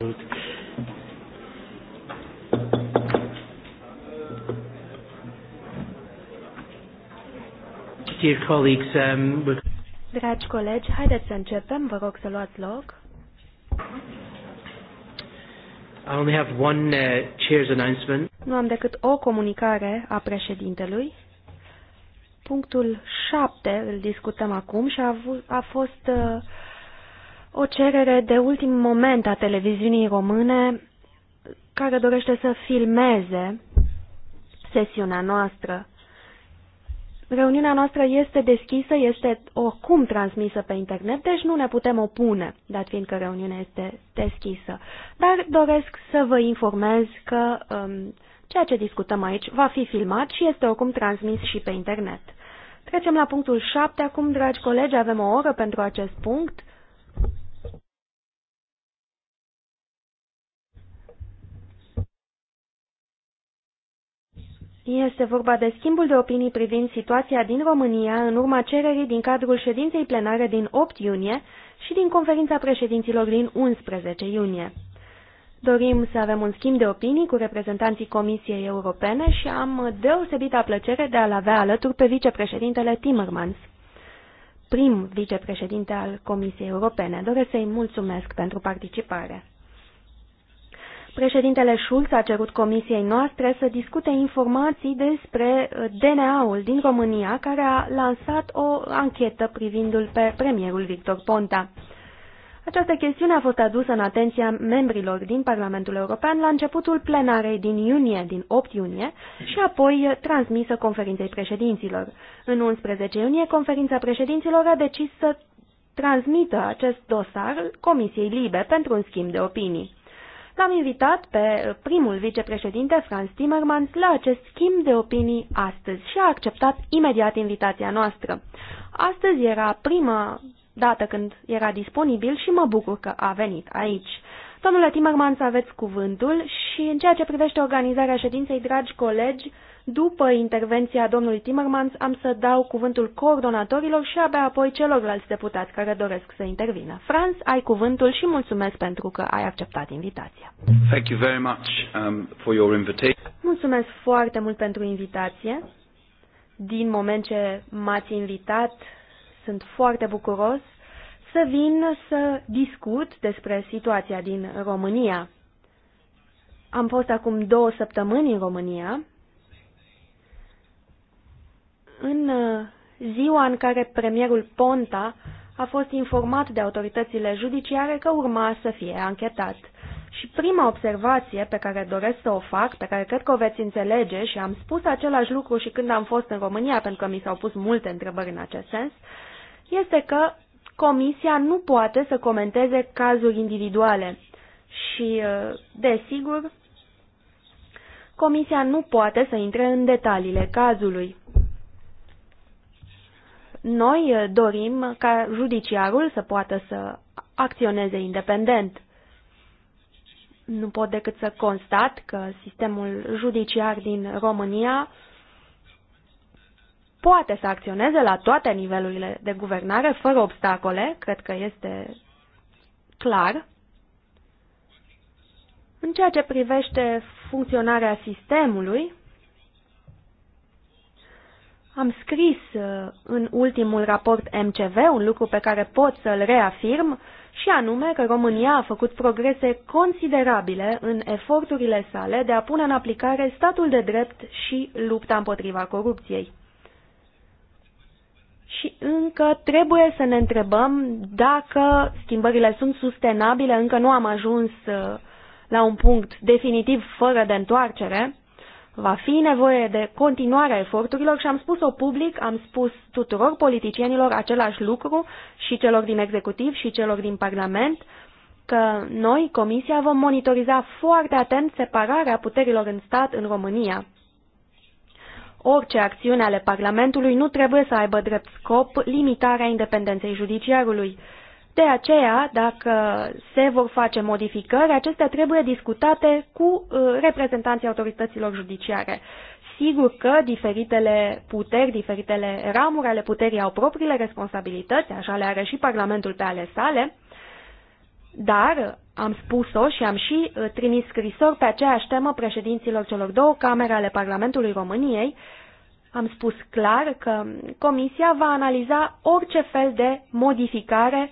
Dear colleagues, um, Dragi colegi, haideți să începem. Vă rog să luați loc. I only have one uh, chair's announcement. Nu am decât o comunicare a președintelui. Punctul 7 îl discutăm acum și a, a fost uh, o cerere de ultim moment a televiziunii române care dorește să filmeze sesiunea noastră. Reuniunea noastră este deschisă, este oricum transmisă pe internet, deci nu ne putem opune, dat fiindcă reuniunea este deschisă. Dar doresc să vă informez că um, ceea ce discutăm aici va fi filmat și este oricum transmis și pe internet. Trecem la punctul 7. Acum, dragi colegi, avem o oră pentru acest punct. Este vorba de schimbul de opinii privind situația din România în urma cererii din cadrul ședinței plenare din 8 iunie și din conferința președinților din 11 iunie. Dorim să avem un schimb de opinii cu reprezentanții Comisiei Europene și am deosebită plăcere de a-l avea alături pe vicepreședintele Timmermans, prim vicepreședinte al Comisiei Europene. Doresc să-i mulțumesc pentru participare. Președintele Schulz a cerut comisiei noastre să discute informații despre uh, DNA-ul din România, care a lansat o anchetă privindu-l pe premierul Victor Ponta. Această chestiune a fost adusă în atenția membrilor din Parlamentul European la începutul plenarei din iunie, din 8 iunie, și apoi uh, transmisă conferinței președinților. În 11 iunie, conferința președinților a decis să transmită acest dosar Comisiei Libe pentru un schimb de opinii. L-am invitat pe primul vicepreședinte, Franz Timmermans, la acest schimb de opinii astăzi și a acceptat imediat invitația noastră. Astăzi era prima dată când era disponibil și mă bucur că a venit aici. Domnule Timmermans, aveți cuvântul și în ceea ce privește organizarea ședinței, dragi colegi, după intervenția domnului Timmermans, am să dau cuvântul coordonatorilor și abia apoi celorlalți deputați care doresc să intervină. Franz, ai cuvântul și mulțumesc pentru că ai acceptat invitația. Thank you very much, um, for your Mulțumesc foarte mult pentru invitație. Din moment ce m-ați invitat, sunt foarte bucuros să vin să discut despre situația din România. Am fost acum două săptămâni în România în uh, ziua în care premierul Ponta a fost informat de autoritățile judiciare că urma să fie anchetat. Și prima observație pe care doresc să o fac, pe care cred că o veți înțelege și am spus același lucru și când am fost în România, pentru că mi s-au pus multe întrebări în acest sens, este că Comisia nu poate să comenteze cazuri individuale. Și, uh, desigur, Comisia nu poate să intre în detaliile cazului. Noi eh, dorim ca judiciarul să poată să acționeze independent. Nu pot decât să constat că sistemul judiciar din România poate să acționeze la toate nivelurile de guvernare, fără obstacole, cred că este clar. În ceea ce privește funcționarea sistemului, am scris uh, în ultimul raport MCV un lucru pe care pot să-l reafirm și anume că România a făcut progrese considerabile în eforturile sale de a pune în aplicare statul de drept și lupta împotriva corupției. Și încă trebuie să ne întrebăm dacă schimbările sunt sustenabile, încă nu am ajuns uh, la un punct definitiv fără de întoarcere Va fi nevoie de continuarea eforturilor și am spus-o public, am spus tuturor politicienilor același lucru și celor din executiv și celor din Parlament, că noi, Comisia, vom monitoriza foarte atent separarea puterilor în stat în România. Orice acțiune ale Parlamentului nu trebuie să aibă drept scop limitarea independenței judiciarului de aceea, dacă se vor face modificări, acestea trebuie discutate cu uh, reprezentanții autorităților judiciare. Sigur că diferitele puteri, diferitele ramuri ale puterii au propriile responsabilități, așa le are și Parlamentul pe ale sale, dar am spus-o și am și uh, trimis scrisori pe aceeași temă președinților celor două camere ale Parlamentului României, am spus clar că Comisia va analiza orice fel de modificare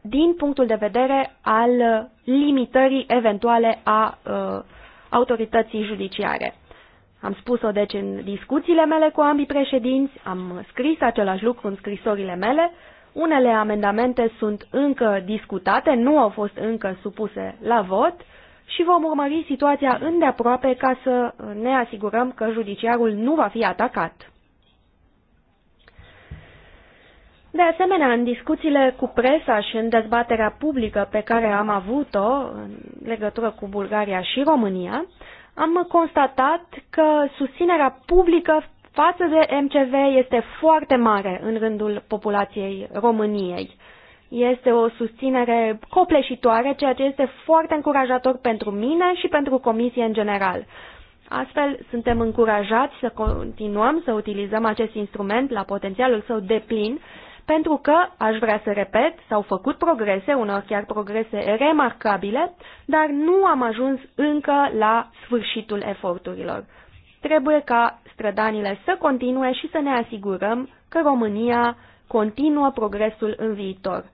din punctul de vedere al limitării eventuale a uh, autorității judiciare. Am spus-o deci în discuțiile mele cu ambii președinți, am scris același lucru în scrisorile mele, unele amendamente sunt încă discutate, nu au fost încă supuse la vot și vom urmări situația îndeaproape ca să ne asigurăm că judiciarul nu va fi atacat. De asemenea, în discuțiile cu presa și în dezbaterea publică pe care am avut-o în legătură cu Bulgaria și România, am constatat că susținerea publică față de MCV este foarte mare în rândul populației României. Este o susținere copleșitoare, ceea ce este foarte încurajator pentru mine și pentru Comisie în general. Astfel, suntem încurajați să continuăm să utilizăm acest instrument la potențialul său deplin pentru că, aș vrea să repet, s-au făcut progrese, unor chiar progrese remarcabile, dar nu am ajuns încă la sfârșitul eforturilor. Trebuie ca strădanile să continue și să ne asigurăm că România continuă progresul în viitor.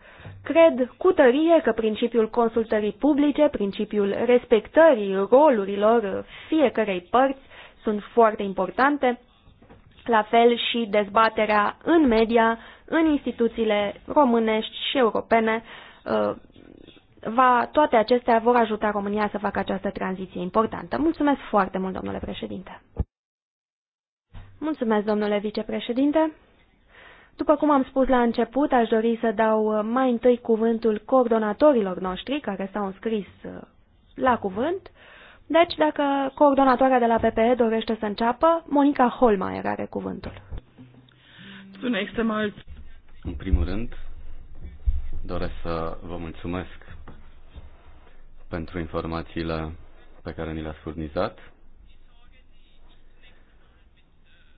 Cred cu tărie că principiul consultării publice, principiul respectării rolurilor fiecarei părți sunt foarte importante, la fel și dezbaterea în media în instituțiile românești și europene, uh, va, toate acestea vor ajuta România să facă această tranziție importantă. Mulțumesc foarte mult, domnule președinte. Mulțumesc, domnule vicepreședinte. După cum am spus la început, aș dori să dau uh, mai întâi cuvântul coordonatorilor noștri care s-au înscris uh, la cuvânt. Deci, dacă coordonatoarea de la PPE dorește să înceapă, Monica Holmaier are cuvântul. extrem einmal în primul rând, doresc să vă mulțumesc pentru informațiile pe care ni le-ați furnizat.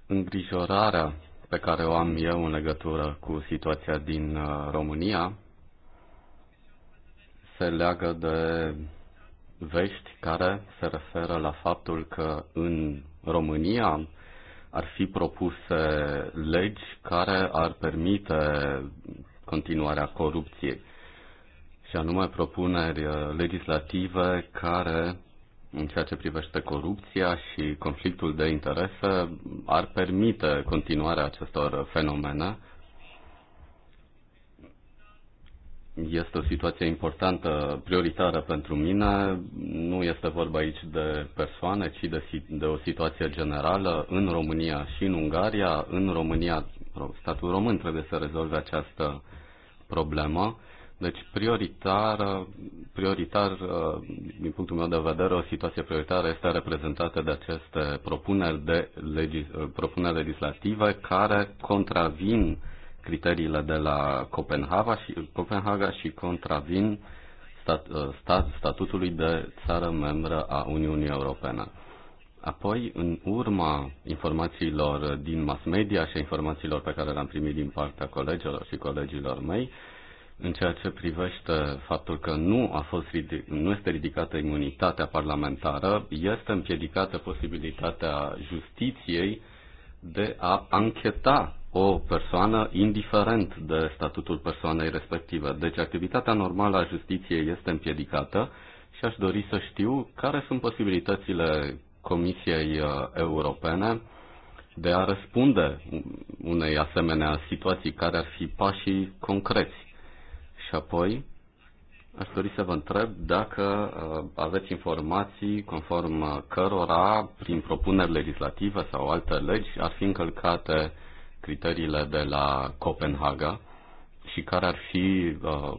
Îngrijorarea pe care o am eu în legătură cu situația din uh, România se leagă de vești care se referă la faptul că în România ar fi propuse legi care ar permite continuarea corupției și anume propuneri uh, legislative care, în ceea ce privește corupția și conflictul de interese, ar permite continuarea acestor fenomene este o situație importantă, prioritară pentru mine. Nu este vorba aici de persoane, ci de, de o situație generală în România și în Ungaria. În România, statul român trebuie să rezolve această problemă. Deci prioritar, prioritar, uh, din punctul meu de vedere, o situație prioritară este reprezentată de aceste propuneri, de legis, uh, propuneri legislative care contravin uh, criteriile de la Copenhaga și, Copenhaga și contravin stat, uh, stat, statutului de țară membră a Uniunii Europene. Apoi, în urma informațiilor din mass media și informațiilor pe care le-am primit din partea colegilor și colegilor mei, în ceea ce privește faptul că nu, a fost ridic- nu este ridicată imunitatea parlamentară, este împiedicată posibilitatea justiției de a ancheta o persoană, indiferent de statutul persoanei respective. Deci activitatea normală a justiției este împiedicată și aș dori să știu care sunt posibilitățile Comisiei uh, Europene de a răspunde unei asemenea situații care ar fi pașii concreți. Și apoi aș dori să vă întreb dacă uh, aveți informații conform cărora, prin propuneri legislative sau alte legi, ar fi încălcate criteriile de la Copenhaga și care ar fi uh,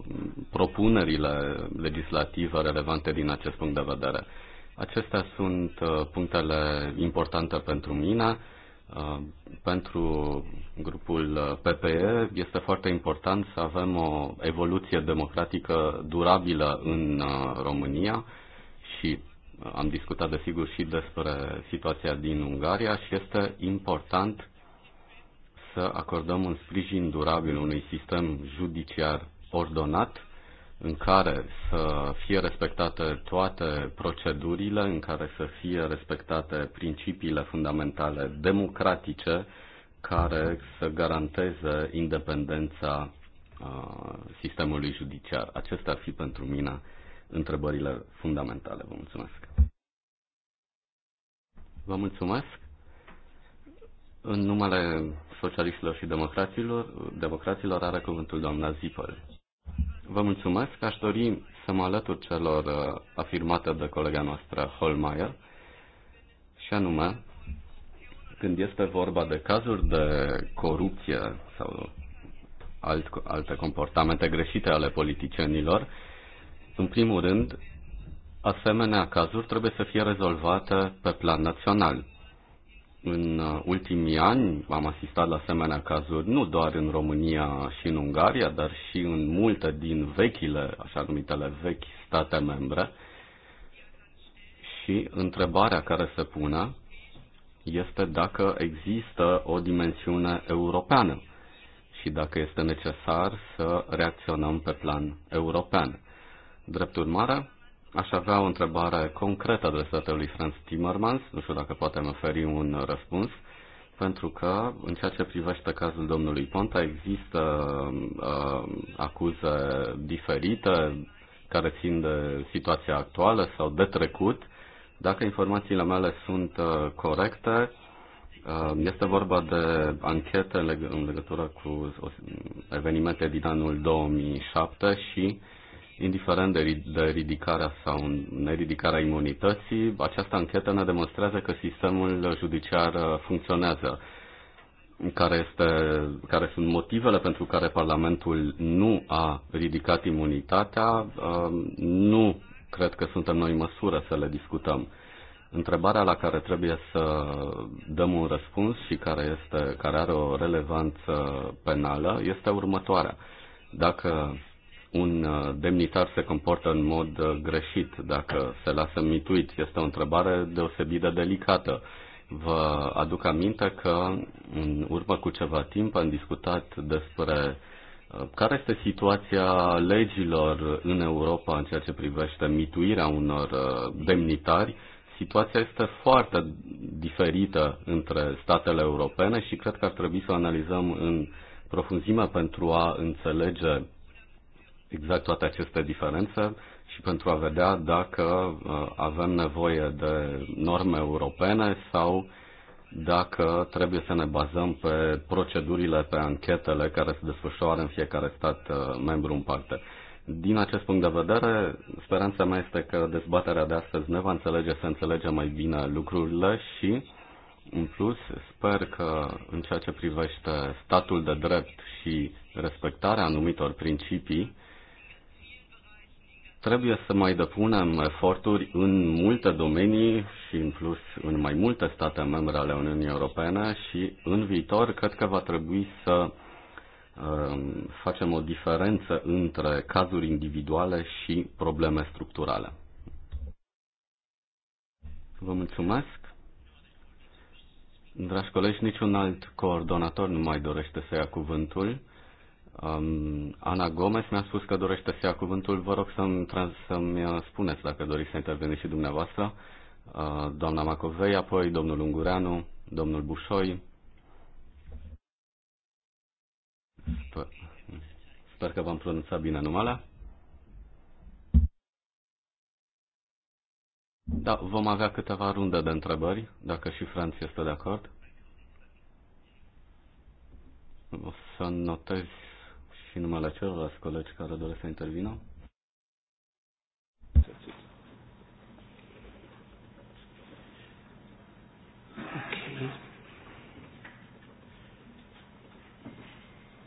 propunerile legislative relevante din acest punct de vedere. Acestea sunt uh, punctele importante pentru mine. Uh, pentru grupul uh, PPE este foarte important să avem o evoluție democratică durabilă în uh, România și uh, am discutat desigur și despre situația din Ungaria și este important să acordăm un sprijin durabil unui sistem judiciar ordonat, în care să fie respectate toate procedurile, în care să fie respectate principiile fundamentale democratice care să garanteze independența uh, sistemului judiciar. Acestea ar fi pentru mine întrebările fundamentale. Vă mulțumesc. Vă mulțumesc. În numele Socialiștilor și Democraților, democraților are cuvântul doamna Zipăl. Vă mulțumesc. Aș dori să mă alătur celor uh, afirmate de colega noastră Holmeier, și anume, când este vorba de cazuri de corupție sau alt, alte comportamente greșite ale politicienilor, în primul rând, asemenea cazuri trebuie să fie rezolvate pe plan național. În uh, ultimii ani am asistat la asemenea cazuri nu doar în România și în Ungaria, dar și în multe din vechile, așa numitele vechi state membre. Și întrebarea care se pune este dacă există o dimensiune europeană și dacă este necesar să reacționăm pe plan european. Drept urmare, Aș avea o întrebare concretă adresată lui Franz Timmermans, nu știu dacă poate mi oferi un răspuns, pentru că în ceea ce privește cazul domnului Ponta există uh, acuze diferite care țin de situația actuală sau de trecut. Dacă informațiile mele sunt uh, corecte, uh, este vorba de anchete în legătură cu uh, evenimente din anul 2007 și indiferent de, de ridicarea sau neridicarea imunității, această anchetă ne demonstrează că sistemul judiciar uh, funcționează. Care, este, care sunt motivele pentru care Parlamentul nu a ridicat imunitatea, uh, nu cred că suntem noi în măsură să le discutăm. Întrebarea la care trebuie să dăm un răspuns și care, este, care are o relevanță penală este următoarea. Dacă un uh, demnitar se comportă în mod uh, greșit, dacă se lasă mituit. Este o întrebare deosebit de delicată. Vă aduc aminte că în urmă cu ceva timp am discutat despre uh, care este situația legilor în Europa în ceea ce privește mituirea unor demnitari. Situația este foarte diferită între statele europene și cred că ar trebui să o analizăm în profunzime pentru a înțelege exact toate aceste diferențe și pentru a vedea dacă uh, avem nevoie de norme europene sau dacă trebuie să ne bazăm pe procedurile, pe anchetele care se desfășoară în fiecare stat uh, membru în parte. Din acest punct de vedere, speranța mea este că dezbaterea de astăzi ne va înțelege să înțelegem mai bine lucrurile și, în plus, sper că în ceea ce privește statul de drept și respectarea anumitor principii, Trebuie să mai depunem eforturi în multe domenii și în plus în mai multe state membre ale Uniunii Europene și în viitor cred că va trebui să um, facem o diferență între cazuri individuale și probleme structurale. Vă mulțumesc. Dragi colegi, niciun alt coordonator nu mai dorește să ia cuvântul. Um, Ana Gomez mi-a spus că dorește să ia cuvântul. Vă rog să-mi, să-mi uh, spuneți dacă doriți să interveniți și dumneavoastră. Uh, doamna Macovei, apoi domnul Ungureanu, domnul Bușoi. Sper, sper că v-am pronunțat bine numele. Da, vom avea câteva runde de întrebări, dacă și Franția este de acord. O să notezi și numai la celorlalți colegi care doresc să intervină.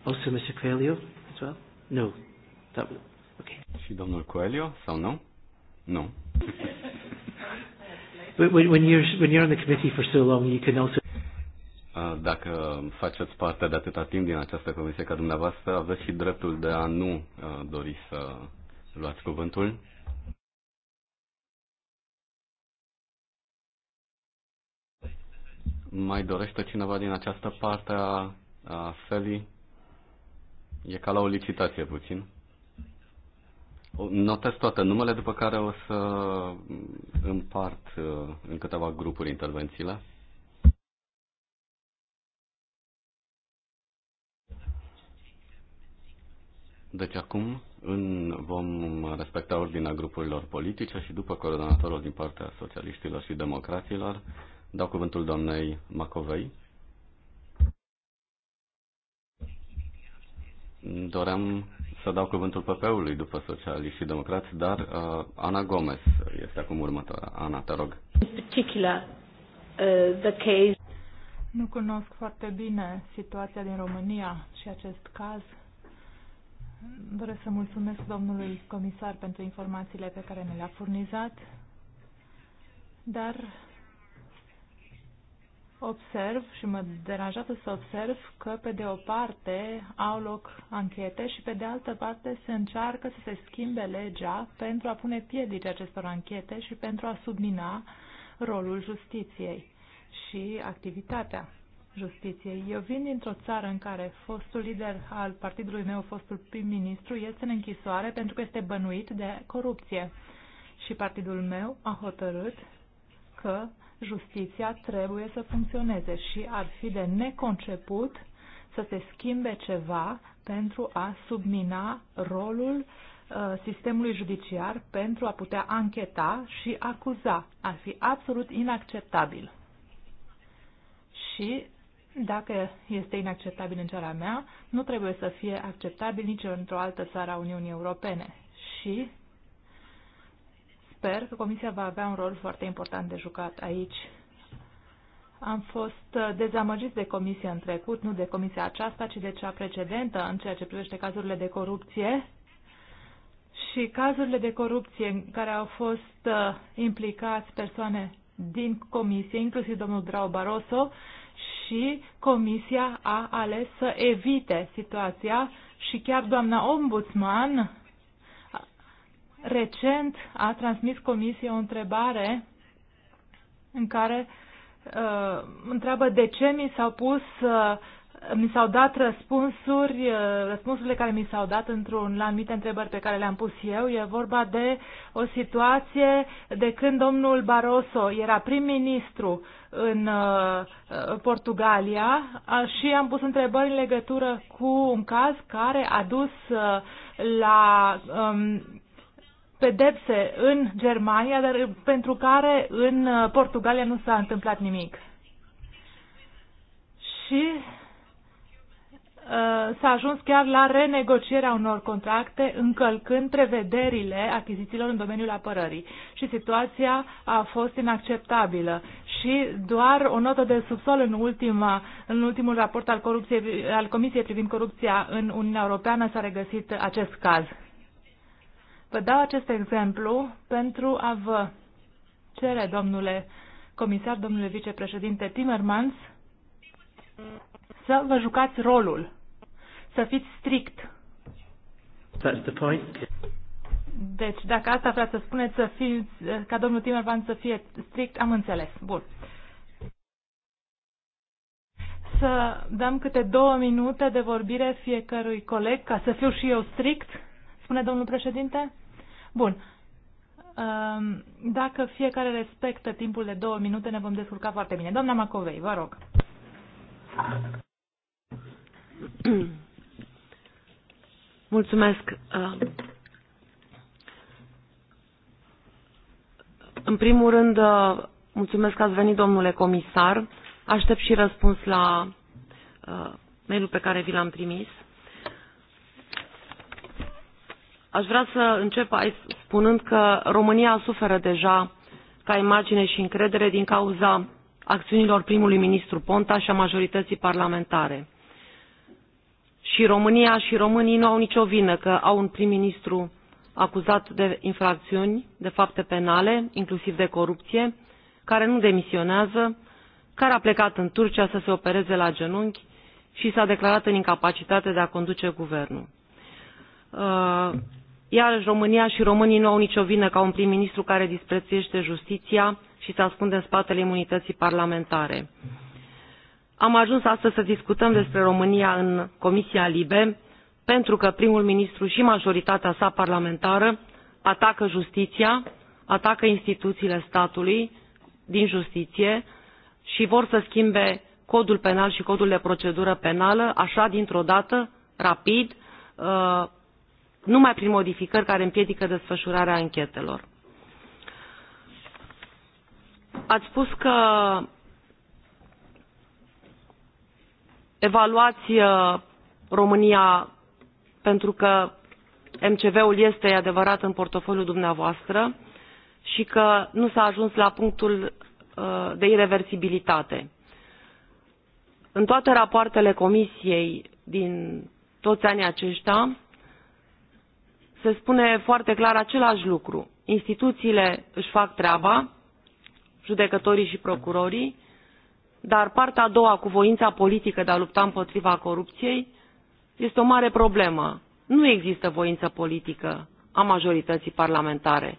Also Mr. Coelho as well? No. That, okay. Și domnul Coelho sau nu? Nu. When you're, when you're on the committee for so long, you can also Uh, dacă faceți parte de atâta timp din această comisie ca dumneavoastră, aveți și dreptul de a nu uh, dori să luați cuvântul. Mai dorește cineva din această parte a, a felii? E ca la o licitație puțin. Notez toate numele, după care o să împart uh, în câteva grupuri intervențiile. Deci acum în, vom respecta ordinea grupurilor politice și după coordonatorul din partea socialiștilor și democraților dau cuvântul doamnei Macovei. Doream să dau cuvântul PP-ului după socialiști și democrați, dar uh, Ana Gomez este acum următoarea. Ana, te rog. Uh, nu cunosc foarte bine situația din România și acest caz Doresc să mulțumesc domnului comisar pentru informațiile pe care ne le-a furnizat, dar observ și mă deranjează să observ că, pe de o parte, au loc anchete și, pe de altă parte, se încearcă să se schimbe legea pentru a pune piedici acestor anchete și pentru a submina rolul justiției și activitatea justiției. Eu vin dintr-o țară în care fostul lider al partidului meu, fostul prim-ministru, este în închisoare pentru că este bănuit de corupție. Și partidul meu a hotărât că justiția trebuie să funcționeze și ar fi de neconceput să se schimbe ceva pentru a submina rolul uh, sistemului judiciar pentru a putea ancheta și acuza. Ar fi absolut inacceptabil. Și dacă este inacceptabil în țara mea, nu trebuie să fie acceptabil nici într-o altă țară a Uniunii Europene. Și sper că Comisia va avea un rol foarte important de jucat aici. Am fost uh, dezamăgiți de comisia în trecut, nu de comisia aceasta, ci de cea precedentă în ceea ce privește cazurile de corupție și cazurile de corupție în care au fost uh, implicați persoane din comisie, inclusiv domnul Drau Barroso, și Comisia a ales să evite situația și chiar doamna ombudsman recent a transmis Comisiei o întrebare în care uh, întreabă de ce mi s-au pus uh, mi s-au dat răspunsuri, uh, răspunsurile care mi s-au dat într-un la anumite întrebări pe care le-am pus eu. E vorba de o situație de când domnul Barroso era prim-ministru în uh, uh Portugalia și am pus întrebări în legătură cu un caz care a dus uh, la um, pedepse în Germania, dar uh, pentru care în Portugalia nu s-a întâmplat nimic. Și Uh, s-a ajuns chiar la renegocierea unor contracte încălcând prevederile achizițiilor în domeniul apărării și situația a fost inacceptabilă și doar o notă de subsol în, ultima, în ultimul raport al, corupției, al Comisiei privind corupția în Uniunea Europeană s-a regăsit acest caz. Vă dau acest exemplu pentru a vă cere, domnule comisar, domnule vicepreședinte Timmermans, să vă jucați rolul, să fiți strict. That's the point. Deci, dacă asta vreți să spuneți, să fiți, ca domnul Timerman să fie strict, am înțeles. Bun. Să dăm câte două minute de vorbire fiecărui coleg, ca să fiu și eu strict, spune domnul președinte. Bun. Um, dacă fiecare respectă timpul de două minute, ne vom descurca foarte bine. Doamna Macovei, vă rog. Mulțumesc. Uh, în primul rând, uh, mulțumesc că ați venit, domnule comisar. Aștept și răspuns la uh, mail pe care vi l-am trimis. Aș vrea să încep aici spunând că România suferă deja ca imagine și încredere din cauza acțiunilor primului ministru Ponta și a majorității parlamentare și România și românii nu au nicio vină că au un prim-ministru acuzat de infracțiuni, de fapte penale, inclusiv de corupție, care nu demisionează, care a plecat în Turcia să se opereze la genunchi și s-a declarat în incapacitate de a conduce guvernul. Uh, Iar România și românii nu au nicio vină ca un prim-ministru care disprețuiește justiția și se ascunde în spatele imunității parlamentare am ajuns astăzi să discutăm despre România în Comisia Libe, pentru că primul ministru și majoritatea sa parlamentară atacă justiția, atacă instituțiile statului din justiție și vor să schimbe codul penal și codul de procedură penală, așa dintr-o dată, rapid, uh, numai prin modificări care împiedică desfășurarea anchetelor. Ați spus că evaluați uh, România pentru că MCV-ul este adevărat în portofoliul dumneavoastră și că nu s-a ajuns la punctul uh, de irreversibilitate. În toate rapoartele Comisiei din toți anii aceștia se spune foarte clar același lucru. Instituțiile își fac treaba, judecătorii și procurorii, dar partea a doua cu voința politică de a lupta împotriva corupției este o mare problemă. Nu există voință politică a majorității parlamentare.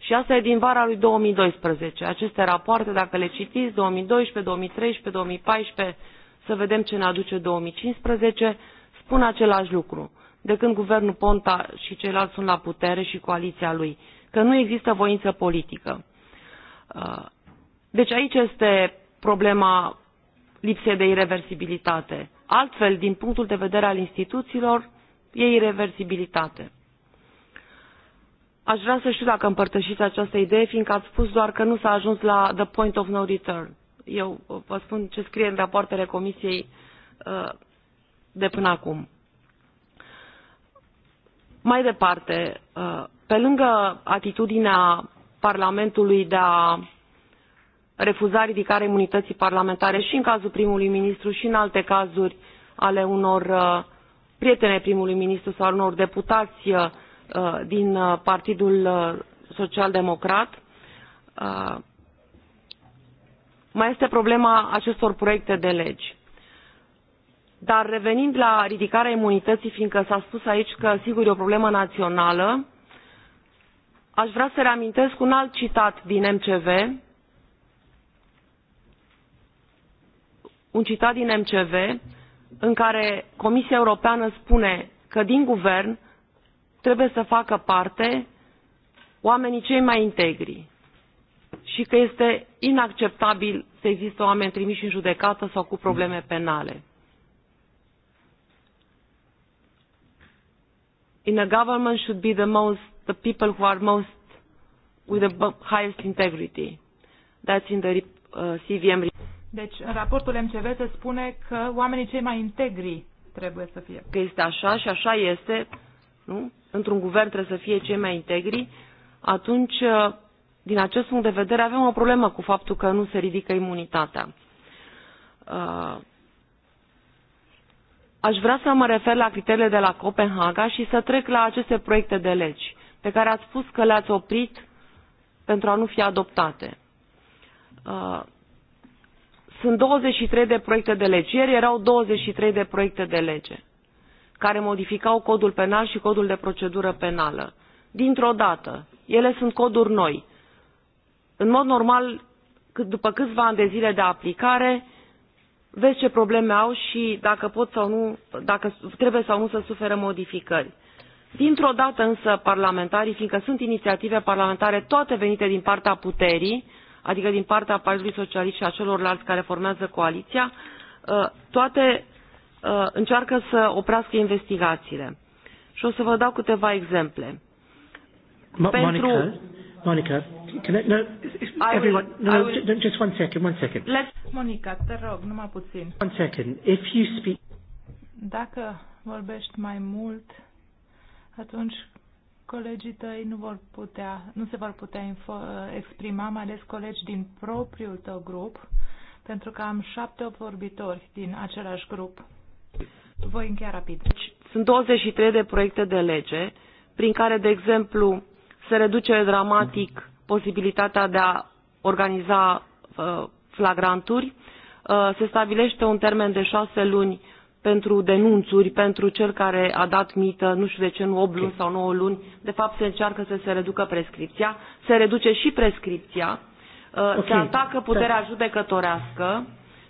Și asta e din vara lui 2012. Aceste rapoarte, dacă le citiți, 2012, 2013, 2014, să vedem ce ne aduce 2015, spun același lucru. De când guvernul Ponta și ceilalți sunt la putere și coaliția lui, că nu există voință politică. Uh, deci aici este problema lipsei de ireversibilitate. Altfel, din punctul de vedere al instituțiilor, e ireversibilitate. Aș vrea să știu dacă împărtășiți această idee, fiindcă ați spus doar că nu s-a ajuns la the point of no return. Eu uh, vă spun ce scrie în rapoartele Comisiei uh, de până acum. Mai departe, uh, pe lângă atitudinea Parlamentului de a refuza ridicarea imunității parlamentare și în cazul primului ministru și în alte cazuri ale unor uh, prietene primului ministru sau unor deputați uh, din uh, Partidul Social Democrat. Mai este problema acestor proiecte de legi. Dar revenind la ridicarea imunității, fiindcă s-a spus aici că sigur e o problemă națională, aș vrea să reamintesc un alt citat din MCV, un citat din MCV în care Comisia Europeană spune că din guvern trebuie să facă parte oamenii cei mai integri și că este inacceptabil să existe oameni trimiși în judecată sau cu probleme penale. In a government should be the most the people who are most with the highest integrity. That's in the uh, CVM report. Deci, în raportul MCV se spune că oamenii cei mai integri trebuie să fie. Că este așa și așa este, nu? Într-un guvern trebuie să fie cei mai integri, atunci, ă, din acest punct de vedere, avem o problemă cu faptul că nu se ridică imunitatea. Ă, aș vrea să mă refer la criteriile de la Copenhaga și să trec la aceste proiecte de legi pe care ați spus că le-ați oprit pentru a nu fi adoptate. Ă, sunt 23 de proiecte de lege. Ieri erau 23 de proiecte de lege care modificau codul penal și codul de procedură penală. Dintr-o dată, ele sunt coduri noi. În mod normal, după câțiva ani de zile de aplicare, vezi ce probleme au și dacă pot sau nu, dacă trebuie sau nu să suferă modificări. Dintr-o dată însă parlamentarii, fiindcă sunt inițiative parlamentare toate venite din partea puterii, adică din partea Partidului Socialist și a celorlalți care formează coaliția, ă, toate ă, încearcă să oprească investigațiile. Și o să vă dau câteva exemple. Ma Pentru... Monica, Monica, can I, no, everyone, will, no, I will, no, just one second, one second. Let's... Monica, te rog, numai puțin. One second, if you speak... Dacă vorbești mai mult, atunci colegii tăi nu, vor putea, nu se vor putea info- exprima, mai ales colegi din propriul tău grup, pentru că am șapte vorbitori din același grup. Voi încheia rapid. Deci, sunt 23 de proiecte de lege prin care, de exemplu, se reduce dramatic posibilitatea de a organiza uh, flagranturi, uh, se stabilește un termen de șase luni pentru denunțuri, pentru cel care a dat mită, nu știu de ce, nu 8 luni sau 9 luni, de fapt se încearcă să se reducă prescripția, se reduce și prescripția, uh, okay. se atacă da. puterea judecătorească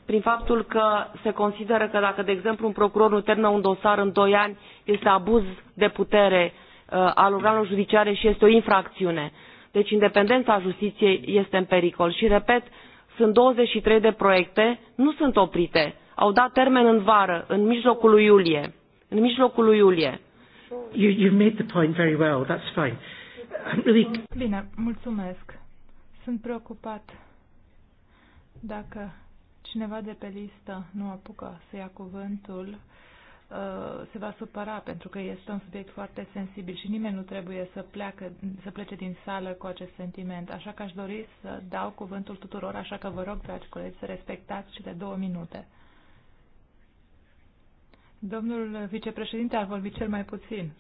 prin faptul că se consideră că dacă, de exemplu, un procuror nu termină un dosar în 2 ani, este abuz de putere uh, al organelor judiciare și este o infracțiune. Deci independența justiției este în pericol. Și, repet, sunt 23 de proiecte, nu sunt oprite au dat termen în vară, în mijlocul lui iulie. În mijlocul lui iulie. You, you've made the point very well. That's fine. I'm um, really... Bine, mulțumesc. Sunt preocupat dacă cineva de pe listă nu apucă să ia cuvântul uh, se va supăra pentru că este un subiect foarte sensibil și nimeni nu trebuie să, pleacă, să plece din sală cu acest sentiment. Așa că aș dori să dau cuvântul tuturor, așa că vă rog, dragi colegi, să respectați cele două minute. Domnul vicepreședinte a vorbit cel mai puțin.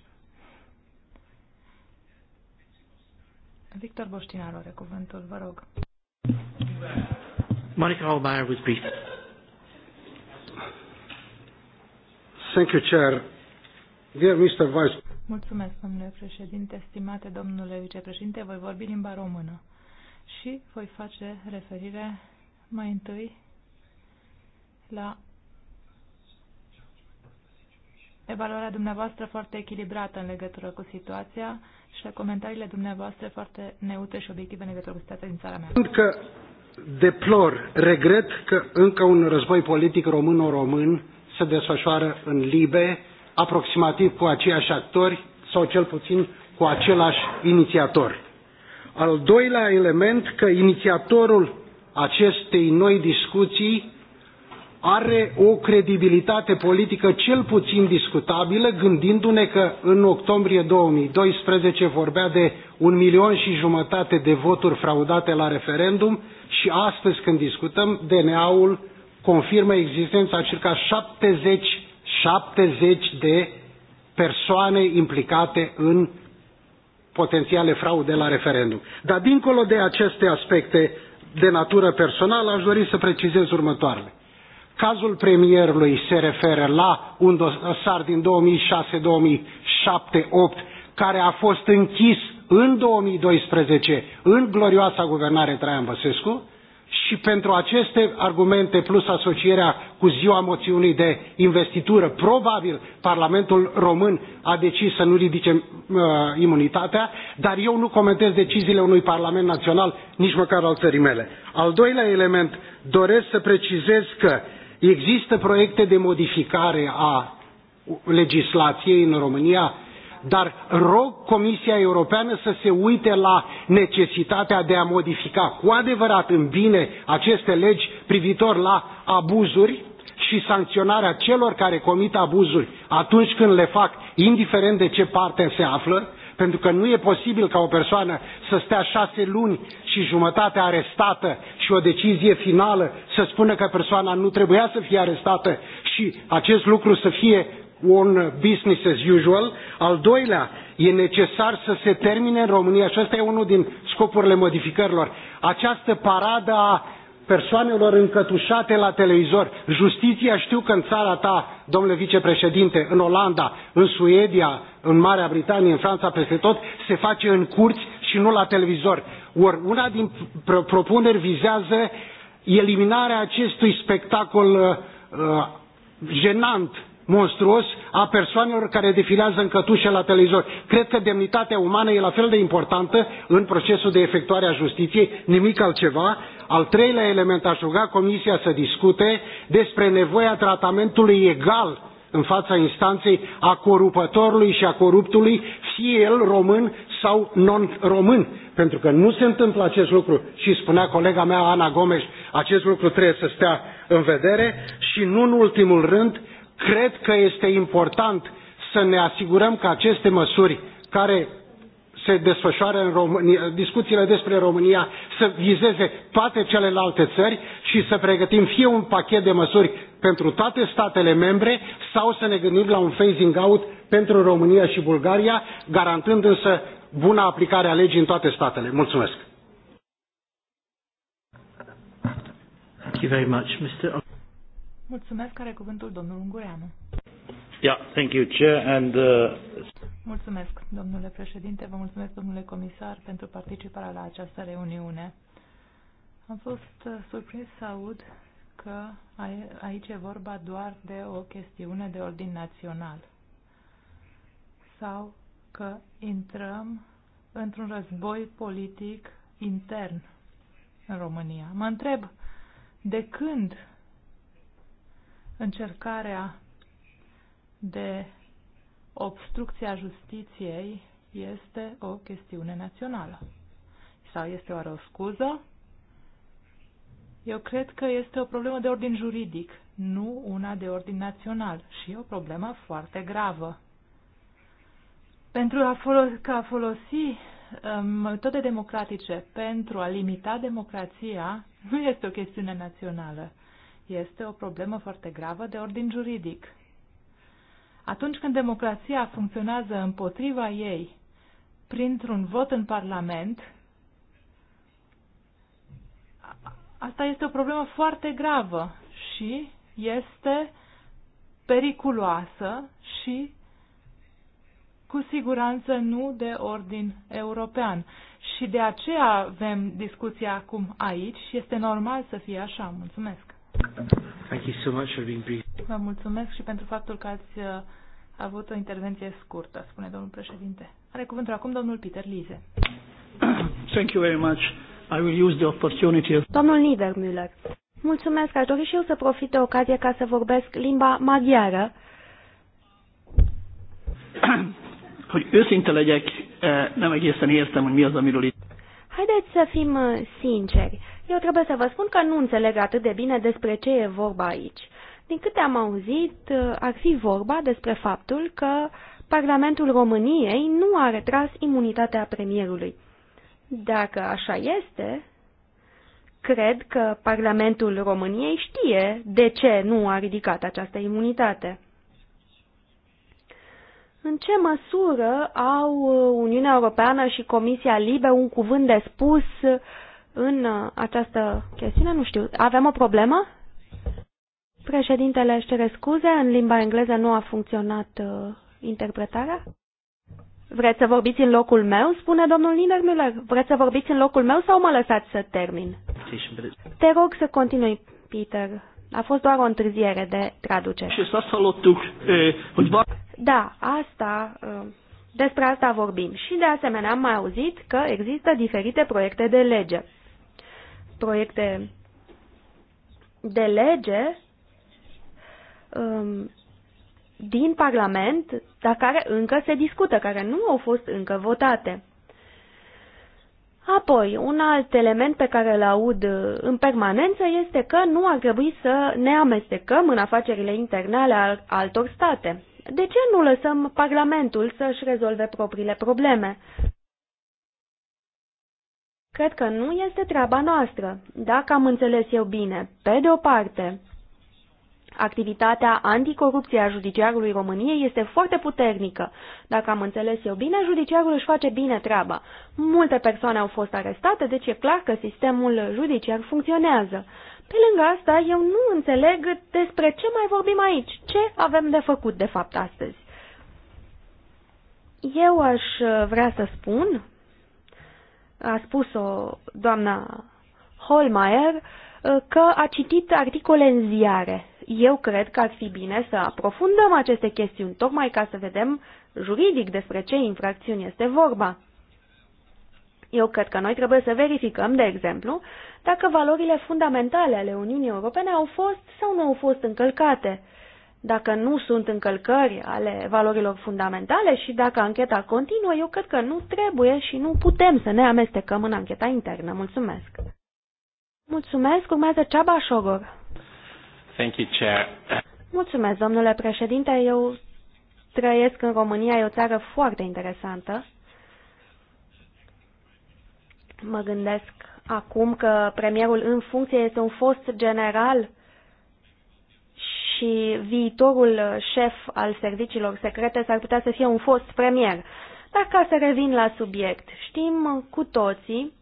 Victor Boștinar are cuvântul, vă rog. Monica Holmeyer was brief. Thank you, Chair. Dear Mr. Vice Mulțumesc, domnule președinte, stimate domnule vicepreședinte, voi vorbi limba română și voi face referire mai întâi la evaluarea dumneavoastră foarte echilibrată în legătură cu situația și comentariile dumneavoastră foarte neutre și obiective în legătură cu situația din țara mea. Că deplor, regret că încă un război politic român-român se desfășoară în Libe, aproximativ cu aceiași actori sau cel puțin cu același inițiator. Al doilea element, că inițiatorul acestei noi discuții are o credibilitate politică cel puțin discutabilă, gândindu-ne că în octombrie 2012 vorbea de un milion și jumătate de voturi fraudate la referendum și astăzi când discutăm, DNA-ul confirmă existența a circa 70, 70 de persoane implicate în potențiale fraude la referendum. Dar dincolo de aceste aspecte de natură personală, aș dori să precizez următoarele. Cazul premierului se referă la un dosar din 2006, 2007, 8, care a fost închis în 2012 în glorioasa guvernare Traian Băsescu și pentru aceste argumente plus asocierea cu ziua moțiunii de investitură, probabil Parlamentul Român a decis să nu ridice uh, imunitatea, dar eu nu comentez deciziile unui Parlament Național, nici măcar al țării mele. Al doilea element, doresc să precizez că uh, Există proiecte de modificare a legislației în România, dar rog Comisia Europeană să se uite la necesitatea de a modifica cu adevărat în bine aceste legi privitor la abuzuri și sancționarea celor care comit abuzuri atunci când le fac, indiferent de ce parte se află, pentru că nu e posibil ca o persoană să stea șase luni și jumătate arestată și o decizie finală să spună că persoana nu trebuia să fie arestată și acest lucru să fie un business as usual. Al doilea, e necesar să se termine în România, și ăsta e unul din scopurile modificărilor, această paradă a persoanelor încătușate la televizor. Justiția știu că în țara ta, domnule vicepreședinte, în Olanda, în Suedia, în Marea Britanie, în Franța, peste tot, se face în curți și nu la televizor. Ori una din propuneri vizează eliminarea acestui spectacol uh, uh, jenant, monstruos, a persoanelor care defilează în cătușe la televizor. Cred că demnitatea umană e la fel de importantă în procesul de efectuare a justiției, nimic altceva. Al treilea element, aș ruga Comisia să discute despre nevoia tratamentului egal în fața instanței a corupătorului și a coruptului, fie el român sau non-român. Pentru că nu se întâmplă acest lucru și spunea colega mea Ana Gomes, acest lucru trebuie să stea în vedere și nu în ultimul rând, cred că este important să ne asigurăm că aceste măsuri care se desfășoară în România, discuțiile despre România să vizeze toate celelalte țări și să pregătim fie un pachet de măsuri pentru toate statele membre sau să ne gândim la un phasing out pentru România și Bulgaria, garantând însă buna aplicare a legii în toate statele. Mulțumesc! Thank you very much, Mr. Mulțumesc, are cuvântul domnul Ungureanu. Yeah, thank you, Chair, and uh... Mulțumesc, domnule președinte, vă mulțumesc, domnule comisar, pentru participarea la această reuniune. Am fost uh, surprins să aud că aici e vorba doar de o chestiune de ordin național sau că intrăm într-un război politic intern în România. Mă întreb de când încercarea de obstrucția justiției este o chestiune națională. Sau este oare o scuză? Eu cred că este o problemă de ordin juridic, nu una de ordin național și o problemă foarte gravă. Pentru a folosi, ca a folosi um, metode democratice pentru a limita democrația nu este o chestiune națională. Este o problemă foarte gravă de ordin juridic. Atunci când democrația funcționează împotriva ei, printr-un vot în Parlament, asta este o problemă foarte gravă și este periculoasă și cu siguranță nu de ordin european. Și de aceea avem discuția acum aici și este normal să fie așa. Mulțumesc. Thank you so much for being Vă mulțumesc și pentru faptul că ați uh, avut o intervenție scurtă, spune domnul președinte. Are cuvântul acum domnul Peter Lize. Thank you very much. I will use the opportunity. Domnul Niedermüller, mulțumesc. Aș dori și eu să profit de ocazie ca să vorbesc limba maghiară. hogy őszinte legyek, eh, nem egészen értem, hogy mi az, amiről itt. Haideți să fim eh, sinceri. Eu trebuie să vă spun că nu înțeleg atât de bine despre ce e vorba aici. Din câte am auzit, uh, ar fi vorba despre faptul că Parlamentul României nu a retras imunitatea premierului. Dacă așa este, cred că Parlamentul României știe de ce nu a ridicat această imunitate. În ce măsură au uh, Uniunea Europeană și Comisia Libe un cuvânt de spus uh, în această chestiune? Nu știu. Avem o problemă? Președintele își cere scuze, în limba engleză nu a funcționat uh, interpretarea. Vreți să vorbiți în locul meu? Spune domnul Niedermüller. Vreți să vorbiți în locul meu sau mă lăsați să termin? Te rog să continui, Peter. A fost doar o întârziere de traducere. Da, asta... Uh, despre asta vorbim și de asemenea am mai auzit că există diferite proiecte de lege. Proiecte de lege um, din Parlament, dar care încă se discută, care nu au fost încă votate. Apoi, un alt element pe care îl aud uh, în permanență este că nu ar trebui să ne amestecăm în afacerile interne ale altor state. De ce nu lăsăm Parlamentul să-și rezolve propriile probleme? Cred că nu este treaba noastră, dacă am înțeles eu bine. Pe de o parte, activitatea anticorupție a judiciarului României este foarte puternică. Dacă am înțeles eu bine, judiciarul își face bine treaba. Multe persoane au fost arestate, deci e clar că sistemul judiciar funcționează. Pe lângă asta, eu nu înțeleg despre ce mai vorbim aici, ce avem de făcut de fapt astăzi. Eu aș uh, vrea să spun, a spus-o doamna Holmeier, uh, că a citit articole în ziare eu cred că ar fi bine să aprofundăm aceste chestiuni, tocmai ca să vedem juridic despre ce infracțiuni este vorba. Eu cred că noi trebuie să verificăm, de exemplu, dacă valorile fundamentale ale Uniunii Europene au fost sau nu au fost încălcate, dacă nu sunt încălcări ale valorilor fundamentale și dacă ancheta continuă, eu cred că nu trebuie și nu putem să ne amestecăm în ancheta internă. Mulțumesc! Mulțumesc! Urmează Ceaba Șogor. Thank you, Chair. Mulțumesc, domnule președinte. Eu trăiesc în România, e o țară foarte interesantă. Mă gândesc acum că premierul în funcție este un fost general și viitorul șef al serviciilor secrete s-ar putea să fie un fost premier. Dar ca să revin la subiect, știm cu toții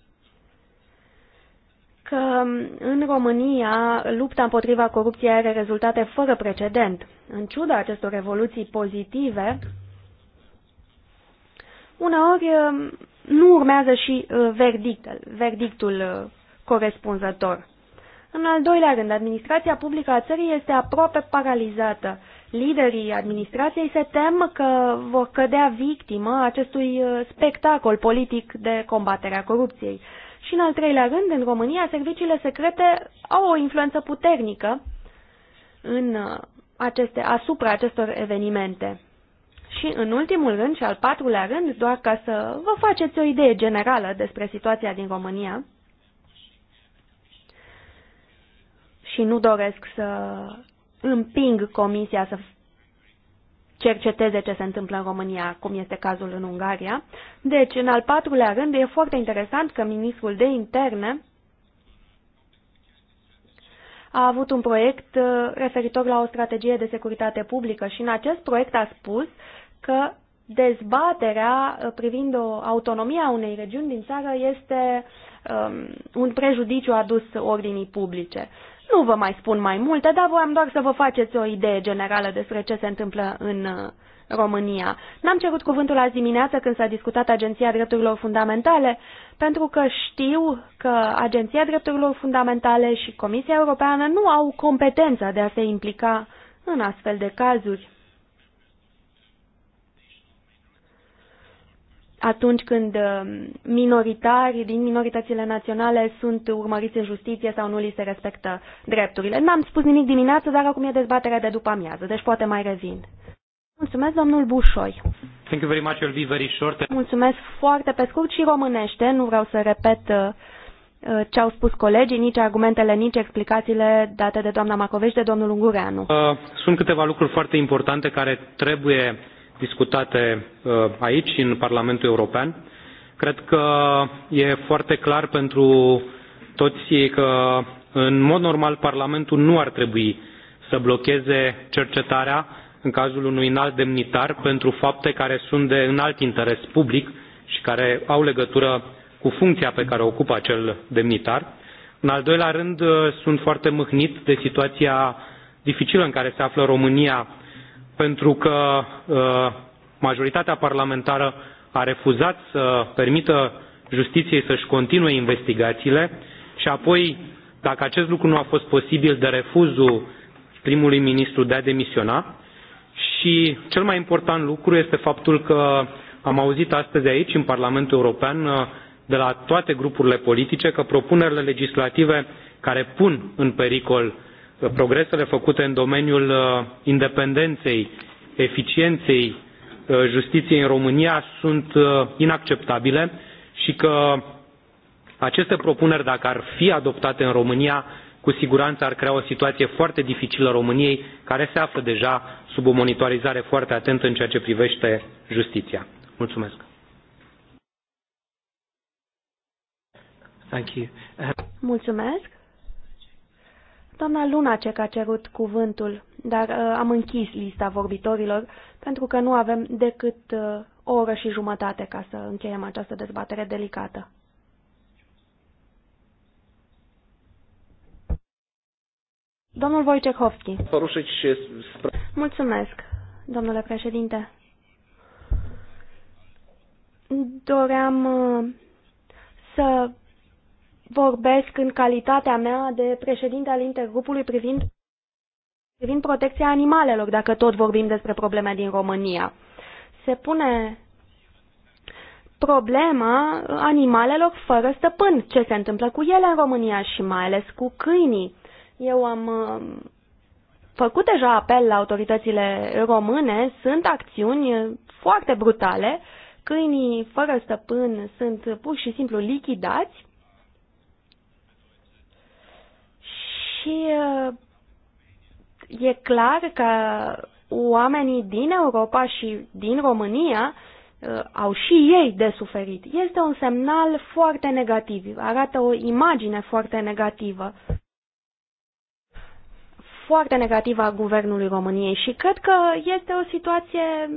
că mm, în România lupta împotriva corupției are rezultate fără precedent. În ciuda acestor revoluții pozitive, uneori mm, nu urmează și uh, verdictul, verdictul uh, corespunzător. În al doilea rând, administrația publică a țării este aproape paralizată. Liderii administrației se tem că vor cădea victimă acestui uh, spectacol politic de combatere a corupției. Și în al treilea rând, în România, serviciile secrete au o influență puternică în uh, aceste, asupra acestor evenimente. Și în ultimul rând și al patrulea rând, doar ca să vă faceți o idee generală despre situația din România, și nu doresc să împing comisia să cerceteze ce se întâmplă în România, cum este cazul în Ungaria. Deci, în al patrulea rând, e foarte interesant că ministrul de interne a avut un proiect uh, referitor la o strategie de securitate publică și în acest proiect a spus că dezbaterea uh, privind o autonomia unei regiuni din țară este um, un prejudiciu adus ordinii publice. Nu vă mai spun mai multe, dar voiam doar să vă faceți o idee generală despre ce se întâmplă în uh, România. N-am cerut cuvântul azi dimineață când s-a discutat Agenția Drepturilor Fundamentale, pentru că știu că Agenția Drepturilor Fundamentale și Comisia Europeană nu au competența de a se implica în astfel de cazuri. atunci când uh, minoritari din minoritățile naționale sunt urmăriți în justiție sau nu li se respectă drepturile. N-am spus nimic dimineață, dar acum e dezbaterea de după amiază, deci poate mai revin. Mulțumesc, domnul Bușoi. Thank you very much, I'll be very short. Mulțumesc foarte pe scurt și românește, nu vreau să repet uh, uh, ce au spus colegii, nici argumentele, nici explicațiile date de doamna Macovești, de domnul Ungureanu. Sunt câteva lucruri foarte importante care trebuie discutate uh, aici, în Parlamentul European. Cred că e foarte clar pentru toți că, în mod normal, Parlamentul nu ar trebui să blocheze cercetarea în cazul unui înalt demnitar pentru fapte care sunt de înalt interes public și care au legătură cu funcția pe care o ocupă acel demnitar. În al doilea rând, uh, sunt foarte mâhnit de situația dificilă în care se află România pentru că uh, majoritatea parlamentară a refuzat să permită justiției să-și continue investigațiile și apoi, dacă acest lucru nu a fost posibil de refuzul primului ministru de a demisiona, și cel mai important lucru este faptul că am auzit astăzi aici, în Parlamentul European, uh, de la toate grupurile politice, că propunerile legislative care pun în pericol progresele făcute în domeniul uh, independenței, eficienței uh, justiției în România sunt uh, inacceptabile și că aceste propuneri, dacă ar fi adoptate în România, cu siguranță ar crea o situație foarte dificilă României, care se află deja sub o monitorizare foarte atentă în ceea ce privește justiția. Mulțumesc. Thank you. Mulțumesc. Doamna ce a cerut cuvântul, dar uh, am închis lista vorbitorilor pentru că nu avem decât uh, o oră și jumătate ca să încheiem această dezbatere delicată. Domnul Wojciechowski. Mulțumesc, domnule președinte. Doream uh, să vorbesc în calitatea mea de președinte al intergrupului privind, privind protecția animalelor, dacă tot vorbim despre probleme din România. Se pune problema animalelor fără stăpân, ce se întâmplă cu ele în România și mai ales cu câinii. Eu am uh, făcut deja apel la autoritățile române, sunt acțiuni foarte brutale, câinii fără stăpân sunt pur și simplu lichidați Și uh, e clar că oamenii din Europa și din România uh, au și ei de suferit. Este un semnal foarte negativ, arată o imagine foarte negativă foarte negativă a guvernului României și cred că este o situație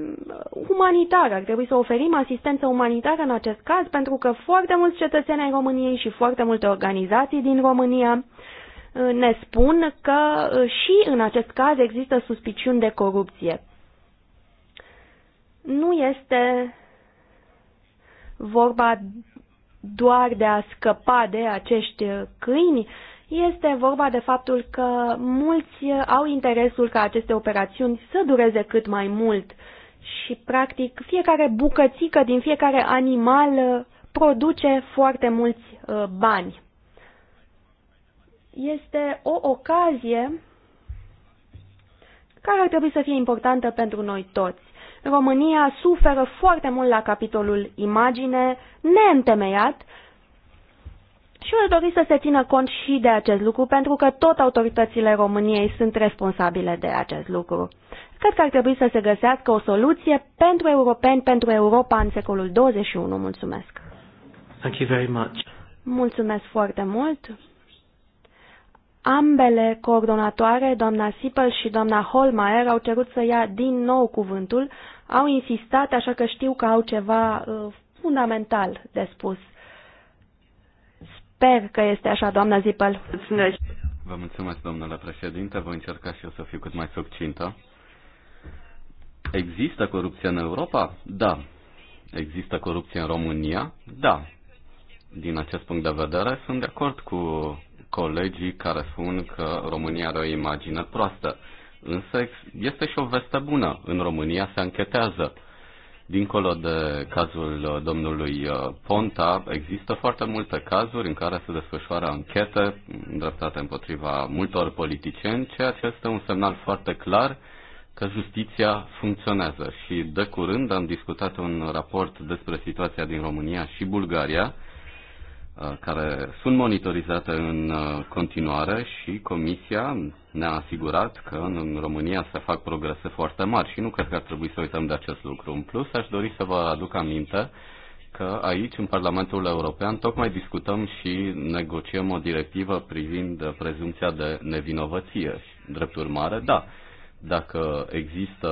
umanitară. Ar trebui să oferim asistență umanitară în acest caz pentru că foarte mulți cetățeni ai României și foarte multe organizații din România ne spun că uh, și în acest caz există suspiciuni de corupție. Nu este vorba doar de a scăpa de acești câini, este vorba de faptul că mulți au interesul ca aceste operațiuni să dureze cât mai mult și, practic, fiecare bucățică din fiecare animal produce foarte mulți uh, bani este o ocazie care ar trebui să fie importantă pentru noi toți. România suferă foarte mult la capitolul imagine, neîntemeiat, și aș dori să se țină cont și de acest lucru, pentru că tot autoritățile României sunt responsabile de acest lucru. Cred că ar trebui să se găsească o soluție pentru europeni, pentru Europa în secolul 21. Mulțumesc! Thank you very much. Mulțumesc foarte mult! Ambele coordonatoare, doamna Sipel și doamna Holmaier, au cerut să ia din nou cuvântul, au insistat, așa că știu că au ceva uh, fundamental de spus. Sper că este așa, doamna Zipel. Vă mulțumesc, domnule președinte. Voi încerca și eu să fiu cât mai succintă. Există corupție în Europa? Da. Există corupție în România? Da. Din acest punct de vedere, sunt de acord cu colegii care spun că România are o imagine proastă. Însă este și o veste bună. În România se anchetează. Dincolo de cazul uh, domnului uh, Ponta, există foarte multe cazuri în care se desfășoară anchete îndreptate împotriva multor politicieni, ceea ce este un semnal foarte clar că justiția funcționează. Și de curând am discutat un raport despre situația din România și Bulgaria, Uh, care sunt monitorizate în uh, continuare și Comisia ne-a asigurat că în România se fac progrese foarte mari și nu cred că ar trebui să uităm de acest lucru. În plus, aș dori să vă aduc aminte că aici, în Parlamentul European, tocmai discutăm și negociem o directivă privind prezumția de nevinovăție. Drept urmare, da, dacă există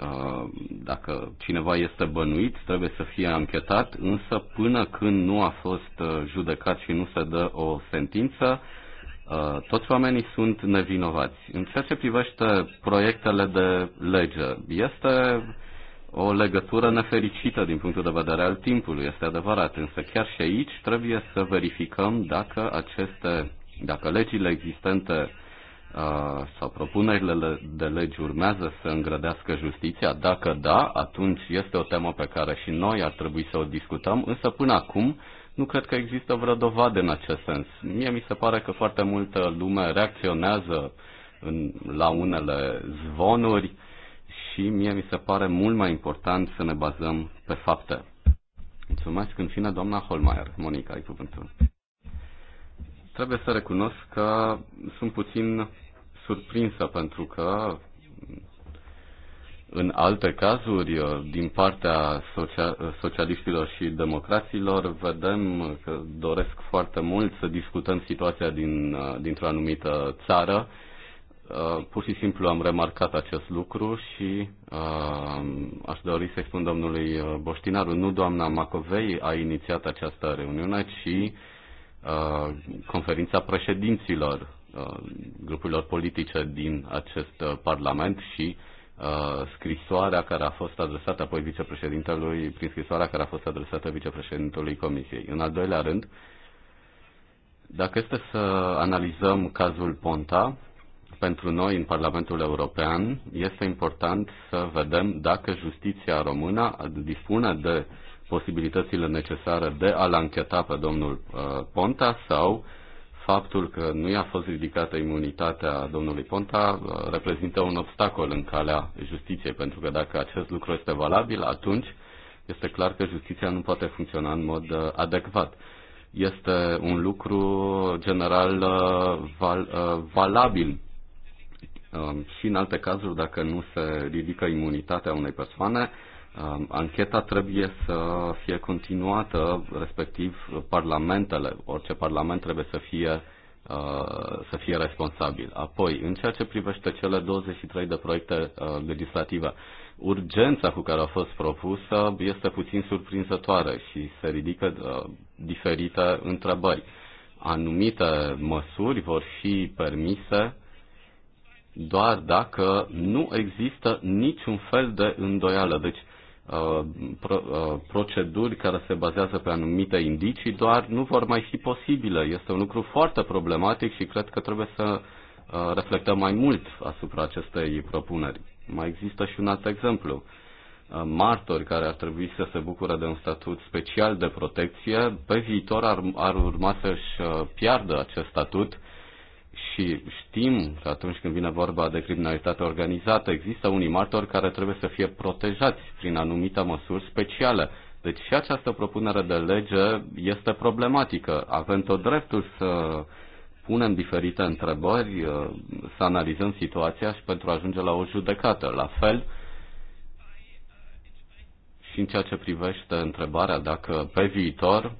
Uh, dacă cineva este bănuit, trebuie să fie anchetat, însă până când nu a fost uh, judecat și nu se dă o sentință, uh, toți oamenii sunt nevinovați. În ceea ce privește proiectele de lege, este o legătură nefericită din punctul de vedere al timpului, este adevărat, însă chiar și aici trebuie să verificăm dacă aceste, dacă legile existente sau propunerile de legi urmează să îngrădească justiția? Dacă da, atunci este o temă pe care și noi ar trebui să o discutăm, însă până acum nu cred că există vreo dovadă în acest sens. Mie mi se pare că foarte multă lume reacționează în, la unele zvonuri și mie mi se pare mult mai important să ne bazăm pe fapte. Mulțumesc în fine, doamna Holmeier. Monica, ai cuvântul. Trebuie să recunosc că sunt puțin surprinsă pentru că în alte cazuri, din partea socialiștilor și democraților, vedem că doresc foarte mult să discutăm situația din, dintr-o anumită țară. Uh, pur și simplu am remarcat acest lucru și uh, aș dori să-i spun domnului uh, Boștinaru, nu doamna Macovei a inițiat această reuniune, ci conferința președinților Uh, grupurilor politice din acest uh, Parlament și uh, scrisoarea care a fost adresată apoi vicepreședintelui, prin scrisoarea care a fost adresată vicepreședintelui Comisiei. În al doilea rând, dacă este să analizăm cazul Ponta, pentru noi în Parlamentul European este important să vedem dacă justiția română dispune de posibilitățile necesare de a-l ancheta pe domnul Ponta sau faptul că nu i-a fost ridicată imunitatea domnului Ponta uh, reprezintă un obstacol în calea justiției, pentru că dacă acest lucru este valabil, atunci este clar că justiția nu poate funcționa în mod uh, adecvat. Este un lucru general uh, val, valabil um, și în alte cazuri, dacă nu se ridică imunitatea unei persoane, Um, ancheta trebuie să fie continuată, respectiv parlamentele, orice parlament trebuie să fie uh, să fie responsabil. Apoi, în ceea ce privește cele 23 de proiecte uh, legislative, urgența cu care a fost propusă este puțin surprinzătoare și se ridică uh, diferite întrebări. Anumite măsuri vor fi permise doar dacă nu există niciun fel de îndoială. Deci, Uh, uh, proceduri care se bazează pe anumite indicii, doar nu vor mai fi posibile. Este un lucru foarte problematic și cred că trebuie să uh, reflectăm mai mult asupra acestei propuneri. Mai există și un alt exemplu. Martori care ar trebui să se bucure de un statut special de protecție, pe viitor ar, ar urma să-și piardă acest statut și știm că atunci când vine vorba de criminalitate organizată, există unii martori care trebuie să fie protejați prin anumite măsuri speciale. Deci și această propunere de lege este problematică. Avem tot dreptul să punem diferite întrebări, uh, să analizăm situația și pentru a ajunge la o judecată. La fel, și în ceea ce privește întrebarea dacă pe viitor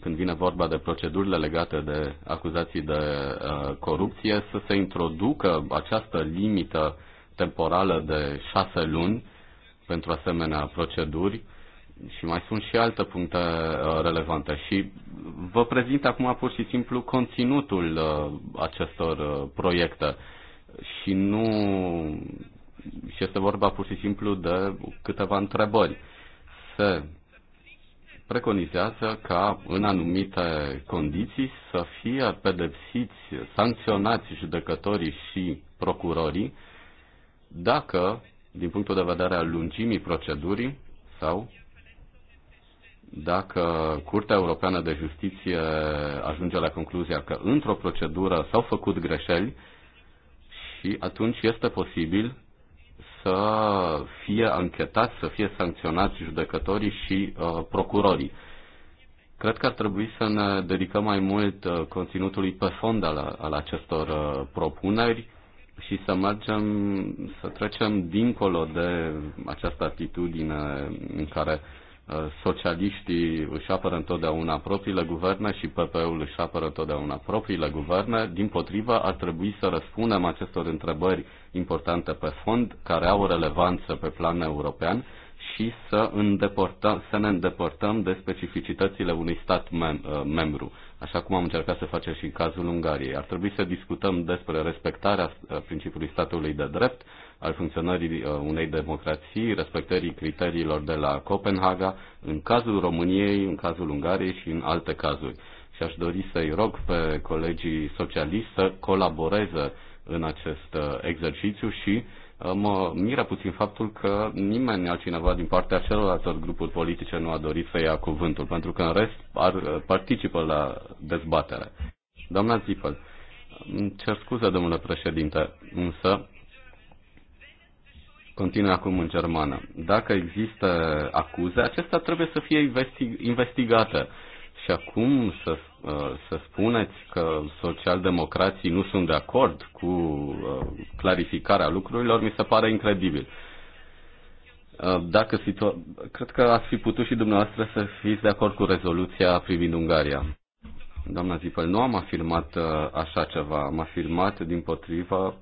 când vine vorba de procedurile legate de acuzații de uh, corupție, să se introducă această limită temporală de șase luni pentru asemenea proceduri și mai sunt și alte puncte uh, relevante. Și vă prezint acum pur și simplu conținutul uh, acestor uh, proiecte și nu și este vorba pur și simplu de câteva întrebări. Se preconizează ca în anumite condiții să fie pedepsiți, sancționați judecătorii și procurorii dacă, din punctul de vedere al lungimii procedurii sau dacă Curtea Europeană de Justiție ajunge la concluzia că într-o procedură s-au făcut greșeli și atunci este posibil să fie anchetați, să fie sancționați judecătorii și uh, procurorii. Cred că ar trebui să ne dedicăm mai mult uh, conținutului pe fond al, al acestor uh, propuneri și să mergem, să trecem dincolo de această atitudine în care uh, Uh, socialiștii își apără întotdeauna propriile guverne și pp ul își apără întotdeauna propriile guverne. Din potrivă, ar trebui să răspundem acestor întrebări importante pe fond, care au relevanță pe plan european și să, îndepărtăm, să ne îndepărtăm de specificitățile unui stat mem- uh, membru, așa cum am încercat să facem și în cazul Ungariei. Ar trebui să discutăm despre respectarea uh, principiului statului de drept, al funcționării uh, unei democrații, respectării criteriilor de la Copenhaga, în cazul României, în cazul Ungariei și în alte cazuri. Și aș dori să-i rog pe colegii socialiști să colaboreze în acest exercițiu și uh, Uh, mă miră puțin faptul că nimeni altcineva din partea celorlalți grupuri politice nu a dorit să ia cuvântul, pentru că în rest ar, uh, participă la dezbatere. Doamna Zipăl, cer scuze, domnule președinte, însă continuă acum în germană. Dacă există acuze, acestea trebuie să fie investigate. Și acum să Uh, să spuneți că socialdemocrații nu sunt de acord cu uh, clarificarea lucrurilor mi se pare incredibil. Uh, dacă situa- Cred că ați fi putut și dumneavoastră să fiți de acord cu rezoluția privind Ungaria. Doamna Zipel, nu am afirmat așa ceva. Am afirmat, din potrivă,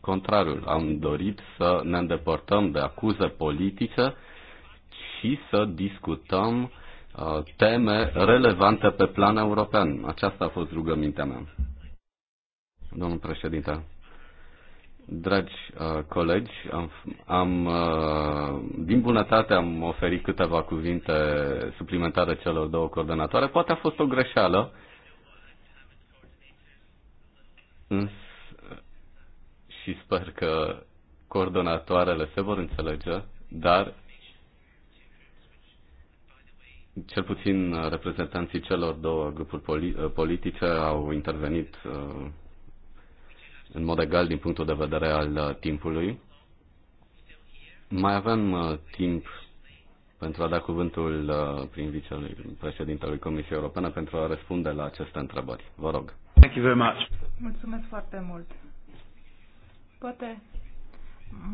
contrariul. Am dorit să ne îndepărtăm de acuze politice și să discutăm uh, Uh, teme relevante pe plan european. Aceasta a fost rugămintea mea. Domnul președinte, dragi uh, colegi, am, am, uh, din bunătate am oferit câteva cuvinte suplimentare celor două coordonatoare. Poate a fost o greșeală, și sper că coordonatoarele se vor înțelege, dar cel puțin uh, reprezentanții celor două grupuri uh, politice au intervenit uh, în mod egal din punctul de vedere al timpului. Mai avem timp pentru a da cuvântul prin președintelui Comisiei Europene pentru a răspunde la aceste întrebări. Vă rog. Thank you very much. Mulțumesc foarte mult. Poate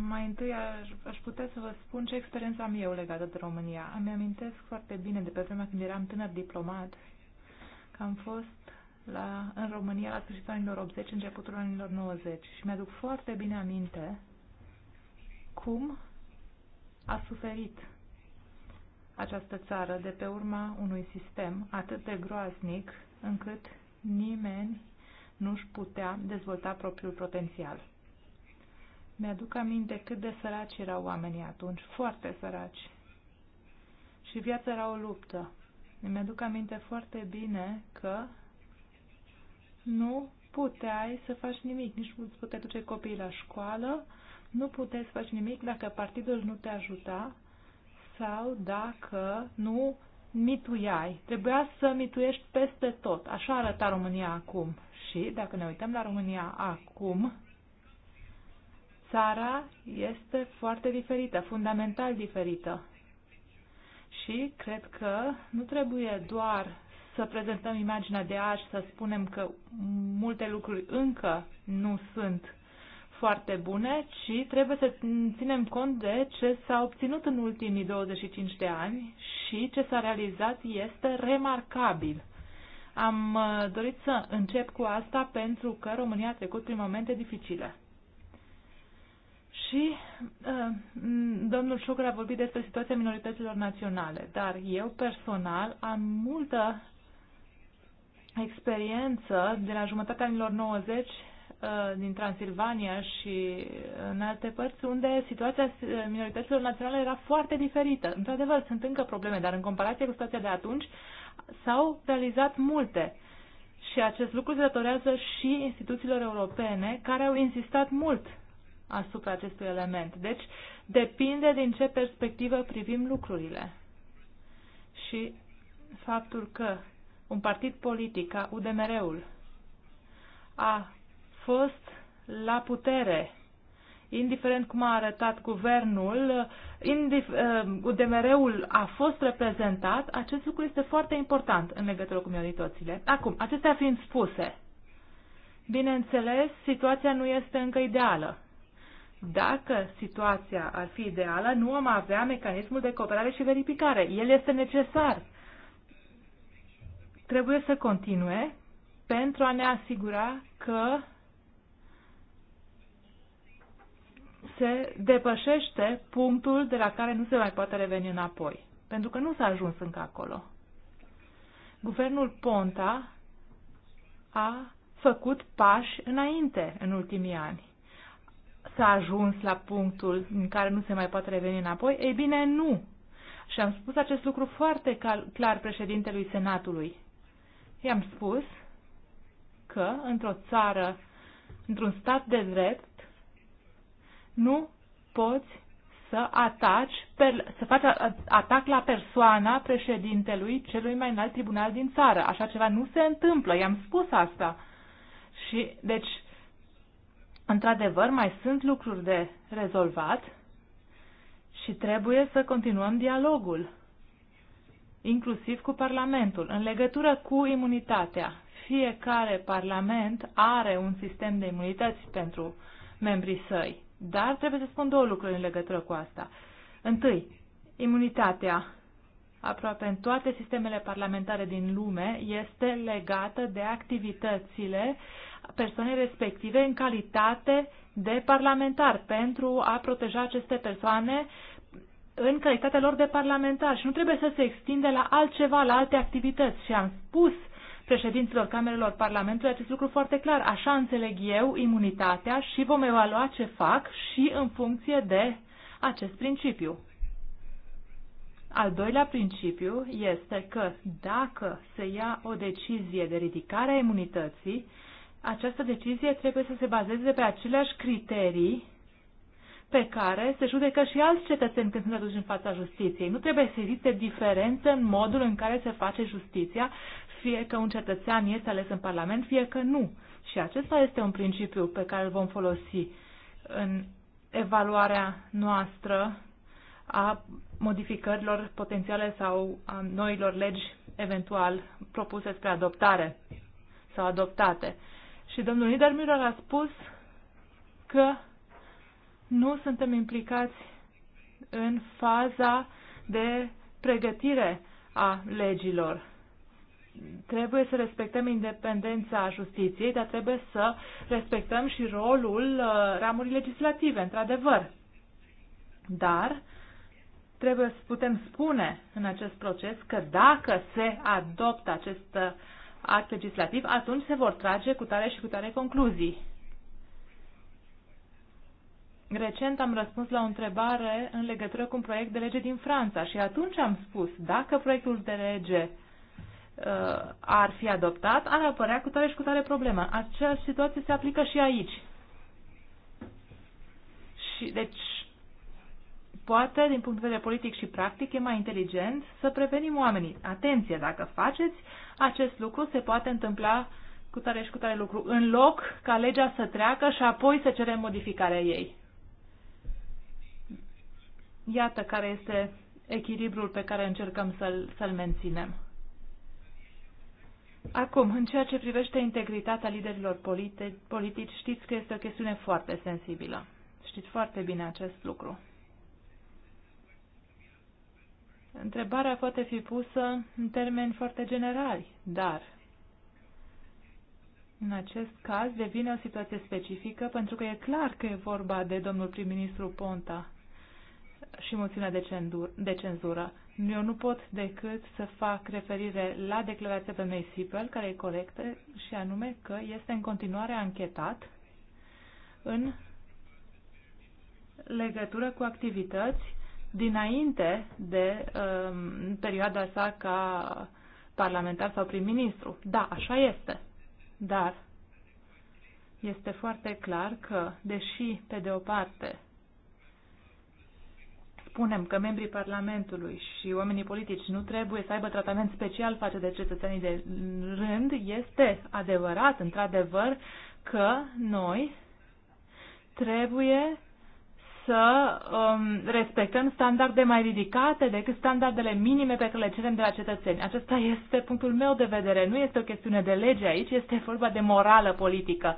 mai întâi aș, aș putea să vă spun ce experiență am eu legată de România. Îmi amintesc foarte bine de pe vremea când eram tânăr diplomat că am fost la, în România la sfârșitul anilor 80, începutul anilor 90 și mi-aduc foarte bine aminte cum a suferit această țară de pe urma unui sistem atât de groaznic încât nimeni nu-și putea dezvolta propriul potențial. Mi-aduc aminte cât de săraci erau oamenii atunci, foarte săraci. Și viața era o luptă. Mi-aduc aminte foarte bine că nu puteai să faci nimic, nici nu puteai duce copiii la școală, nu puteai să faci nimic dacă partidul nu te ajuta sau dacă nu mituiai. Trebuia să mituiești peste tot. Așa arăta România acum. Și dacă ne uităm la România acum, țara este foarte diferită, fundamental diferită. Și cred că nu trebuie doar să prezentăm imaginea de azi, să spunem că multe lucruri încă nu sunt foarte bune, ci trebuie să ținem cont de ce s-a obținut în ultimii 25 de ani și ce s-a realizat este remarcabil. Am uh, dorit să încep cu asta pentru că România a trecut prin momente dificile. Și uh, domnul Șucăr a vorbit despre situația minorităților naționale, dar eu personal am multă experiență de la jumătatea anilor 90 uh, din Transilvania și în alte părți, unde situația uh, minorităților naționale era foarte diferită. Într-adevăr, sunt încă probleme, dar în comparație cu situația de atunci s-au realizat multe. Și acest lucru se datorează și instituțiilor europene care au insistat mult asupra acestui element. Deci, depinde din ce perspectivă privim lucrurile. Și faptul că un partid politic ca UDMR-ul a fost la putere, indiferent cum a arătat guvernul, UDMR-ul uh, a fost reprezentat, acest lucru este foarte important în legătură cu minoritățile. Acum, acestea fiind spuse, bineînțeles, situația nu este încă ideală. Dacă situația ar fi ideală, nu am avea mecanismul de cooperare și verificare. El este necesar. Trebuie să continue pentru a ne asigura că se depășește punctul de la care nu se mai poate reveni înapoi. Pentru că nu s-a ajuns încă acolo. Guvernul Ponta a făcut pași înainte în ultimii ani s-a ajuns la punctul în care nu se mai poate reveni înapoi? Ei bine, nu. Și am spus acest lucru foarte clar președintelui Senatului. I-am spus că într-o țară, într-un stat de drept, nu poți să ataci, per, să faci atac la persoana președintelui celui mai înalt tribunal din țară. Așa ceva nu se întâmplă. I-am spus asta. Și, deci, Într-adevăr, mai sunt lucruri de rezolvat și trebuie să continuăm dialogul, inclusiv cu Parlamentul, în legătură cu imunitatea. Fiecare Parlament are un sistem de imunități pentru membrii săi, dar trebuie să spun două lucruri în legătură cu asta. Întâi, imunitatea aproape în toate sistemele parlamentare din lume este legată de activitățile persoanei respective în calitate de parlamentar pentru a proteja aceste persoane în calitatea lor de parlamentar și nu trebuie să se extinde la altceva, la alte activități. Și am spus președinților Camerelor Parlamentului acest lucru foarte clar. Așa înțeleg eu imunitatea și vom evalua ce fac și în funcție de acest principiu. Al doilea principiu este că dacă se ia o decizie de ridicare a imunității, această decizie trebuie să se bazeze pe aceleași criterii pe care se judecă și alți cetățeni când sunt aduși în fața justiției. Nu trebuie să existe diferențe în modul în care se face justiția, fie că un cetățean este ales în Parlament, fie că nu. Și acesta este un principiu pe care îl vom folosi în evaluarea noastră a modificărilor potențiale sau a noilor legi eventual propuse spre adoptare sau adoptate. Și domnul Niedermüller a spus că nu suntem implicați în faza de pregătire a legilor. Trebuie să respectăm independența justiției, dar trebuie să respectăm și rolul uh, ramurii legislative, într-adevăr. Dar trebuie să putem spune în acest proces că dacă se adoptă acest uh, act legislativ, atunci se vor trage cu tare și cu tare concluzii. Recent am răspuns la o întrebare în legătură cu un proiect de lege din Franța și atunci am spus, dacă proiectul de lege uh, ar fi adoptat, ar apărea cu tare și cu tare problemă. Aceeași situație se aplică și aici. Și, deci, poate, din punct de vedere politic și practic, e mai inteligent să prevenim oamenii. Atenție, dacă faceți acest lucru, se poate întâmpla cu tare și cu tare lucru, în loc ca legea să treacă și apoi să cerem modificarea ei. Iată care este echilibrul pe care încercăm să-l, să menținem. Acum, în ceea ce privește integritatea liderilor politici, știți că este o chestiune foarte sensibilă. Știți foarte bine acest lucru. Întrebarea poate fi pusă în termeni foarte generali, dar în acest caz devine o situație specifică pentru că e clar că e vorba de domnul prim-ministru Ponta și moțiunea de, cendur, de cenzură. Eu nu pot decât să fac referire la declarația doamnei Sipel, care e corectă, și anume că este în continuare anchetat în legătură cu activități dinainte de um, perioada sa ca parlamentar sau prim-ministru. Da, așa este. Dar este foarte clar că, deși, pe de o parte, spunem că membrii Parlamentului și oamenii politici nu trebuie să aibă tratament special față de cetățenii de rând, este adevărat, într-adevăr, că noi trebuie să um, respectăm standarde mai ridicate decât standardele minime pe care le cerem de la cetățeni. Acesta este punctul meu de vedere. Nu este o chestiune de lege aici, este vorba de morală politică,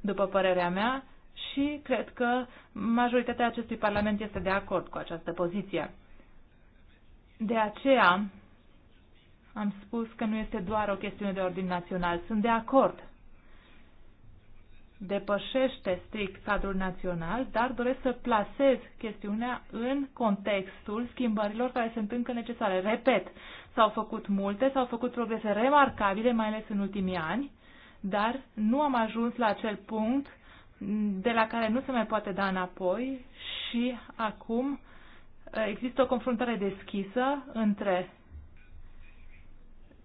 după părerea mea, și cred că majoritatea acestui Parlament este de acord cu această poziție. De aceea am spus că nu este doar o chestiune de ordin național. Sunt de acord depășește strict cadrul național, dar doresc să plasez chestiunea în contextul schimbărilor care sunt încă necesare. Repet, s-au făcut multe, s-au făcut progrese remarcabile, mai ales în ultimii ani, dar nu am ajuns la acel punct de la care nu se mai poate da înapoi și acum există o confruntare deschisă între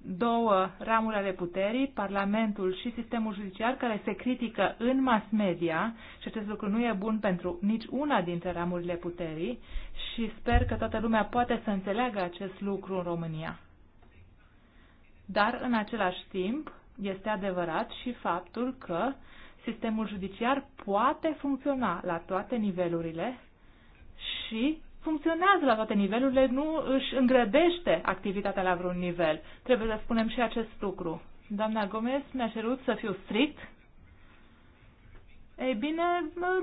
două ramuri ale puterii, Parlamentul și sistemul judiciar, care se critică în mass media și acest lucru nu e bun pentru nici una dintre ramurile puterii și sper că toată lumea poate să înțeleagă acest lucru în România. Dar, în același timp, este adevărat și faptul că sistemul judiciar poate funcționa la toate nivelurile și funcționează la toate nivelurile, nu își îngrădește activitatea la vreun nivel. Trebuie să spunem și acest lucru. Doamna Gomez mi-a cerut să fiu strict. Ei bine,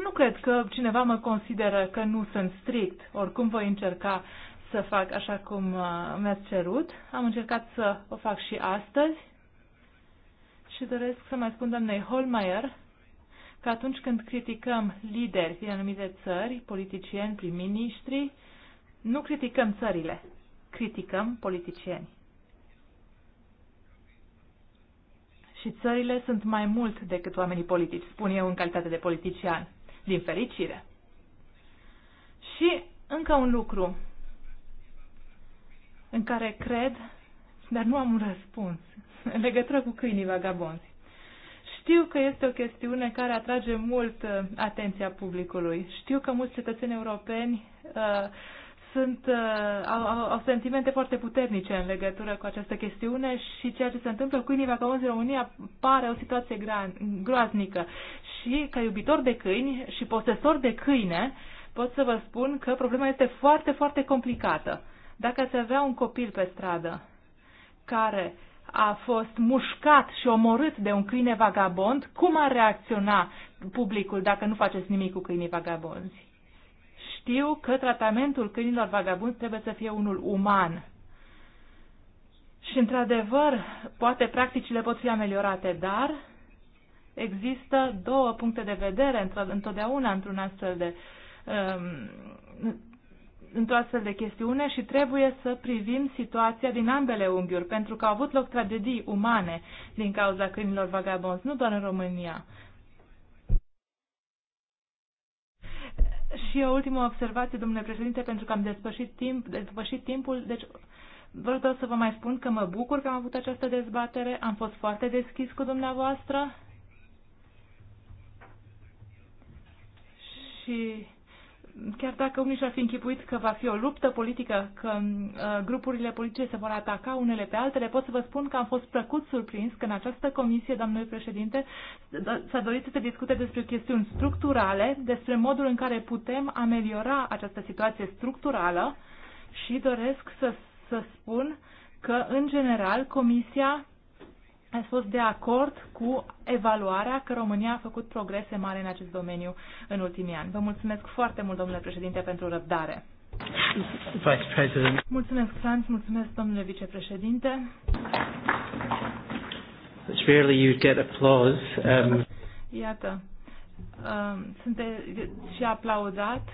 nu cred că cineva mă consideră că nu sunt strict. Oricum voi încerca să fac așa cum uh, mi-ați cerut. Am încercat să o fac și astăzi. Și doresc să mai spun doamnei Holmeier că atunci când criticăm lideri din anumite țări, politicieni, prim-ministri, nu criticăm țările, criticăm politicieni. Și țările sunt mai mult decât oamenii politici, spun eu în calitate de politician, din fericire. Și încă un lucru în care cred, dar nu am un răspuns, în legătură cu câinii vagabonzi. Știu că este o chestiune care atrage mult uh, atenția publicului. Știu că mulți cetățeni europeni uh, sunt, uh, au, au, au sentimente foarte puternice în legătură cu această chestiune și ceea ce se întâmplă cu câinii vacanți în România pare o situație gran, groaznică. Și ca iubitor de câini și posesor de câine pot să vă spun că problema este foarte, foarte complicată. Dacă ați avea un copil pe stradă care a fost mușcat și omorât de un câine vagabond, cum ar reacționa publicul dacă nu faceți nimic cu câinii vagabonzi? Știu că tratamentul câinilor vagabonzi trebuie să fie unul uman. Și, într-adevăr, poate practicile pot fi ameliorate, dar există două puncte de vedere întotdeauna într-un astfel de um, într-o astfel de chestiune și trebuie să privim situația din ambele unghiuri, pentru că au avut loc tragedii umane din cauza câinilor vagabonzi, nu doar în România. Și o ultimă observație, domnule președinte, pentru că am despășit, timp, despășit timpul, deci vreau să vă mai spun că mă bucur că am avut această dezbatere, am fost foarte deschis cu dumneavoastră și chiar dacă unii și-ar fi închipuit că va fi o luptă politică, că uh, grupurile politice se vor ataca unele pe altele, pot să vă spun că am fost plăcut surprins că în această comisie, domnule președinte, s-a dorit să se discute despre chestiuni structurale, despre modul în care putem ameliora această situație structurală și doresc să, să spun că, în general, comisia a fost de acord cu evaluarea că România a făcut progrese mari în acest domeniu în ultimii ani. Vă mulțumesc foarte mult, domnule președinte, pentru răbdare. Vice President. Mulțumesc, Franz, mulțumesc, domnule vicepreședinte. It's rarely you get applause. Um... Iată, um, și aplaudat.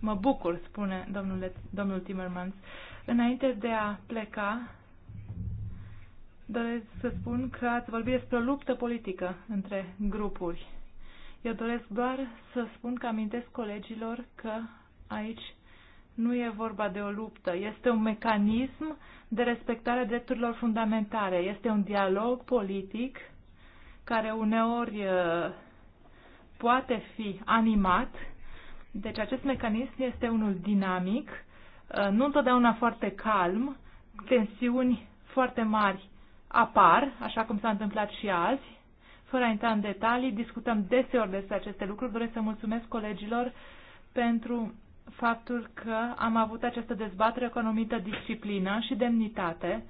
Mă bucur, spune domnule, domnul Timmermans. Înainte de a pleca, doresc să spun că ați vorbit despre o luptă politică între grupuri. Eu doresc doar să spun că amintesc colegilor că aici nu e vorba de o luptă, este un mecanism de respectare a drepturilor fundamentale. Este un dialog politic care uneori uh, poate fi animat. Deci acest mecanism este unul dinamic, uh, nu întotdeauna foarte calm, tensiuni foarte mari apar, așa cum s-a întâmplat și azi, fără a intra în detalii, discutăm deseori despre aceste lucruri. Doresc să mulțumesc colegilor pentru faptul că am avut această dezbatere cu anumită disciplină și demnitate,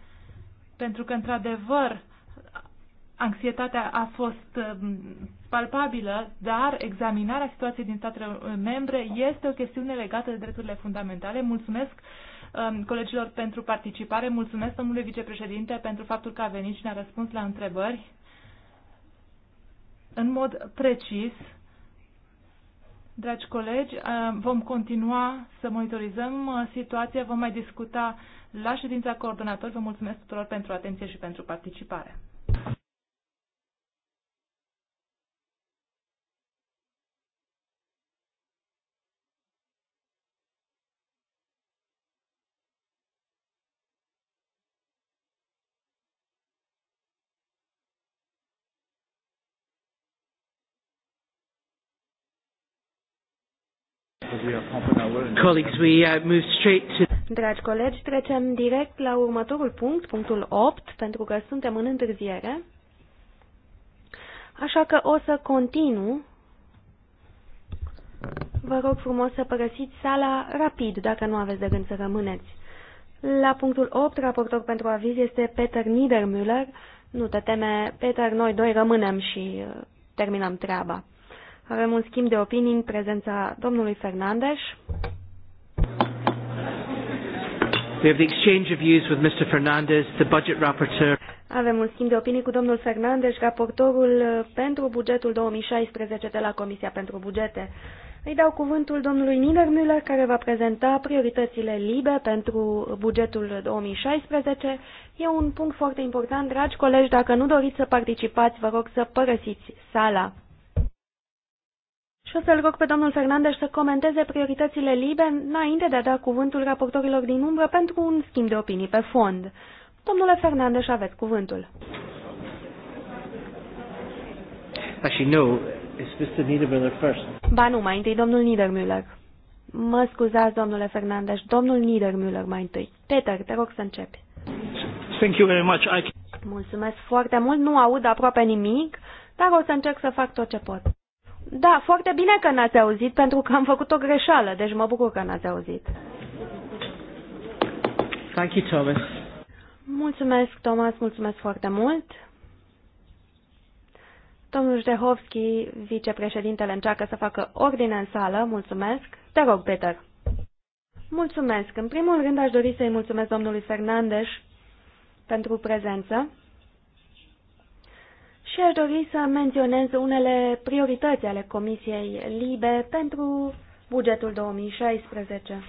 pentru că, într-adevăr, anxietatea a fost um, palpabilă, dar examinarea situației din statele membre este o chestiune legată de drepturile fundamentale. Mulțumesc Um, colegilor pentru participare. Mulțumesc, domnule vicepreședinte, pentru faptul că a venit și ne-a răspuns la întrebări în mod precis. Dragi colegi, um, vom continua să monitorizăm uh, situația, vom mai discuta la ședința coordonator. Vă mulțumesc tuturor pentru atenție și pentru participare. Colleagues, we uh, move straight to... Dragi colegi, trecem direct la următorul punct, punctul 8, pentru că suntem în întârziere. Așa că o să continu. Vă rog frumos să părăsiți sala rapid, dacă nu aveți de gând să rămâneți. La punctul 8, raportor pentru aviz este Peter Niedermüller. Nu te teme, Peter, noi doi rămânem și uh, terminăm treaba. Avem un schimb de opinii în prezența domnului Fernandes. We have the exchange of views with Mr. Fernandez, the budget rapporteur. Avem un schimb de opinii cu domnul Fernandes, raportorul pentru bugetul 2016 de la Comisia pentru Bugete. Îi dau cuvântul domnului Niedermüller, care va prezenta prioritățile libe pentru bugetul 2016. E un punct foarte important. Dragi colegi, dacă nu doriți să participați, vă rog să părăsiți sala. Și o să-l rog pe domnul Fernandez să comenteze prioritățile libe înainte de a da cuvântul raportorilor din umbră pentru un schimb de opinii pe fond. Domnule Fernandez, aveți cuvântul. Niedermüller Ba nu, mai întâi domnul Niedermüller. Mă scuzați, domnule Fernandez, domnul Niedermüller mai întâi. Peter, te rog să începi. Thank you very much. I... Mulțumesc foarte mult, nu aud aproape nimic, dar o să încerc să fac tot ce pot. Da, foarte bine că n-ați auzit, pentru că am făcut o greșeală, deci mă bucur că n-ați auzit. Thank you, Thomas. Mulțumesc, Thomas, mulțumesc foarte mult. Domnul Jdehovski, vicepreședintele, încearcă să facă ordine în sală. Mulțumesc. Te rog, Peter. Mulțumesc. În primul rând aș dori să-i mulțumesc domnului Fernandes pentru prezență și aș dori să menționez unele priorități ale Comisiei Libe pentru bugetul 2016.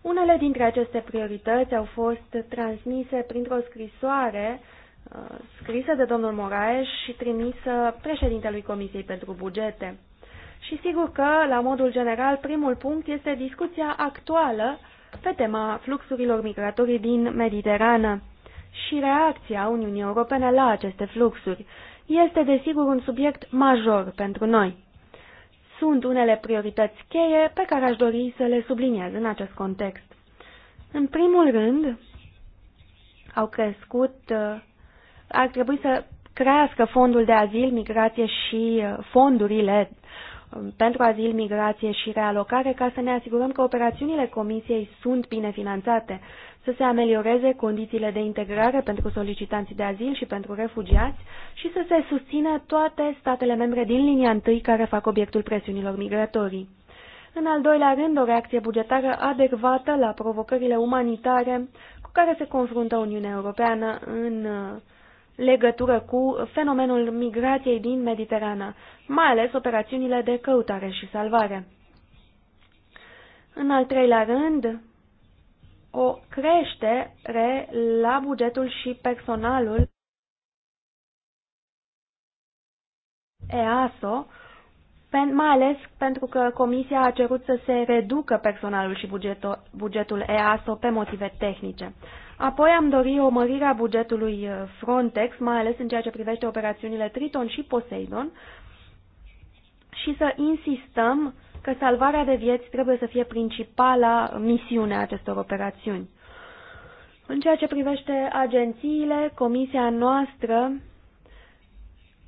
Unele dintre aceste priorități au fost transmise printr-o scrisoare uh, scrisă de domnul Moraes și trimisă președintelui Comisiei pentru Bugete. Și sigur că, la modul general, primul punct este discuția actuală pe tema fluxurilor migratorii din Mediterană și reacția Uniunii Europene la aceste fluxuri. Este, desigur, un subiect major pentru noi. Sunt unele priorități cheie pe care aș dori să le subliniez în acest context. În primul rând, au crescut, uh, ar trebui să crească fondul de azil, migrație și uh, fondurile um, pentru azil, migrație și realocare ca să ne asigurăm că operațiunile Comisiei sunt bine finanțate să se amelioreze condițiile de integrare pentru solicitanții de azil și pentru refugiați și să se susțină toate statele membre din linia întâi care fac obiectul presiunilor migratorii. În al doilea rând, o reacție bugetară adecvată la provocările umanitare cu care se confruntă Uniunea Europeană în uh, legătură cu fenomenul migrației din Mediterana, mai ales operațiunile de căutare și salvare. În al treilea rând, o creștere la bugetul și personalul EASO, mai ales pentru că Comisia a cerut să se reducă personalul și bugetul, EASO pe motive tehnice. Apoi am dorit o mărire a bugetului uh, Frontex, mai ales în ceea ce privește operațiunile Triton și Poseidon, și să insistăm că salvarea de vieți trebuie să fie principala misiune a acestor operațiuni. În ceea ce privește agențiile, comisia noastră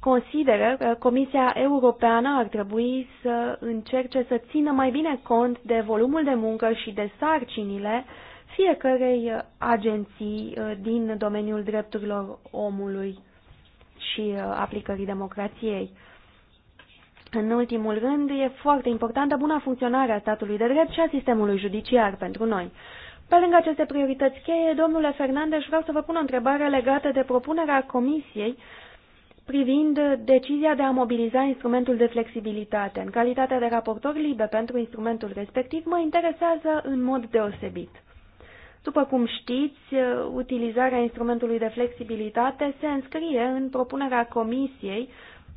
consideră că Comisia Europeană ar trebui să încerce să țină mai bine cont de volumul de muncă și de sarcinile fiecarei agenții uh, din domeniul drepturilor omului și uh, aplicării democrației. În ultimul rând, e foarte importantă buna funcționare a statului de drept și a sistemului judiciar pentru noi. Pe lângă aceste priorități cheie, domnule Fernandez, vreau să vă pun o întrebare legată de propunerea Comisiei privind decizia de a mobiliza instrumentul de flexibilitate. În calitate de raportor liber pentru instrumentul respectiv, mă interesează în mod deosebit. După cum știți, utilizarea instrumentului de flexibilitate se înscrie în propunerea Comisiei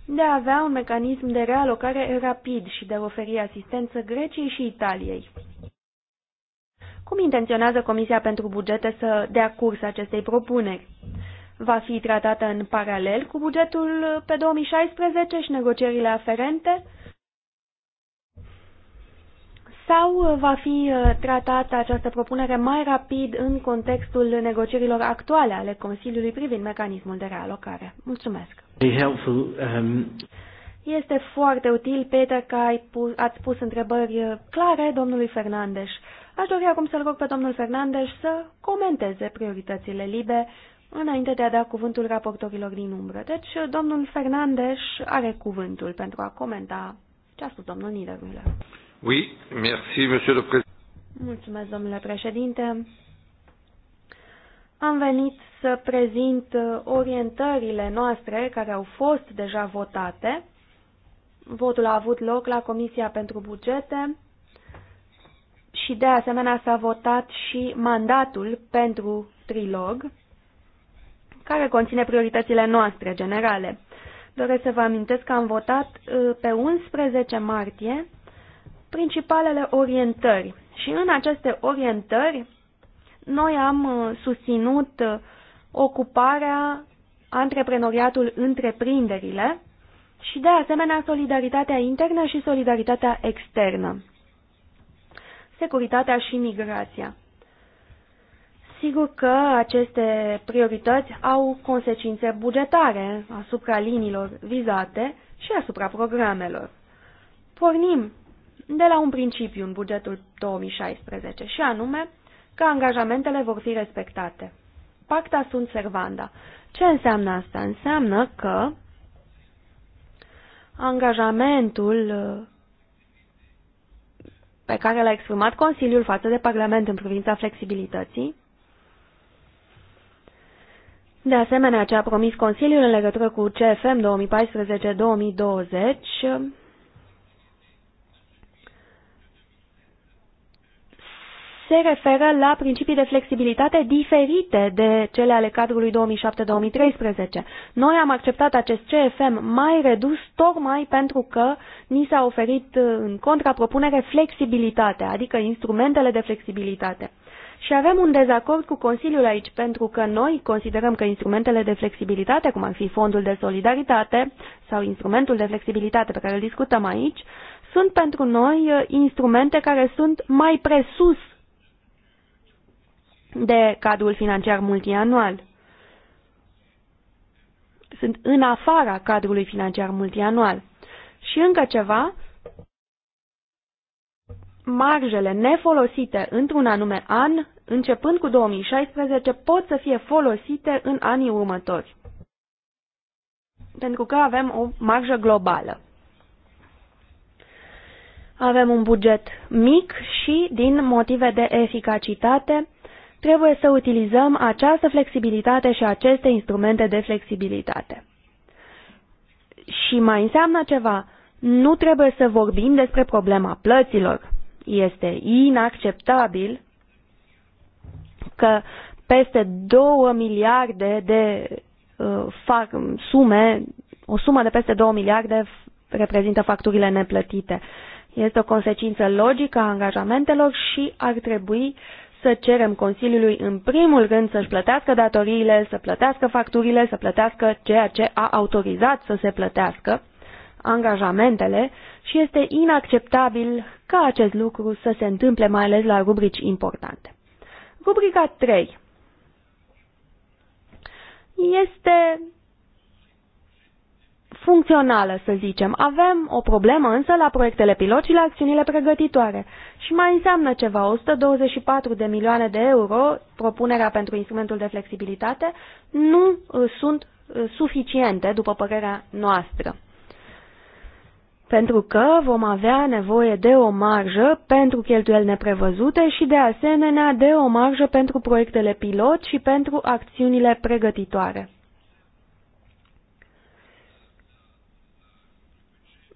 de a avea un mecanism de realocare rapid și de a oferi asistență Greciei și Italiei. Cum intenționează Comisia pentru Bugete să dea curs acestei propuneri? Va fi tratată în paralel cu bugetul pe 2016 și negocierile aferente? sau uh, va fi uh, tratată această propunere mai rapid în contextul negocierilor actuale ale Consiliului privind mecanismul de realocare? Mulțumesc! Um, este foarte util, Peter, că ai pu- ați pus întrebări uh, clare domnului Fernandes. Aș dori acum să-l rog pe domnul Fernandes să comenteze prioritățile libe înainte de a da cuvântul raportorilor din umbră. Deci, domnul Fernandes are cuvântul pentru a comenta ce a spus domnul Niedermüller. Oui, merci, monsieur le président. Mulțumesc, domnule președinte. Am venit să prezint orientările noastre care au fost deja votate. Votul a avut loc la Comisia pentru Bugete și de asemenea s-a votat și mandatul pentru trilog, care conține prioritățile noastre generale. Doresc să vă amintesc că am votat uh, pe 11 martie principalele orientări. Și în aceste orientări, noi am uh, susținut uh, ocuparea, antreprenoriatul, întreprinderile și, de asemenea, solidaritatea internă și solidaritatea externă, securitatea și migrația. Sigur că aceste priorități au consecințe bugetare asupra liniilor vizate și asupra programelor. Pornim de la un principiu în bugetul 2016, și anume că angajamentele vor fi respectate. Pacta sunt servanda. Ce înseamnă asta? Înseamnă că angajamentul uh, pe care l-a exprimat Consiliul față de Parlament în privința flexibilității, de asemenea ce a promis Consiliul în legătură cu CFM 2014-2020, se referă la principii de flexibilitate diferite de cele ale cadrului 2007-2013. Noi am acceptat acest CFM mai redus tocmai pentru că ni s-a oferit uh, în contrapropunere flexibilitate, adică instrumentele de flexibilitate. Și avem un dezacord cu Consiliul aici, pentru că noi considerăm că instrumentele de flexibilitate, cum ar fi fondul de solidaritate sau instrumentul de flexibilitate pe care îl discutăm aici, sunt pentru noi uh, instrumente care sunt mai presus de cadrul financiar multianual. Sunt în afara cadrului financiar multianual. Și încă ceva, marjele nefolosite într-un anume an, începând cu 2016, pot să fie folosite în anii următori. Pentru că avem o marjă globală. Avem un buget mic și, din motive de eficacitate, Trebuie să utilizăm această flexibilitate și aceste instrumente de flexibilitate. Și mai înseamnă ceva, nu trebuie să vorbim despre problema plăților. Este inacceptabil că peste 2 miliarde de uh, fac, sume, o sumă de peste 2 miliarde reprezintă facturile neplătite. Este o consecință logică a angajamentelor și ar trebui să cerem Consiliului în primul rând să-și plătească datoriile, să plătească facturile, să plătească ceea ce a autorizat să se plătească, angajamentele, și este inacceptabil ca acest lucru să se întâmple mai ales la rubrici importante. Rubrica 3 este funcțională, să zicem. Avem o problemă însă la proiectele pilot și la acțiunile pregătitoare. Și mai înseamnă ceva, 124 de milioane de euro, propunerea pentru instrumentul de flexibilitate, nu uh, sunt uh, suficiente, după părerea noastră. Pentru că vom avea nevoie de o marjă pentru cheltuieli neprevăzute și de asemenea de o marjă pentru proiectele pilot și pentru acțiunile pregătitoare.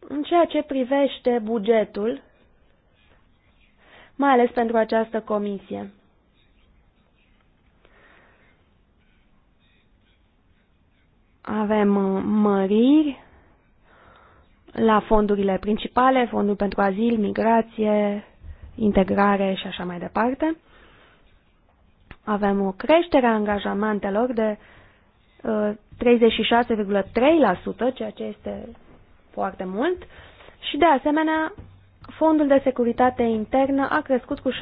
În ceea ce privește bugetul, mai ales pentru această comisie. Avem uh, măriri la fondurile principale, fondul pentru azil, migrație, integrare și așa mai departe. Avem o creștere a angajamentelor de 36,3%, uh, ceea ce este foarte mult și, de asemenea, fondul de securitate internă a crescut cu 7,5%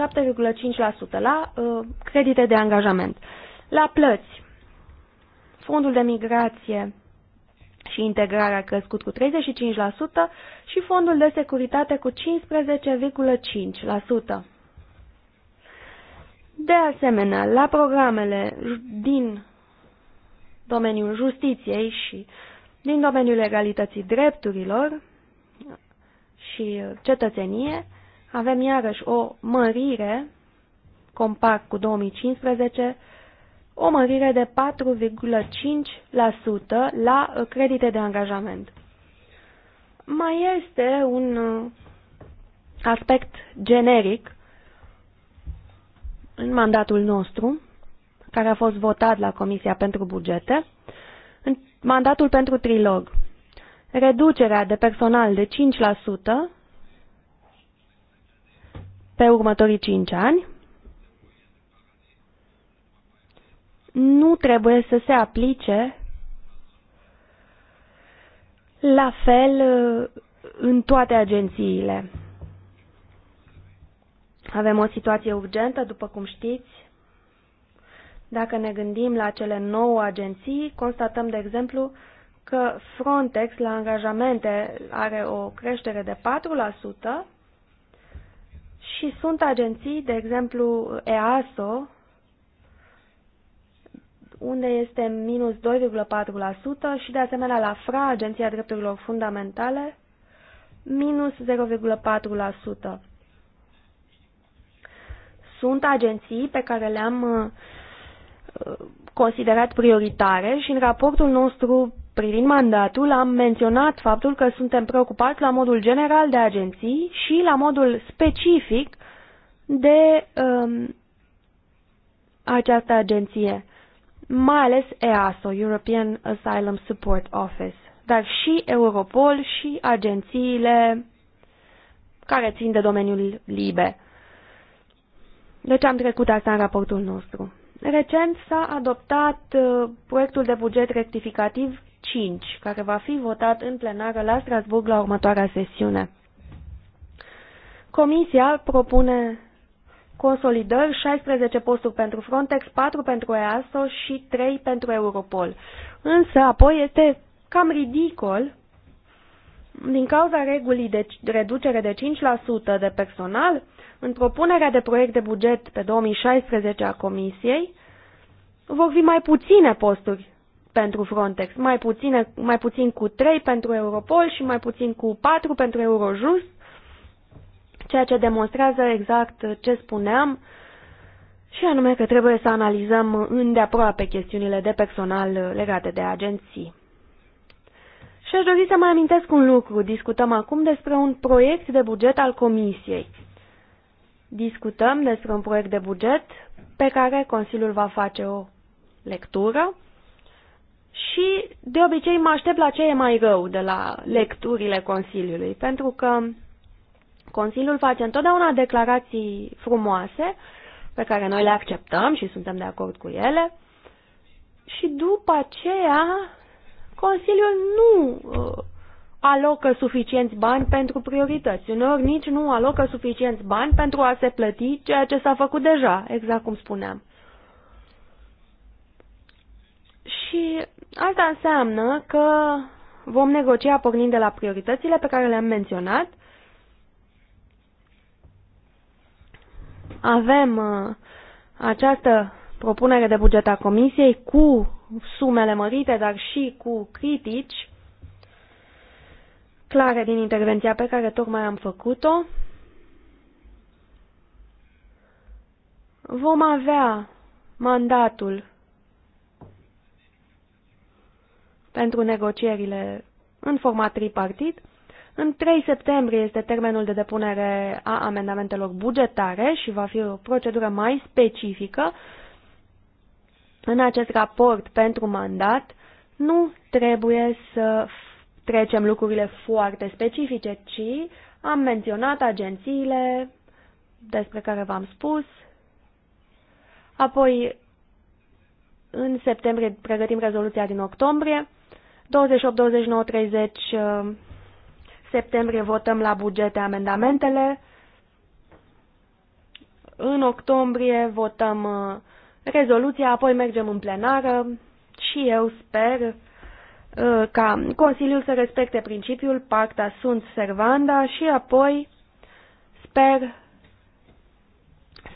la uh, credite de angajament. La plăți, fondul de migrație și integrare a crescut cu 35% și fondul de securitate cu 15,5%. De asemenea, la programele din domeniul justiției și uh, din domeniul egalității drepturilor și cetățenie, avem iarăși o mărire, compar cu 2015, o mărire de 4,5% la credite de angajament. Mai este un aspect generic în mandatul nostru, care a fost votat la Comisia pentru Bugete, mandatul pentru trilog. Reducerea de personal de 5% pe următorii 5 ani nu trebuie să se aplice la fel uh, în toate agențiile. Avem o situație urgentă, după cum știți, dacă ne gândim la cele nouă agenții, constatăm, de exemplu, că Frontex la angajamente are o creștere de 4% și sunt agenții, de exemplu EASO, unde este minus 2,4% și de asemenea la FRA, Agenția Drepturilor Fundamentale, minus 0,4%. Sunt agenții pe care le-am considerat prioritare și în raportul nostru privind mandatul am menționat faptul că suntem preocupați la modul general de agenții și la modul specific de um, această agenție, mai ales EASO, European Asylum Support Office, dar și Europol și agențiile care țin de domeniul libe. Deci am trecut asta în raportul nostru. Recent s-a adoptat uh, proiectul de buget rectificativ 5, care va fi votat în plenară la Strasburg la următoarea sesiune. Comisia propune consolidări, 16 posturi pentru Frontex, 4 pentru EASO și 3 pentru Europol. Însă apoi este cam ridicol din cauza regulii de reducere de 5% de personal, în propunerea de proiect de buget pe 2016 a Comisiei, vor fi mai puține posturi pentru Frontex, mai, puține, mai puțin cu 3 pentru Europol și mai puțin cu 4 pentru Eurojust, ceea ce demonstrează exact ce spuneam, și anume că trebuie să analizăm îndeaproape chestiunile de personal legate de agenții. Și aș dori să mai amintesc un lucru. Discutăm acum despre un proiect de buget al Comisiei. Discutăm despre un proiect de buget pe care Consiliul va face o lectură și de obicei mă aștept la ce e mai rău de la lecturile Consiliului, pentru că Consiliul face întotdeauna declarații frumoase pe care noi le acceptăm și suntem de acord cu ele și după aceea Consiliul nu uh, alocă suficienți bani pentru priorități. Uneori nici nu alocă suficienți bani pentru a se plăti ceea ce s-a făcut deja, exact cum spuneam. Și asta înseamnă că vom negocia pornind de la prioritățile pe care le-am menționat. Avem uh, această propunere de buget a Comisiei cu sumele mărite, dar și cu critici clare din intervenția pe care tocmai am făcut-o. Vom avea mandatul pentru negocierile în format tripartit. În 3 septembrie este termenul de depunere a amendamentelor bugetare și va fi o procedură mai specifică în acest raport pentru mandat nu trebuie să trecem lucrurile foarte specifice, ci am menționat agențiile despre care v-am spus. Apoi, în septembrie pregătim rezoluția din octombrie. 28, 29, 30 septembrie votăm la bugete amendamentele. În octombrie votăm uh, rezoluția, apoi mergem în plenară și eu sper uh, ca Consiliul să respecte principiul pacta sunt servanda și apoi sper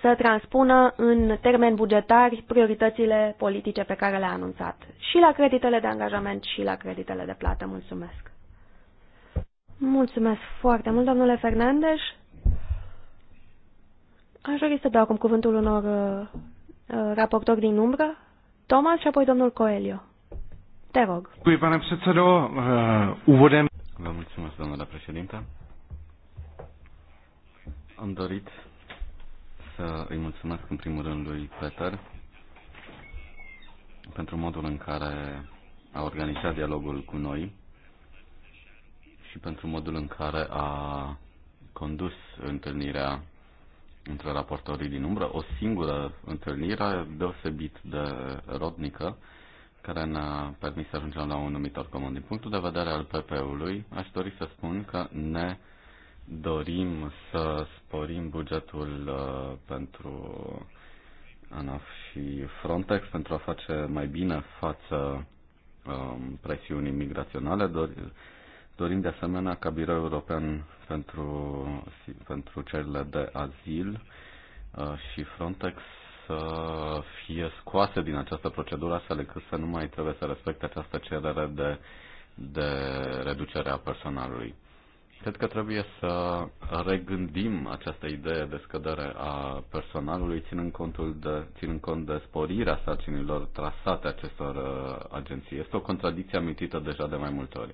să transpună în termeni bugetari prioritățile politice pe care le-a anunțat și la creditele de angajament și la creditele de plată. Mulțumesc! Mulțumesc foarte mult, domnule Fernandez. Aș dori să dau acum cuvântul unor uh, Eh, raportor din umbră, Thomas și apoi domnul Coelio. Te rog. Eh, Vă mulțumesc, domnule președinte. Am dorit să îi mulțumesc în primul rând lui Peter pentru modul în care a organizat dialogul cu noi și pentru modul în care a condus întâlnirea între raportorii din umbră, o singură întâlnire deosebit de rodnică, care ne-a permis să ajungem la un numitor comun. Din punctul de vedere al PP-ului, aș dori să spun că ne dorim să sporim bugetul uh, pentru ANAF și Frontex pentru a face mai bine față um, presiunii migraționale. Dor- Dorim de asemenea ca Biroul European pentru, pentru cerile de azil uh, și Frontex să fie scoase din această procedură astfel încât să nu mai trebuie să respecte această cerere de, de reducere a personalului. Cred că trebuie să regândim această idee de scădere a personalului, ținând, contul de, ținând cont de sporirea sarcinilor trasate acestor uh, agenții. Este o contradicție amintită deja de mai multe ori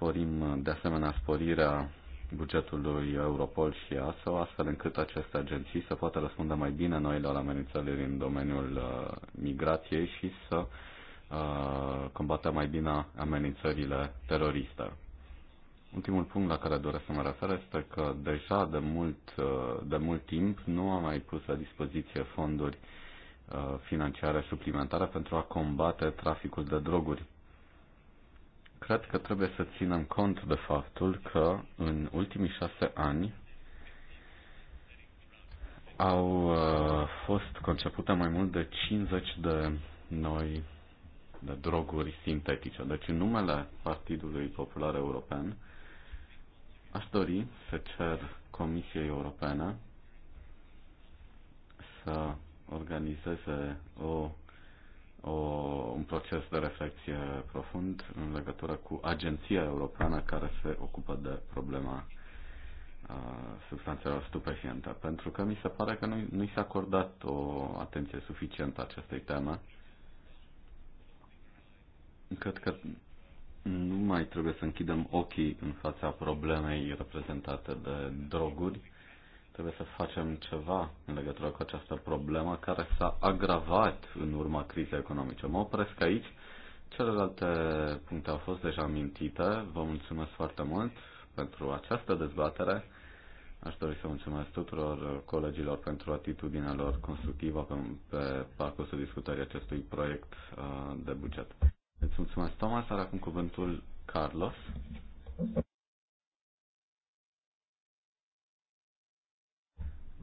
sporim de asemenea sporirea bugetului Europol și ASO, astfel încât aceste agenții să poată răspunde mai bine noilor amenințări în domeniul uh, migrației și să uh, combată mai bine amenințările teroriste. Ultimul punct la care doresc să mă refer este că deja de mult, uh, de mult timp nu am mai pus la dispoziție fonduri financiare suplimentare pentru a combate traficul de droguri Cred că trebuie să ținem cont de faptul că în ultimii șase ani au uh, fost concepute mai mult de 50 de noi de droguri sintetice. Deci în numele Partidului Popular European aș dori să cer Comisiei Europene să organizeze o o, un proces de reflexie profund în legătură cu agenția europeană care se ocupă de problema substanțelor stupefiante, pentru că mi se pare că nu, nu i s-a acordat o atenție suficientă acestei teme. Cred că nu mai trebuie să închidem ochii în fața problemei reprezentate de droguri Trebuie să facem ceva în legătură cu această problemă care s-a agravat în urma crizei economice. Mă opresc aici. Celelalte puncte au fost deja amintite. Vă mulțumesc foarte mult pentru această dezbatere. Aș dori să mulțumesc tuturor colegilor pentru atitudinea lor constructivă pe, pe parcursul discutării acestui proiect uh, de buget. Îți mulțumesc, Thomas. Are acum cuvântul Carlos.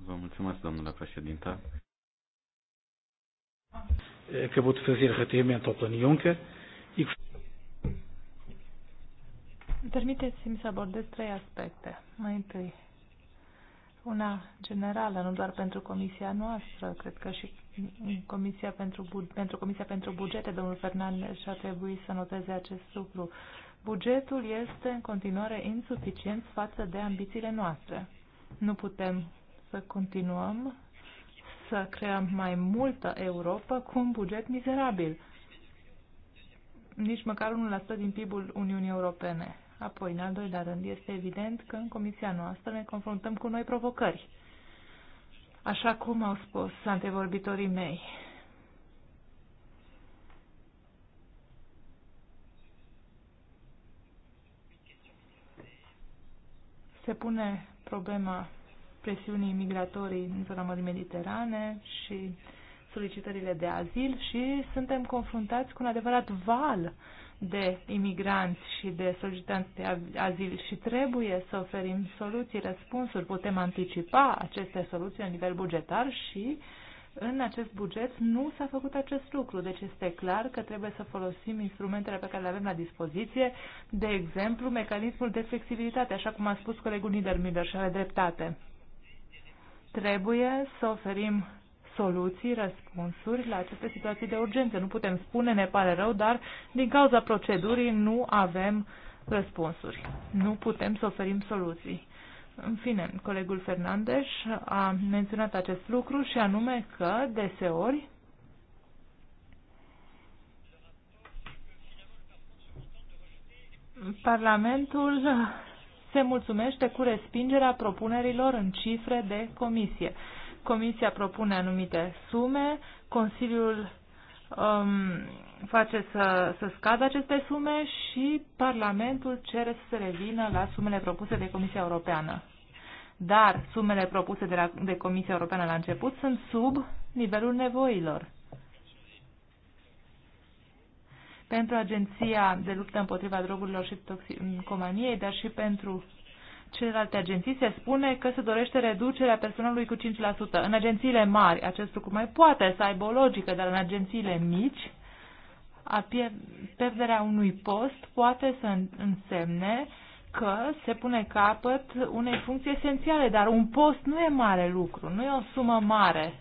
Vă mulțumesc, domnule președinte. Acabou de fazer relativamente ao plano Juncker Permiteți-mi să abordez trei aspecte. Mai întâi, una generală, nu doar pentru comisia noastră, cred că și comisia pentru, pentru Comisia pentru Bugete, domnul Fernandez și-a trebuit să noteze acest lucru. Bugetul este în continuare insuficient față de ambițiile noastre. Nu putem să continuăm să creăm mai multă Europa cu un buget mizerabil. Nici măcar 1% din PIB-ul Uniunii Europene. Apoi, în al doilea rând, este evident că în comisia noastră ne confruntăm cu noi provocări. Așa cum au spus antevorbitorii mei, se pune problema presiunii migratorii în zona Mării Mediterane și solicitările de azil și suntem confruntați cu un adevărat val de imigranți și de solicitanți de azil și trebuie să oferim soluții, răspunsuri. Putem anticipa aceste soluții la nivel bugetar și în acest buget nu s-a făcut acest lucru, deci este clar că trebuie să folosim instrumentele pe care le avem la dispoziție, de exemplu, mecanismul de flexibilitate, așa cum a spus colegul Niedermüller și are dreptate. Trebuie să oferim soluții, răspunsuri la aceste situații de urgență. Nu putem spune, ne pare rău, dar din cauza procedurii nu avem răspunsuri. Nu putem să oferim soluții. În fine, colegul Fernandez a menționat acest lucru și anume că deseori Parlamentul se mulțumește cu respingerea propunerilor în cifre de comisie. Comisia propune anumite sume, Consiliul um, face să, să scadă aceste sume și Parlamentul cere să se revină la sumele propuse de Comisia Europeană. Dar sumele propuse de, la, de Comisia Europeană la început sunt sub nivelul nevoilor. pentru Agenția de Luptă împotriva Drogurilor și Toxicomaniei, dar și pentru celelalte agenții, se spune că se dorește reducerea personalului cu 5%. În agențiile mari acest lucru mai poate să aibă o logică, dar în agențiile mici a pierderea unui post poate să însemne că se pune capăt unei funcții esențiale, dar un post nu e mare lucru, nu e o sumă mare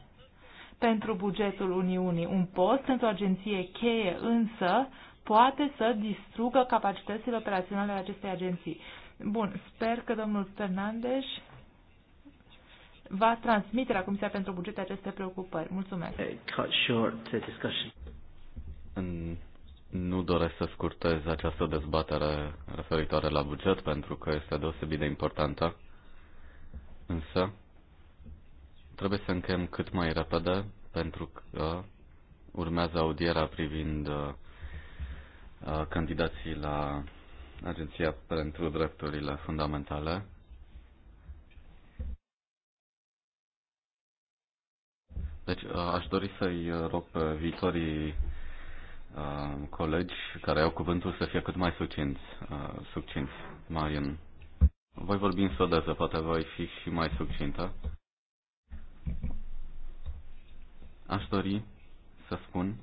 pentru bugetul Uniunii. Un post într-o agenție cheie însă poate să distrugă capacitățile operaționale ale acestei agenții. Bun, sper că domnul Fernandes va transmite la Comisia pentru buget aceste preocupări. Mulțumesc. Cut short discussion. Nu doresc să scurtez această dezbatere referitoare la buget pentru că este deosebit de importantă. Însă, Trebuie să încheiem cât mai repede, pentru că urmează audierea privind uh, uh, candidații la Agenția pentru Drepturile Fundamentale. Deci uh, aș dori să-i rog pe viitorii colegi care au cuvântul să fie cât mai succinți. succinți. Marian, voi vorbi în sodeză, poate voi fi și mai succintă. Aș dori să spun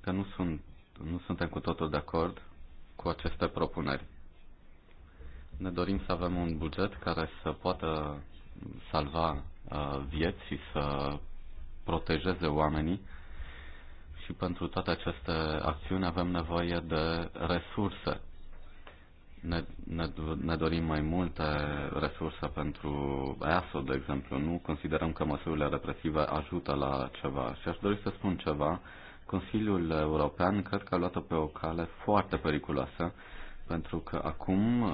că nu, sunt, nu suntem cu totul de acord cu aceste propuneri. Ne dorim să avem un buget care să poată salva uh, vieți și să protejeze oamenii și pentru toate aceste acțiuni avem nevoie de resurse ne, ne, ne dorim mai multe resurse pentru EASO, de exemplu. Nu considerăm că măsurile represive ajută la ceva. Și aș dori să spun ceva. Consiliul European cred că a luat-o pe o cale foarte periculoasă, pentru că acum uh,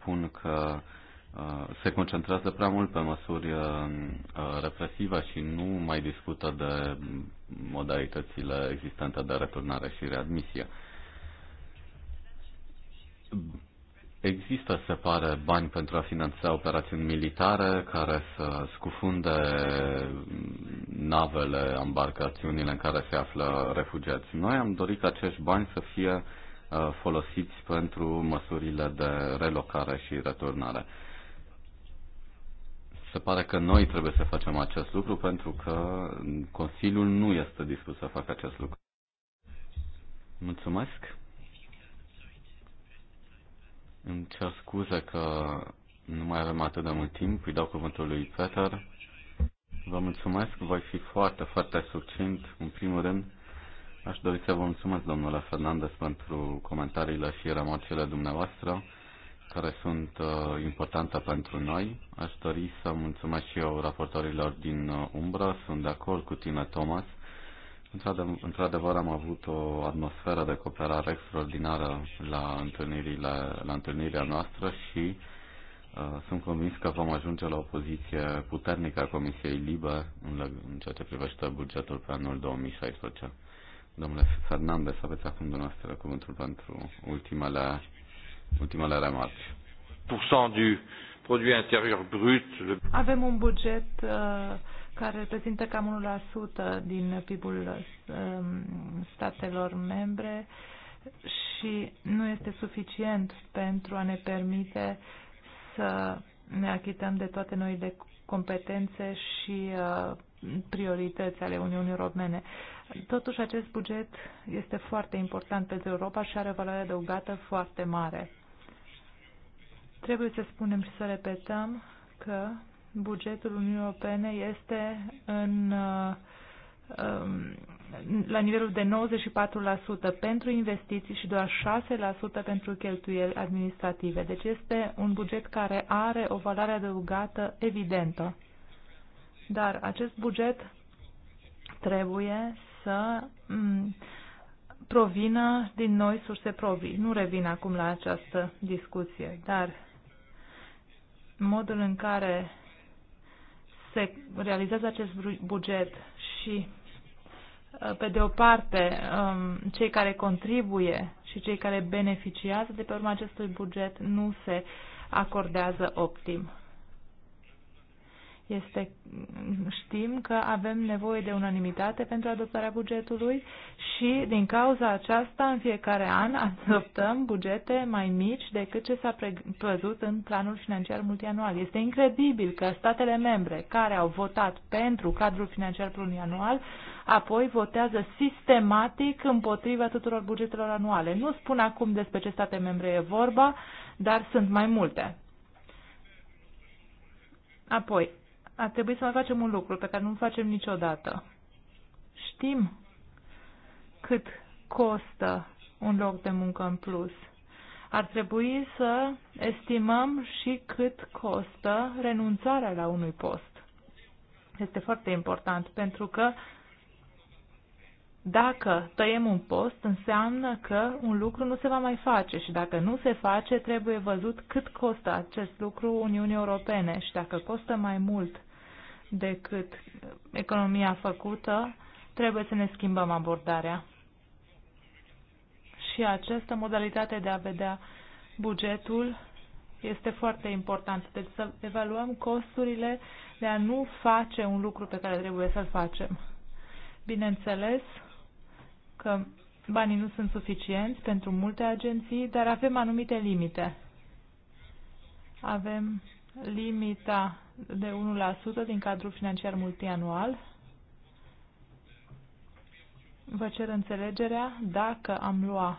spun că uh, se concentrează prea mult pe măsuri uh, uh represive și nu mai discută de modalitățile existente de returnare și readmisie Există, se pare, bani pentru a finanța operațiuni militare care să scufunde navele, embarcațiunile în care se află refugiați. Noi am dorit ca acești bani să fie uh, folosiți pentru măsurile de relocare și returnare. Se pare că noi trebuie să facem acest lucru pentru că Consiliul nu este dispus să facă acest lucru. Mulțumesc! Îmi cer scuze că nu mai avem atât de mult timp. Îi dau cuvântul lui Peter. Vă mulțumesc, voi fi foarte, foarte succint. În primul rând, aș dori să vă mulțumesc, domnule Fernandez, pentru comentariile și remarcile dumneavoastră, care sunt uh, importante pentru noi. Aș dori să mulțumesc și eu raportorilor din uh, umbră. Sunt de acord cu tine, Thomas. Uh, Într-adevăr, am avut o atmosferă de cooperare extraordinară la, întâlnirile, la întâlnirea noastră și uh, sunt convins că vom ajunge la o poziție puternică a Comisiei Libe în, în ceea ce privește bugetul pe anul 2016. Domnule Fernandez, aveți acum dumneavoastră cuvântul pentru ultimele, ultimele remarci. Avem un buget uh, care reprezintă cam 1% din PIB-ul um, statelor membre și nu este suficient pentru a ne permite să ne achităm de toate noile competențe și uh, priorități ale Uniunii Europene. Totuși, acest buget este foarte important pentru Europa și are valoare adăugată foarte mare. Trebuie să spunem și să repetăm că bugetul Uniunii Europene este în, um, la nivelul de 94% pentru investiții și doar 6% pentru cheltuieli administrative. Deci este un buget care are o valoare adăugată evidentă. Dar acest buget trebuie să mm, provină din noi surse provi. Nu revin acum la această discuție, dar modul în care se realizează acest buget și, uh, pe de o parte, um, cei care contribuie și cei care beneficiază de pe urma acestui buget nu se acordează optim. Este, mm, știm că avem nevoie de unanimitate pentru adoptarea bugetului și din cauza aceasta în fiecare an adoptăm bugete mai mici decât ce s-a prevăzut în planul financiar multianual. Este incredibil că statele membre care au votat pentru cadrul financiar plurianual apoi votează sistematic împotriva tuturor bugetelor anuale. Nu spun acum despre ce state membre e vorba, dar sunt mai multe. Apoi, ar trebui să mai facem un lucru pe care nu-l facem niciodată. Știm cât costă un loc de muncă în plus. Ar trebui să estimăm și cât costă renunțarea la unui post. Este foarte important pentru că uh, dacă tăiem un post, înseamnă că un lucru nu se va mai face și dacă nu se face, trebuie văzut cât costă acest lucru Uniunii Europene și dacă costă mai mult decât economia făcută, trebuie să ne schimbăm abordarea. Și această modalitate de a vedea bugetul este foarte importantă. Deci să evaluăm costurile de a nu face un lucru pe care trebuie să-l facem. Bineînțeles, că banii nu sunt suficienți pentru multe agenții, dar avem anumite limite. Avem limita de 1% din cadrul financiar multianual. Vă cer înțelegerea dacă am luat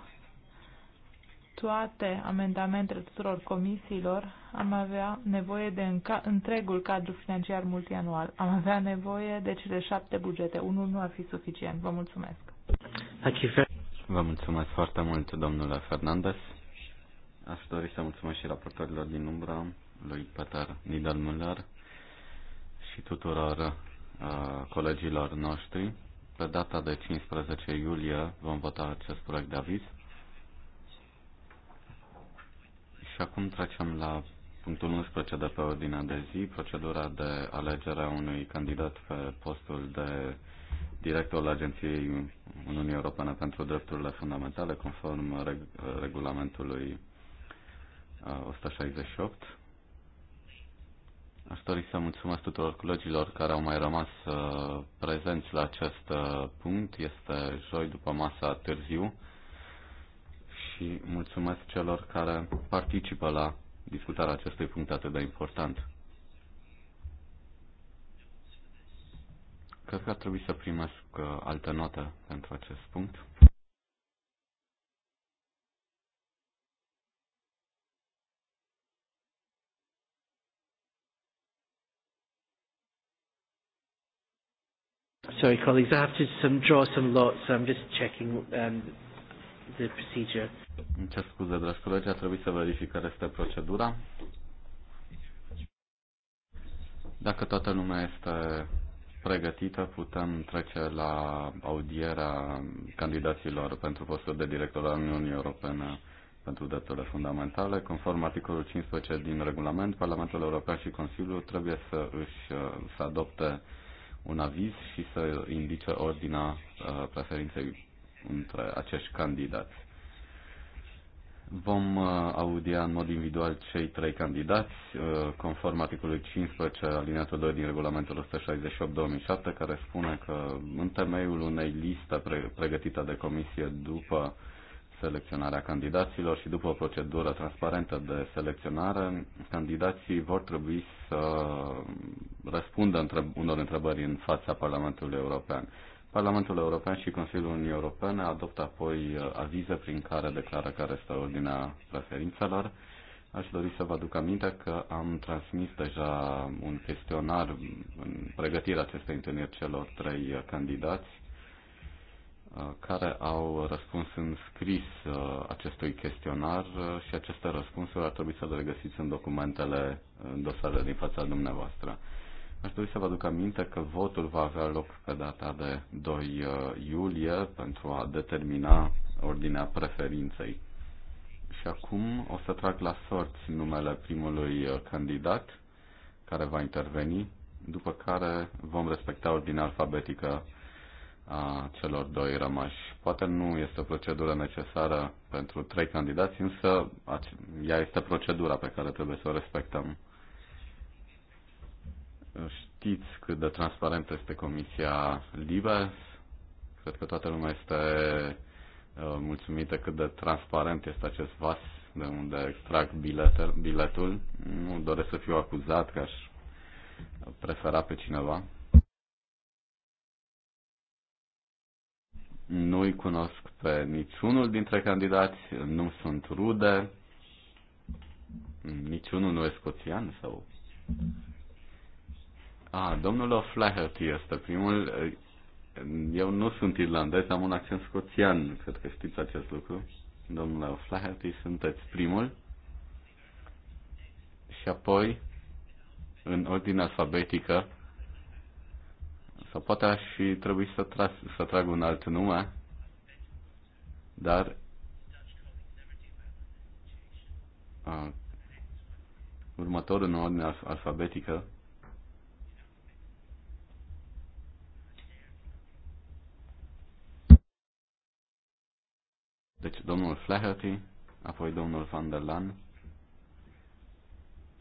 toate amendamentele tuturor comisiilor, am avea nevoie de întregul cadru financiar multianual. Am avea nevoie deci, de cele șapte bugete. Unul nu ar fi suficient. Vă mulțumesc. Thank you very Vă mulțumesc foarte mult, domnule Fernandez. Aș dori să mulțumesc și raportorilor din umbră, lui Peter Niedermüller și tuturor uh, colegilor noștri. Pe data de 15 iulie vom vota acest proiect de aviz. Și acum trecem la punctul 11 de pe ordinea de zi, procedura de alegere a unui candidat pe postul de director al Agenției Uniunii Europene pentru Drepturile Fundamentale, conform reg- regulamentului 168. Aș dori să mulțumesc tuturor colegilor care au mai rămas prezenți la acest punct. Este joi după masa târziu și mulțumesc celor care participă la discutarea acestui punct atât de important. Cred că ar trebui să primesc uh, altă notă pentru acest punct. Sorry, colleagues, I have to some, draw some lots, so I'm just checking um, the procedure. Îmi cer scuze, dragi colegi, a trebuit să verific care este procedura. Dacă toată lumea este pregătită, putem trece la audierea candidaților pentru postul de director al Uniunii Europene pentru drepturile fundamentale. Conform articolul 15 din regulament, Parlamentul European și Consiliul trebuie să își uh, să adopte un aviz și să indice ordinea uh, preferinței între acești candidați. Vom uh, audia în mod individual cei trei candidați, uh, conform articolului 15 alineatul 2 din regulamentul 168-2007, care spune că în temeiul unei liste pregătite de comisie după selecționarea candidaților și după o procedură transparentă de selecționare, candidații vor trebui să răspundă unor întrebări în fața Parlamentului European. Parlamentul European și Consiliul Uniunii Europene adoptă apoi uh, avize prin care declară care este ordinea preferințelor. Aș dori să vă aduc aminte că am transmis deja un chestionar în pregătirea acestei întâlniri celor trei uh, candidați uh, care au răspuns în scris acestui chestionar și aceste răspunsuri ar trebui să le găsiți în documentele, în dosarele din fața dumneavoastră. Aș dori să vă aduc aminte că votul va avea loc pe data de 2 uh, iulie pentru a determina ordinea preferinței. Și acum o să trag la sorți numele primului uh, candidat care va interveni, după care vom respecta ordinea alfabetică a celor doi rămași. Poate nu este o procedură necesară pentru trei candidați, însă ea este procedura pe care trebuie să o respectăm. Știți cât de transparentă este Comisia Libes. Cred că toată lumea este uh, mulțumită cât de transparent este acest vas de unde extrag biletul. Nu doresc să fiu acuzat că aș prefera pe cineva. Nu-i cunosc pe niciunul dintre candidați, nu sunt rude, niciunul nu e scoțian sau a, domnul O'Flaherty este primul. Eu nu sunt irlandez, am un accent scoțian, cred că știți acest lucru. Domnule O'Flaherty, sunteți primul. Și apoi, în ordine alfabetică, sau poate aș fi trebuit să, tra- să trag un alt nume, dar următorul în ordine alfabetică Deci domnul Flaherty, apoi domnul Van der Lan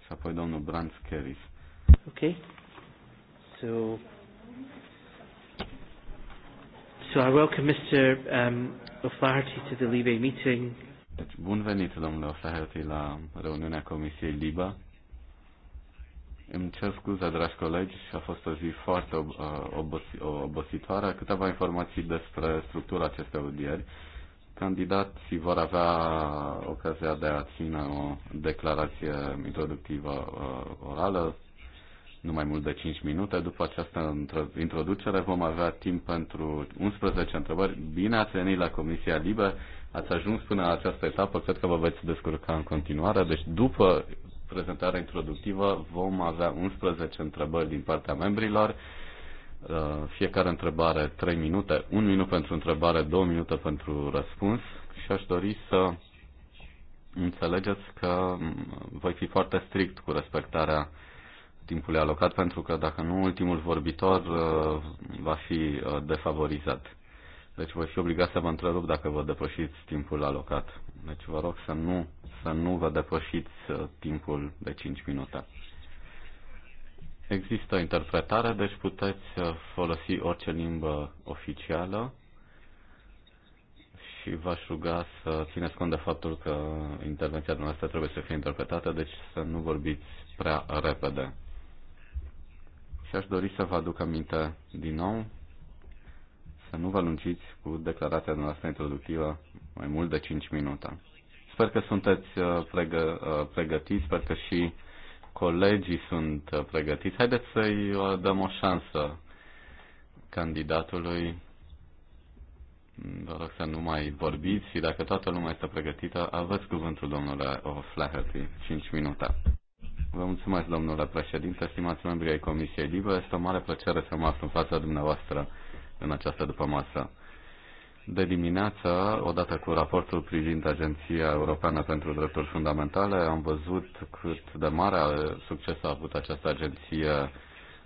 și apoi domnul Brandt Keris. Ok. So, so I welcome Mr. Um, O'Flaherty to the Libe meeting. Deci, bun venit, domnule O'Flaherty, la reuniunea Comisiei LIBA. Îmi cer scuze, dragi colegi, a fost o zi foarte ob- uh, obos- obositoare. Câteva informații despre structura acestei audieri candidații vor avea ocazia de a ține o declarație introductivă uh, orală, nu mai mult de 5 minute. După această introducere vom avea timp pentru 11 întrebări. Bine ați venit la Comisia Libe, ați ajuns până la această etapă, cred că vă veți descurca în continuare. Deci după prezentarea introductivă vom avea 11 întrebări din partea membrilor Uh, fiecare întrebare 3 minute, 1 minut pentru întrebare, 2 minute pentru răspuns și aș dori să înțelegeți că mm, voi fi foarte strict cu respectarea timpului alocat, pentru că dacă nu, ultimul vorbitor uh, va fi uh, defavorizat. Deci voi fi obligat să vă întrerup dacă vă depășiți timpul alocat. Deci vă rog să nu, să nu vă depășiți timpul de 5 minute. Există interpretare, deci puteți uh, folosi orice limbă oficială și v-aș ruga să țineți cont de faptul că intervenția dumneavoastră trebuie să fie interpretată, deci să nu vorbiți prea repede. Și aș dori să vă aduc aminte din nou să nu vă lungiți cu declarația dumneavoastră introductivă mai mult de 5 minute. Sper că sunteți uh, pregă, uh, pregătiți, sper că și colegii sunt uh, pregătiți, haideți să-i uh, dăm o șansă candidatului. Vă rog să nu mai vorbiți și dacă toată lumea este pregătită, aveți cuvântul domnule O'Flaherty, 5 minute. Vă mulțumesc, domnule președinte, stimați membri ai Comisiei Libă. Este o mare plăcere să mă aflu în fața dumneavoastră în această dupămasă. masă de dimineață, odată cu raportul privind Agenția Europeană pentru Drepturi Fundamentale, am văzut cât de mare succes a avut această agenție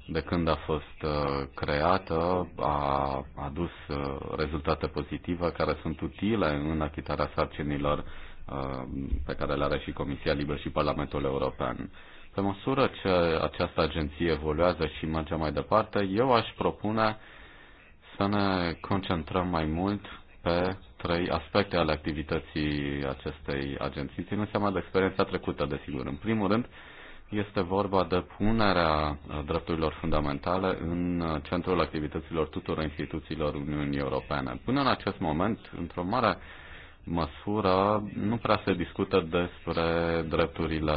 de când a fost uh, creată, a adus uh, rezultate pozitive care sunt utile în achitarea sarcinilor uh, pe care le are și Comisia Liberă și Parlamentul European. Pe măsură ce această agenție evoluează și merge mai departe, eu aș propune să ne concentrăm mai mult pe trei aspecte ale activității acestei agenții, ținând seama de experiența trecută, desigur. În primul rând, este vorba de punerea drepturilor fundamentale în centrul activităților tuturor instituțiilor Uniunii Europene. Până în acest moment, într-o mare măsură, nu prea se discută despre drepturile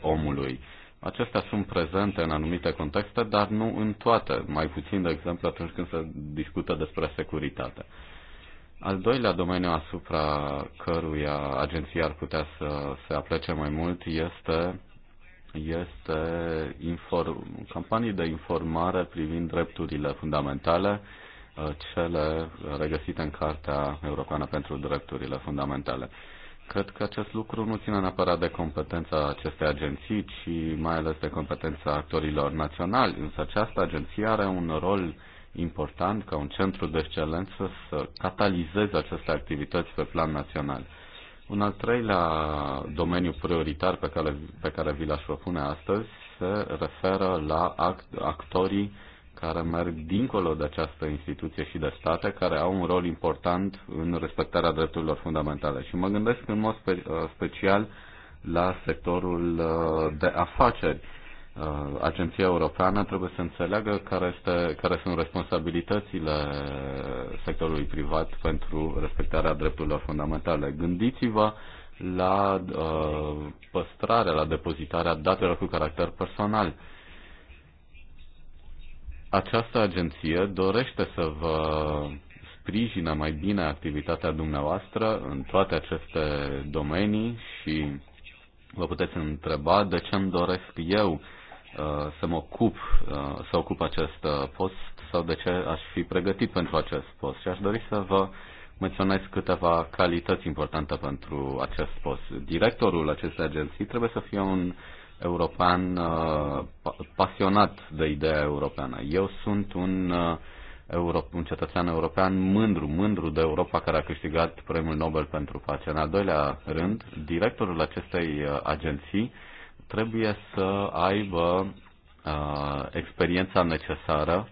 omului Acestea sunt prezente în anumite contexte, dar nu în toate, mai puțin, de exemplu, atunci când se discută despre securitate. Al doilea domeniu asupra căruia agenția ar putea să se aplece mai mult este, este inform, campanii de informare privind drepturile fundamentale, cele regăsite în Cartea Europeană pentru Drepturile Fundamentale. Cred că acest lucru nu ține neapărat de competența acestei agenții, ci mai ales de competența actorilor naționali. Însă această agenție are un rol important ca un centru de excelență să catalizeze aceste activități pe plan național. Un al treilea domeniu prioritar pe care, pe care vi l-aș propune astăzi se referă la act, actorii care merg dincolo de această instituție și de state, care au un rol important în respectarea drepturilor fundamentale. Și mă gândesc în mod spe- uh, special la sectorul uh, de afaceri. Uh, Agenția Europeană trebuie să înțeleagă care, este, care sunt responsabilitățile sectorului privat pentru respectarea drepturilor fundamentale. Gândiți-vă la uh, păstrarea, la depozitarea datelor cu caracter personal. Uh, această agenție dorește să vă sprijină mai bine activitatea dumneavoastră în toate aceste domenii și vă puteți întreba de ce îmi doresc eu uh, să mă ocup, uh, să ocup acest uh, post sau de ce aș fi pregătit pentru acest post. Și aș dori să vă menționez câteva calități importante pentru acest post. Directorul acestei agenții trebuie să fie un uh, european uh, pasionat de ideea europeană. Eu sunt un, uh, euro, un cetățean european mândru, mândru de Europa care a câștigat premiul Nobel pentru pace. În al doilea rând, directorul acestei uh, agenții trebuie să aibă uh, experiența necesară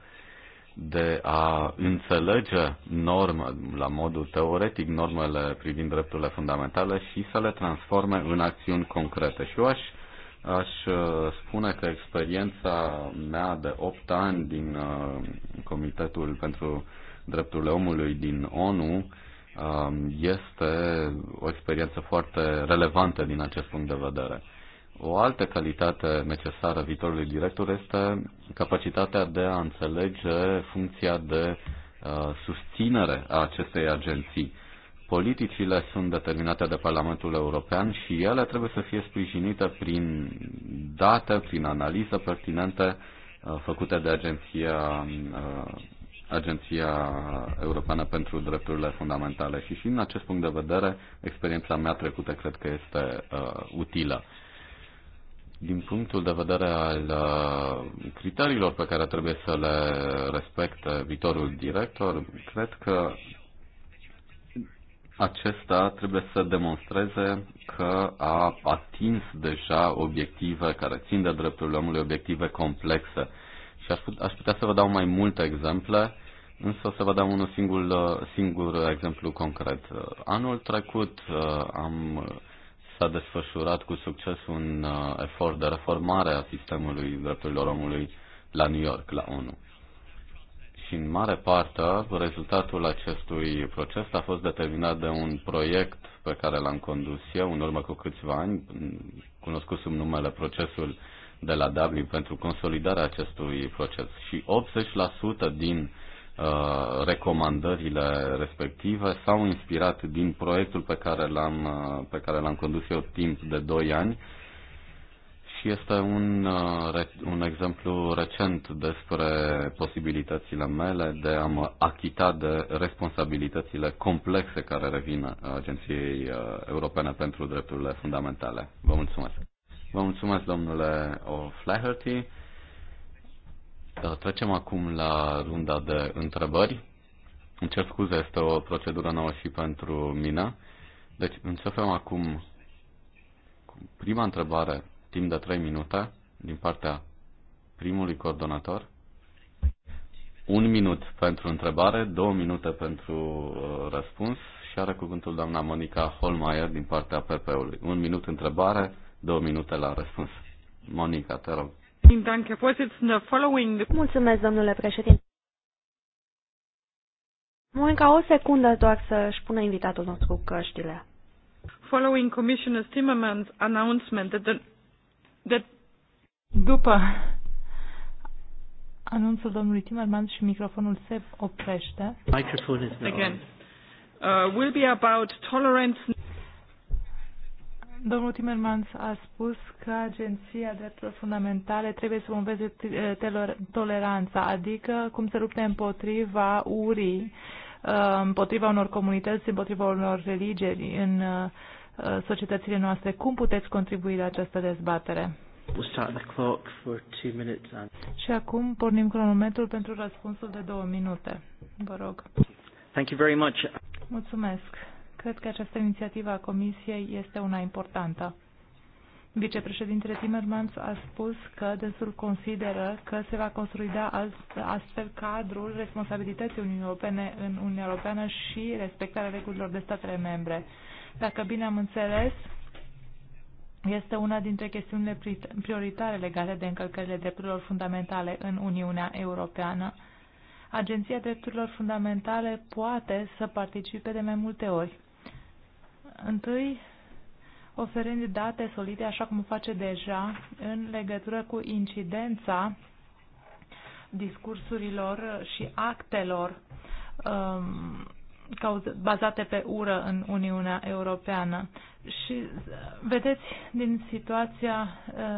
de a înțelege norme, la modul teoretic normele privind drepturile fundamentale și să le transforme în acțiuni concrete. Și eu aș uh, Aș uh, spune că experiența mea de 8 ani din uh, Comitetul pentru Drepturile Omului din ONU um, este o experiență foarte relevantă din acest punct de vedere. O altă calitate necesară viitorului director este capacitatea de a înțelege funcția de uh, susținere a acestei agenții Politicile sunt determinate de Parlamentul European și ele trebuie să fie sprijinite prin date, prin analiză pertinente uh, făcute de Agenția, uh, Agenția Europeană pentru Drepturile Fundamentale. Și și în acest punct de vedere, experiența mea trecută cred că este uh, utilă din punctul de vedere al uh, criteriilor pe care trebuie să le respecte viitorul director, cred că acesta trebuie să demonstreze că a atins deja obiective care țin de drepturile omului, obiective complexe. Și aș putea, să vă dau mai multe exemple, însă o să vă dau un singur, singur exemplu concret. Anul trecut uh, am, s-a desfășurat cu succes un uh, efort de reformare a sistemului drepturilor omului la New York, la ONU și în mare parte rezultatul acestui proces a fost determinat de un proiect pe care l-am condus eu în urmă cu câțiva ani, cunoscut sub numele procesul de la Dublin pentru consolidarea acestui proces și 80% din uh, recomandările respective s-au inspirat din proiectul pe care l-am, uh, pe care l-am condus eu timp de 2 ani și este un, uh, un exemplu recent despre posibilitățile mele de a mă achita de responsabilitățile complexe care revin uh, Agenției uh, Europene pentru Drepturile Fundamentale. Vă mulțumesc. Vă mulțumesc, domnule O'Flaherty. Trecem acum la runda de întrebări. Îmi cer scuze, este o procedură nouă și pentru mine. Deci începem acum prima întrebare timp de 3 minute din partea primului coordonator. Un minut pentru întrebare, două minute pentru uh, răspuns și are cuvântul doamna Monica Holmeier din partea PP-ului. Un minut întrebare, două minute la răspuns. Monica, te rog. Mulțumesc, domnule președinte. Monica, o secundă doar să-și pună invitatul nostru căștile. Following Commissioner Timmermans' announcement that the de după anunțul domnului Timmermans și microfonul se oprește. Microphone is Again. Uh, will be about tolerance. Domnul Timmermans a spus că Agenția Drepturilor Fundamentale trebuie să înveze uh, toleranța, adică cum se lupte împotriva urii, uh, împotriva unor comunități, împotriva unor religii în uh, Uh, societățile noastre. Cum puteți contribui la această dezbatere? We'll start the clock for two minutes. Și acum pornim cronometrul pentru răspunsul de două minute. Vă rog. Thank you very much. Mulțumesc. Cred că această inițiativă a Comisiei este una importantă. Vicepreședintele Timmermans a spus că desul consideră că se va consolida astfel cadrul responsabilității Uniunii Europene în Uniunea Europeană și respectarea regulilor de statele membre. Dacă bine am înțeles, este una dintre chestiunile prioritare legate de încălcările drepturilor fundamentale în Uniunea Europeană. Agenția Drepturilor Fundamentale poate să participe de mai multe ori. Întâi, oferind date solide, așa cum face deja, în legătură cu incidența discursurilor și actelor um, bazate pe ură în Uniunea Europeană. Și uh, vedeți din situația,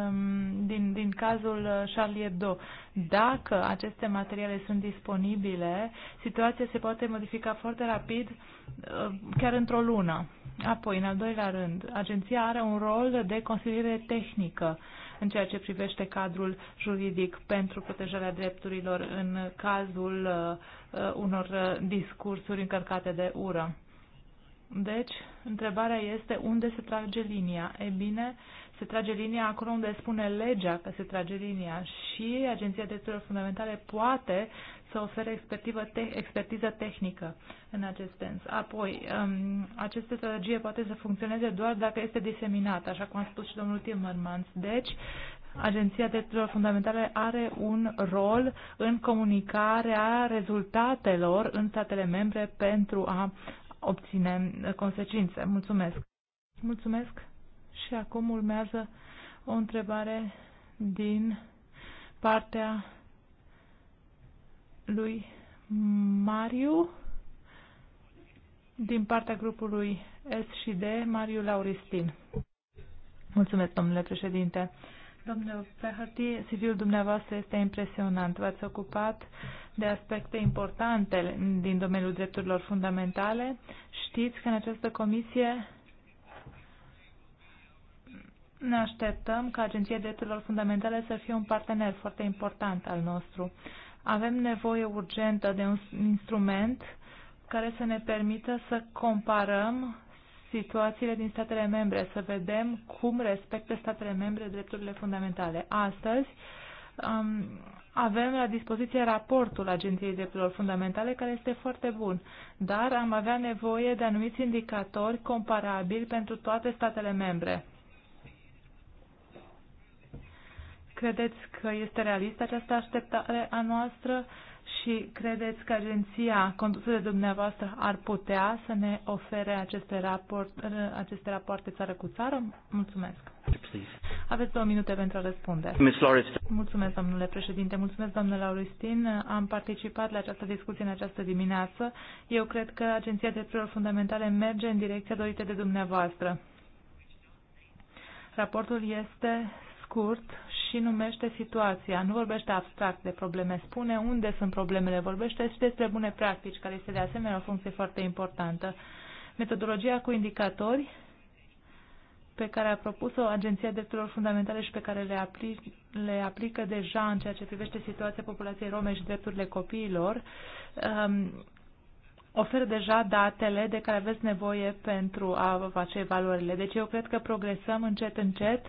um, din, din cazul uh, Charlie Hebdo, dacă aceste materiale sunt disponibile, situația se poate modifica foarte rapid, uh, chiar într-o lună. Apoi, în al doilea rând, agenția are un rol de consiliere tehnică în ceea ce privește cadrul juridic pentru protejarea drepturilor în cazul uh, uh, unor uh, discursuri încărcate de ură. Deci, întrebarea este unde se trage linia. E bine, se trage linia acolo unde spune legea că se trage linia și Agenția Drepturilor Fundamentale poate să ofere expertivă te expertiză tehnică în acest sens. Apoi, um, această strategie poate să funcționeze doar dacă este diseminată, așa cum a spus și domnul Timmermans. Deci, Agenția Drepturilor Fundamentale are un rol în comunicarea rezultatelor în statele membre pentru a obține consecințe. Mulțumesc! Mulțumesc! Și acum urmează o întrebare din partea lui Mariu din partea grupului S și D, Mariu Lauristin. Mulțumesc, domnule președinte. Domnule Flaherty, CV-ul dumneavoastră este impresionant. V-ați ocupat de aspecte importante din domeniul drepturilor fundamentale. Știți că în această comisie ne așteptăm ca Agenția Drepturilor Fundamentale să fie un partener foarte important al nostru. Avem nevoie urgentă de un instrument care să ne permită să comparăm situațiile din statele membre, să vedem cum respectă statele membre drepturile fundamentale. Astăzi um, avem la dispoziție raportul Agenției Drepturilor Fundamentale, care este foarte bun, dar am avea nevoie de anumiți indicatori comparabili pentru toate statele membre. Credeți că este realistă această așteptare a noastră și credeți că agenția condusă de dumneavoastră ar putea să ne ofere aceste, raport, aceste rapoarte țară cu țară? Mulțumesc. Aveți două minute pentru a răspunde. Mulțumesc, domnule președinte. Mulțumesc, domnule Lauristin. Am participat la această discuție în această dimineață. Eu cred că Agenția de Drepturilor Fundamentale merge în direcția dorită de dumneavoastră. Raportul este scurt, și numește situația, nu vorbește abstract de probleme, spune unde sunt problemele, vorbește și despre bune practici, care este de asemenea o funcție foarte importantă. Metodologia cu indicatori pe care a propus-o Agenția Drepturilor Fundamentale și pe care le, apli, le aplică deja în ceea ce privește situația populației rome și drepturile copiilor, um, oferă deja datele de care aveți nevoie pentru a face evaluările. Deci eu cred că progresăm încet, încet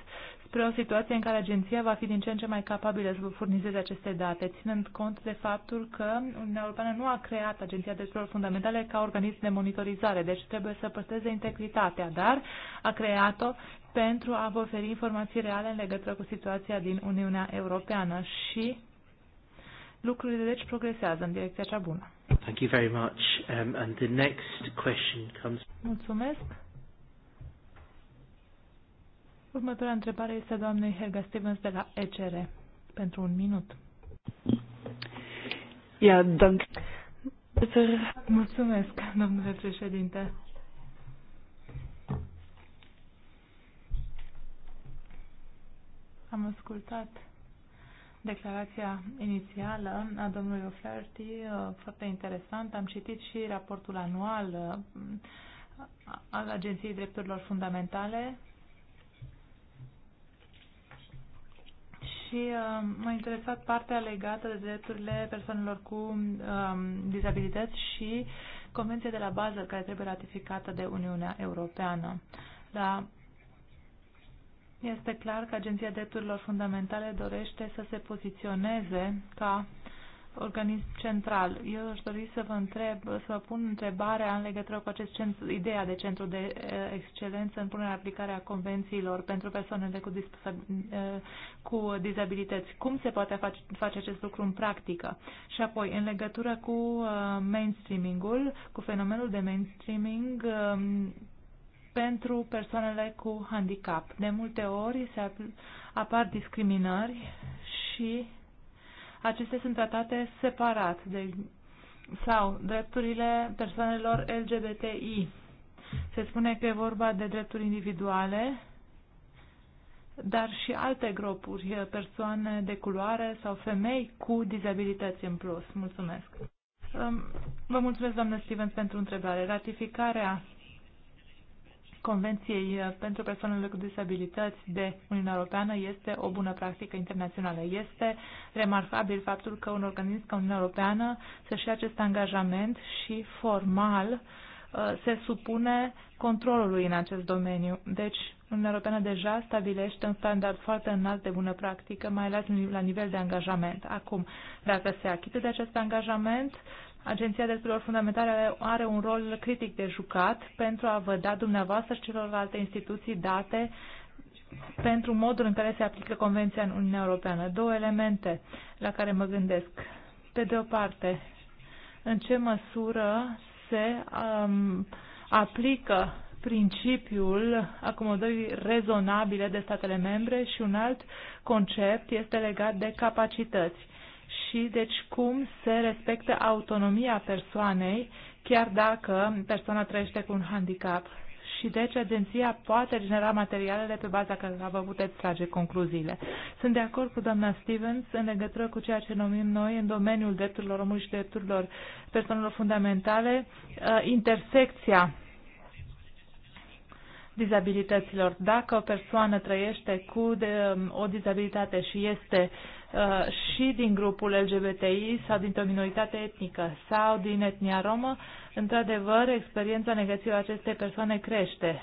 spre o situație în care agenția va fi din ce în ce mai capabilă să furnizeze aceste date, ținând cont de faptul că Uniunea Europeană nu a creat Agenția Drepturilor Fundamentale ca organism de monitorizare, deci trebuie să păstreze integritatea, dar a creat-o pentru a vă oferi informații reale în legătură cu situația din Uniunea Europeană și lucrurile deci progresează în direcția cea bună. Thank you very much. Um, and the next question comes... Mulțumesc. Următoarea întrebare este a doamnei Helga Stevens de la ECR. Pentru un minut. Ia, dank. Mulțumesc, domnule președinte. Am ascultat declarația inițială a domnului Oferti, foarte interesant. Am citit și raportul anual uh, al Agenției Drepturilor Fundamentale și uh, m-a interesat partea legată de drepturile persoanelor cu um, dizabilități și convenția de la bază care trebuie ratificată de Uniunea Europeană. Dar este clar că Agenția Drepturilor Fundamentale dorește să se poziționeze ca uh, organism central. Eu aș dori să vă întreb, să vă pun întrebarea în legătură cu acest centru, ideea de centru de eh, excelență în punerea aplicarea a convențiilor pentru persoanele cu, eh, cu dizabilități. Cum se poate face, face acest lucru în practică? Și apoi, în legătură cu eh, mainstreaming-ul, cu fenomenul de mainstreaming, pentru persoanele cu handicap. De multe ori se apar discriminări și acestea sunt tratate separat de, sau drepturile persoanelor LGBTI. Se spune că e vorba de drepturi individuale, dar și alte grupuri, persoane de culoare sau femei cu dizabilități în plus. Mulțumesc! Vă mulțumesc, doamnă Stevens, pentru întrebare. Ratificarea Convenției uh, pentru persoanele cu disabilități de Uniunea Europeană este o bună practică internațională. Este remarcabil faptul că un organism ca Uniunea Europeană să-și ia acest angajament și formal uh, se supune controlului în acest domeniu. Deci, Uniunea Europeană deja stabilește un standard foarte înalt de bună practică, mai ales la nivel de angajament. Acum, dacă se achită de acest angajament, Agenția Drepturilor Fundamentale are un rol critic de jucat pentru a vă da dumneavoastră și celorlalte instituții date pentru modul în care se aplică Convenția în Uniunea Europeană. Două elemente la care mă gândesc. Pe de o parte, în ce măsură se um, aplică principiul acomodării rezonabile de statele membre și un alt concept este legat de capacități și deci cum se respectă autonomia persoanei, chiar dacă persoana trăiește cu un handicap. Și deci agenția poate genera materialele pe baza cărora vă puteți trage concluziile. Sunt de acord cu doamna Stevens în legătură cu ceea ce numim noi în domeniul drepturilor omului și drepturilor persoanelor fundamentale, uh, intersecția dizabilităților. Dacă o persoană trăiește cu de, um, o dizabilitate și este uh, Uh, și din grupul LGBTI sau dintr-o minoritate etnică sau din etnia romă, într-adevăr, experiența negativă a acestei persoane crește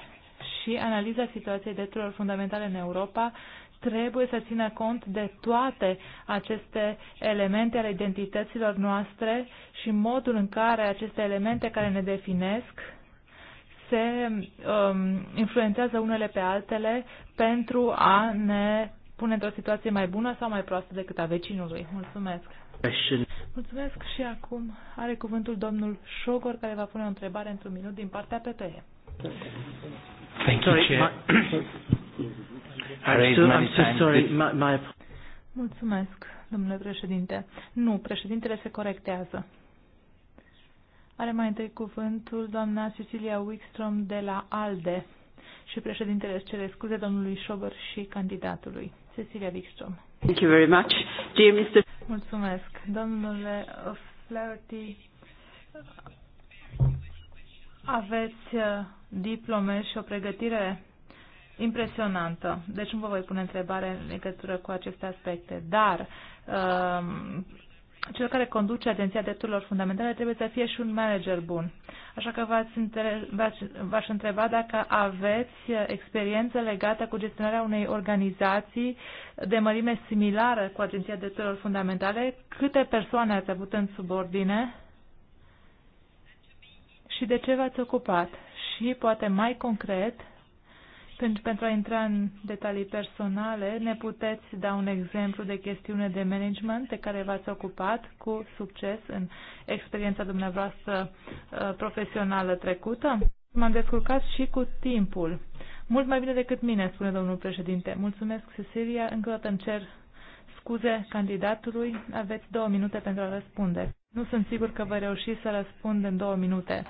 și analiza situației drepturilor fundamentale în Europa trebuie să țină cont de toate aceste elemente ale identităților noastre și modul în care aceste elemente care ne definesc se um, influențează unele pe altele pentru a ne pune într-o situație mai bună sau mai proastă decât a vecinului. Mulțumesc! Mulțumesc și acum are cuvântul domnul Șogor care va pune o întrebare într-un minut din partea PPE. Thank you, I'm so, I'm so sorry. Mulțumesc, domnule președinte. Nu, președintele se corectează. Are mai întâi cuvântul doamna Cecilia Wickstrom de la ALDE. Și președintele își cere scuze domnului Șobăr și candidatului. Cecilia Wikström. Thank you very much. Dear Mr. Mulțumesc. Domnule Flaherty, aveți uh, diplome și o pregătire impresionantă. Deci nu vă voi pune întrebare în legătură cu aceste aspecte, dar uh, cel care conduce atenția drepturilor fundamentale trebuie să fie și un manager bun. Așa că v-aș întreba dacă aveți experiență legată cu gestionarea unei organizații de mărime similară cu Agenția Drepturilor Fundamentale, câte persoane ați avut în subordine și de ce v-ați ocupat. Și poate mai concret, pentru, pentru a intra în detalii personale, ne puteți da un exemplu de chestiune de management de care v-ați ocupat cu succes în experiența dumneavoastră uh, profesională trecută? M-am descurcat și cu timpul. Mult mai bine decât mine, spune domnul președinte. Mulțumesc, Cecilia. Încă o dată îmi cer scuze candidatului. Aveți două minute pentru a răspunde. Nu sunt sigur că vă reuși să răspund în două minute.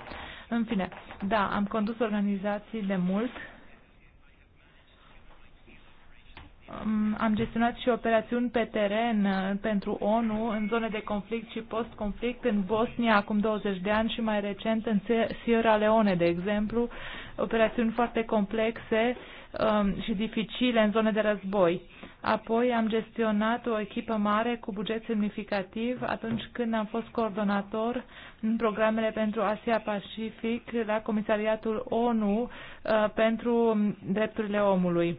În fine, da, am condus organizații de mult am gestionat și operațiuni pe teren uh, pentru ONU în zone de conflict și post-conflict în Bosnia acum 20 de ani și mai recent în Sierra Leone, de exemplu, operațiuni foarte complexe um, și dificile în zone de război. Apoi am gestionat o echipă mare cu buget semnificativ atunci când am fost coordonator în programele pentru Asia Pacific la Comisariatul ONU uh, pentru Drepturile Omului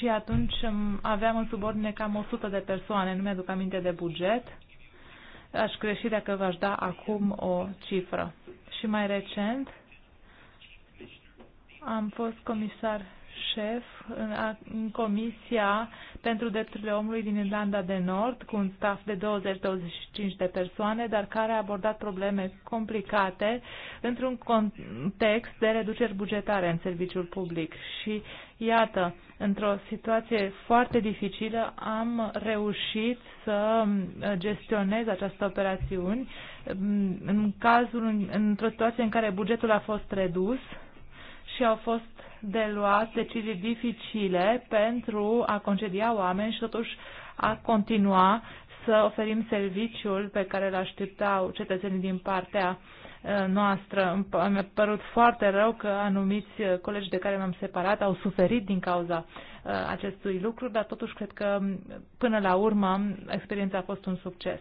și atunci um, aveam în subordine cam 100 de persoane, nu mi-aduc aminte de buget. Aș crește dacă v-aș da acum o cifră. Și mai recent am fost comisar șef în, în Comisia pentru Drepturile Omului din Irlanda de Nord, cu un staff de 20-25 de persoane, dar care a abordat probleme complicate într-un context de reduceri bugetare în serviciul public. Și Iată, într-o situație foarte dificilă am reușit să mm, gestionez această operațiune mm, în cazul, într-o situație în care bugetul a fost redus și au fost de luat decizii dificile pentru a concedia oameni și totuși a continua să oferim serviciul pe care îl așteptau cetățenii din partea uh, noastră. Mi-a părut foarte rău că anumiți uh, colegi de care m-am separat au suferit din cauza uh, acestui lucru, dar totuși cred că până la urmă experiența a fost un succes.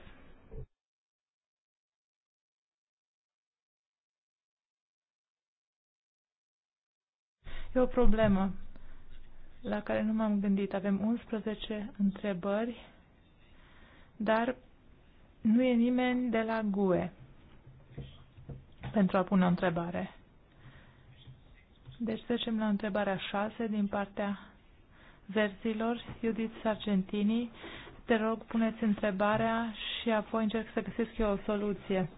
E o problemă la care nu m-am gândit. Avem 11 întrebări, dar nu e nimeni de la GUE pentru a pune o întrebare. Deci trecem la întrebarea 6 din partea verzilor. Iudit Sargentini, te rog, puneți întrebarea și apoi încerc să găsesc eu o soluție.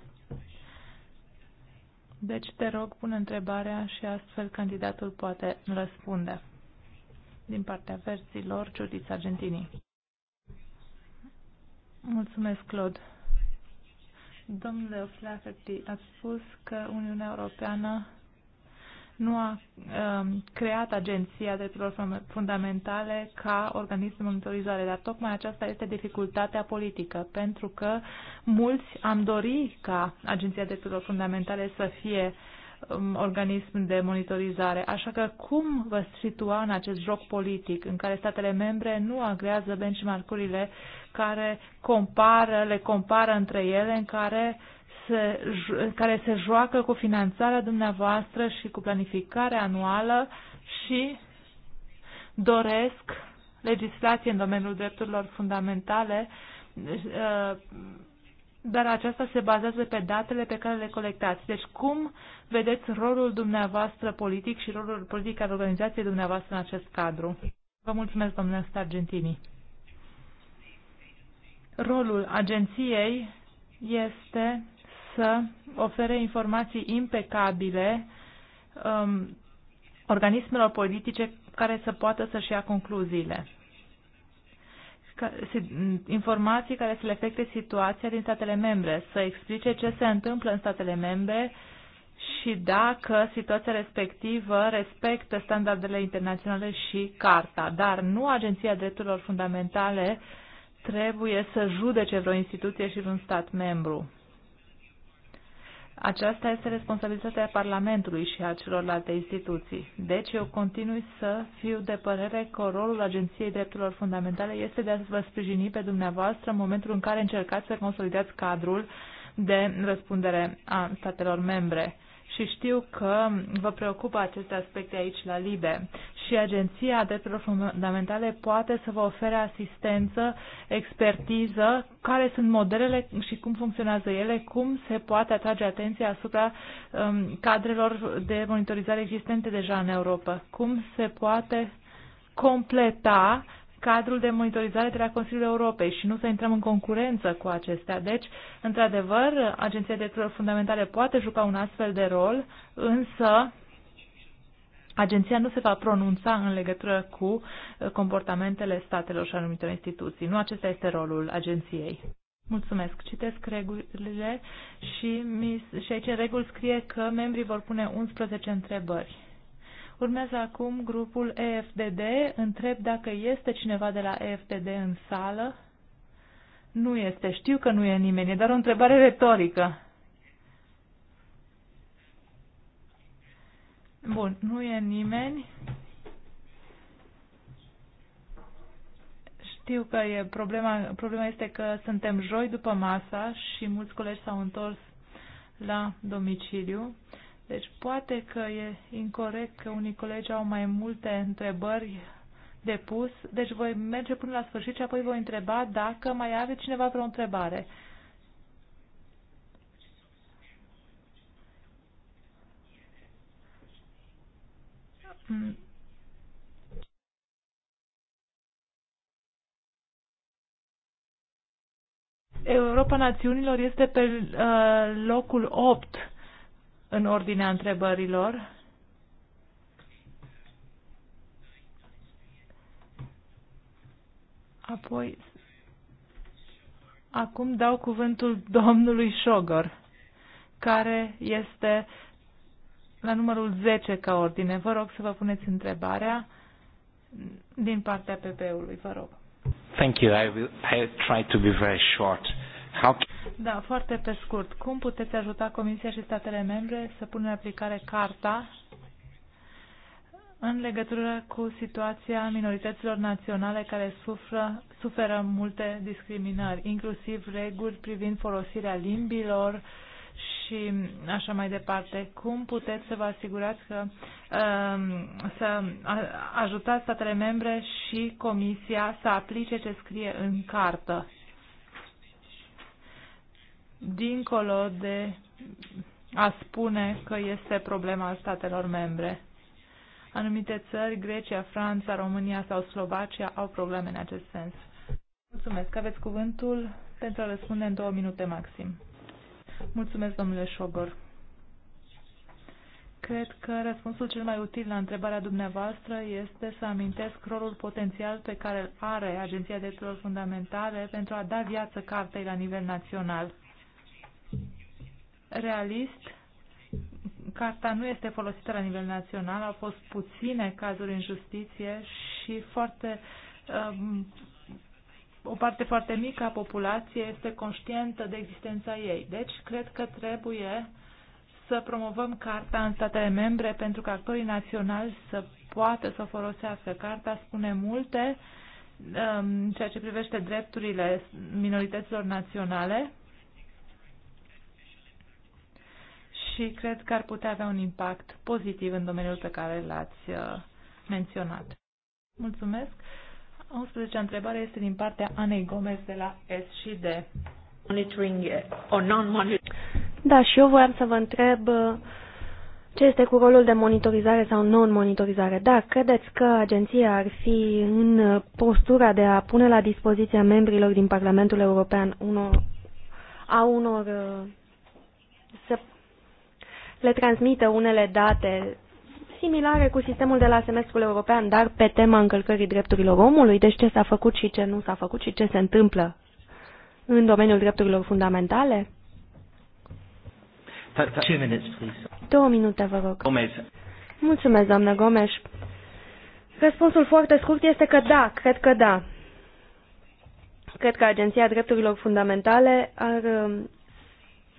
Deci te rog, pune întrebarea și astfel candidatul poate răspunde. Din partea verzilor, Judith Argentinii. Mulțumesc, Claude. Domnule Flaherty, ați spus că Uniunea Europeană nu a um, creat Agenția Drepturilor Fundamentale ca organism de monitorizare, dar tocmai aceasta este dificultatea politică, pentru că mulți am dori ca Agenția Drepturilor Fundamentale să fie uh, Um, organism de monitorizare. Așa că cum vă situa în acest joc politic în care statele membre nu agrează benchmark-urile care compară, le compară între ele, în care se, care se joacă cu finanțarea dumneavoastră și cu planificarea anuală și doresc legislație în domeniul drepturilor fundamentale uh, dar aceasta se bazează pe datele pe care le colectați. Deci cum vedeți rolul dumneavoastră politic și rolul politic al organizației dumneavoastră în acest cadru? Vă mulțumesc, domnule Stargentini. Rolul agenției este să ofere informații impecabile um, organismelor politice care să poată să-și ia concluziile informații care să reflecte situația din statele membre, să explice ce se întâmplă în statele membre și dacă situația respectivă respectă standardele internaționale și carta. Dar nu Agenția Drepturilor Fundamentale trebuie să judece vreo instituție și vreun stat membru. Aceasta este responsabilitatea Parlamentului și a celorlalte instituții. Deci eu continui să fiu de părere că rolul Agenției Drepturilor Fundamentale este de a vă sprijini pe dumneavoastră în momentul în care încercați să consolidați cadrul de răspundere a statelor membre și știu că vă preocupă aceste aspecte aici la LIBE și Agenția Drepturilor Fundamentale poate să vă ofere asistență, expertiză, care sunt modelele și cum funcționează ele, cum se poate atrage atenția asupra um, cadrelor de monitorizare existente deja în Europa, cum se poate completa cadrul de monitorizare de la Consiliul Europei și nu să intrăm în concurență cu acestea. Deci, într-adevăr, Agenția de Drepturilor Fundamentale poate juca un astfel de rol, însă Agenția nu se va pronunța în legătură cu uh, comportamentele statelor și anumitor instituții. Nu acesta este rolul agenției. Mulțumesc. Citesc regulile și, mi, și aici în reguli scrie că membrii vor pune 11 întrebări. Urmează acum grupul EFDD. Întreb dacă este cineva de la EFDD în sală. Nu este. Știu că nu e nimeni. E doar o întrebare retorică. Bun. Nu e nimeni. Știu că e problema, problema este că suntem joi după masa și mulți colegi s-au întors la domiciliu. Deci poate că e incorrect că unii colegi au mai multe întrebări de pus, deci voi merge până la sfârșit și apoi voi întreba dacă mai are cineva vreo întrebare. Europa Națiunilor este pe uh, locul 8 în ordinea întrebărilor. Apoi, acum dau cuvântul domnului Șogor, care este la numărul 10 ca ordine. Vă rog să vă puneți întrebarea din partea PP-ului, vă rog. Thank you. I will I try to be very short. How... Da, foarte pe scurt. Cum puteți ajuta Comisia și statele membre să pună în aplicare carta în legătură cu situația minorităților naționale care sufră, suferă multe discriminări, inclusiv reguli privind folosirea limbilor și așa mai departe. Cum puteți să vă asigurați că um, să ajutați statele membre și Comisia să aplice ce scrie în cartă? dincolo de a spune că este problema statelor membre. Anumite țări, Grecia, Franța, România sau Slovacia, au probleme în acest sens. Mulțumesc. Aveți cuvântul pentru a răspunde în două minute maxim. Mulțumesc, domnule Șogor. Cred că răspunsul cel mai util la întrebarea dumneavoastră este să amintesc rolul potențial pe care îl are Agenția Drepturilor Fundamentale pentru a da viață cartei la nivel național realist, carta nu este folosită la nivel național, au fost puține cazuri în justiție și foarte um, o parte foarte mică a populației este conștientă de existența ei. Deci, cred că trebuie să promovăm carta în statele membre pentru că actorii naționali să poată să o folosească. Carta spune multe um, în ceea ce privește drepturile minorităților naționale și cred că ar putea avea un impact pozitiv în domeniul pe care l-ați uh, menționat. Mulțumesc. 11 întrebare este din partea Anei Gomez de la S și D. Monitoring uh, or non-monitoring? Da, și eu voiam să vă întreb uh, ce este cu rolul de monitorizare sau non-monitorizare. Da, credeți că agenția ar fi în postura de a pune la dispoziția membrilor din Parlamentul European unor, a unor le transmită unele date similare cu sistemul de la semestrul european, dar pe tema încălcării drepturilor omului, deci ce s-a făcut și ce nu s-a făcut și ce se întâmplă în domeniul drepturilor fundamentale? Două minute, vă rog. Gomez. Mulțumesc, doamnă Gomes. Răspunsul foarte scurt este că da, cred că da. Cred că Agenția Drepturilor Fundamentale ar um,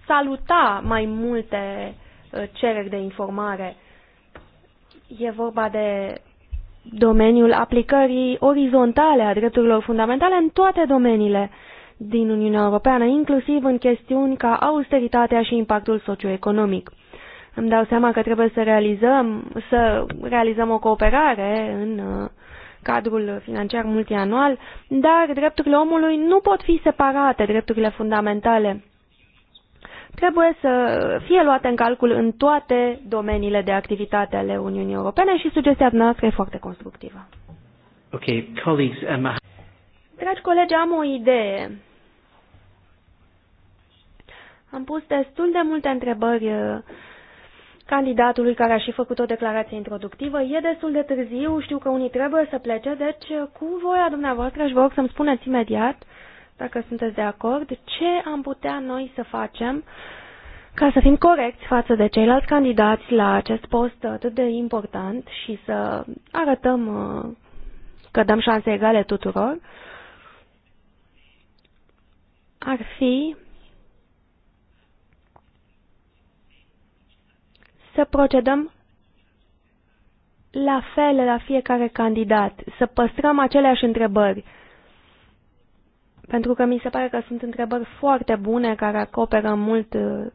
saluta mai multe uh, Uh, cereri de informare. E vorba de domeniul aplicării orizontale a drepturilor fundamentale în toate domeniile din Uniunea Europeană, inclusiv în chestiuni ca austeritatea și impactul socioeconomic. Îmi dau seama că trebuie să realizăm, să realizăm o cooperare în uh, cadrul financiar multianual, dar drepturile omului nu pot fi separate, drepturile fundamentale trebuie să fie luate în calcul în toate domeniile de activitate ale Uniunii Europene și sugestia noastră e foarte constructivă. Okay, colleagues, um... Dragi colegi, am o idee. Am pus destul de multe întrebări uh, candidatului care a și făcut o declarație introductivă. E destul de târziu, știu că unii trebuie să plece, deci uh, cu voia dumneavoastră aș vă rog să-mi spuneți imediat dacă sunteți de acord, ce am putea noi să facem ca să fim corecți față de ceilalți candidați la acest post atât de important și să arătăm uh, că dăm șanse egale tuturor, ar fi să procedăm la fel la fiecare candidat, să păstrăm aceleași întrebări pentru că mi se pare că sunt întrebări foarte bune care acoperă mult uh,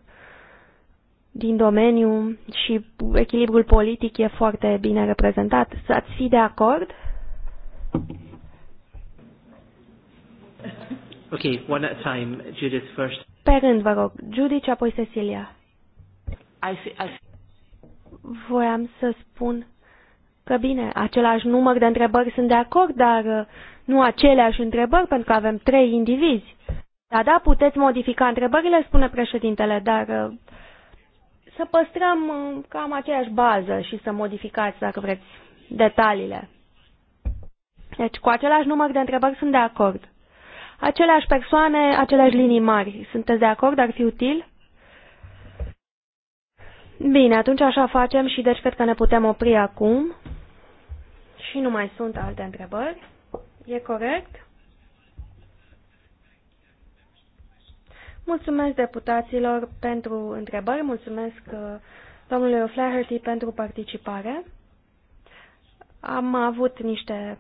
din domeniu și echilibrul politic e foarte bine reprezentat. Ați fi de acord? Okay, one at a time. Judith first. Pe rând, vă rog. Judith, apoi Cecilia. I see, I see. Voiam să spun că bine, același număr de întrebări sunt de acord, dar uh, nu aceleași întrebări, pentru că avem trei indivizi. Da, da, puteți modifica întrebările, spune președintele, dar uh, să păstrăm uh, cam aceeași bază și să modificați, dacă vreți, detaliile. Deci, cu același număr de întrebări sunt de acord. Aceleași persoane, aceleași linii mari. Sunteți de acord? Ar fi util? Bine, atunci așa facem și deci cred că ne putem opri acum. Și nu mai sunt alte întrebări. E corect? Mulțumesc deputaților pentru întrebări, mulțumesc uh, domnului O'Flaherty pentru participare. Am avut niște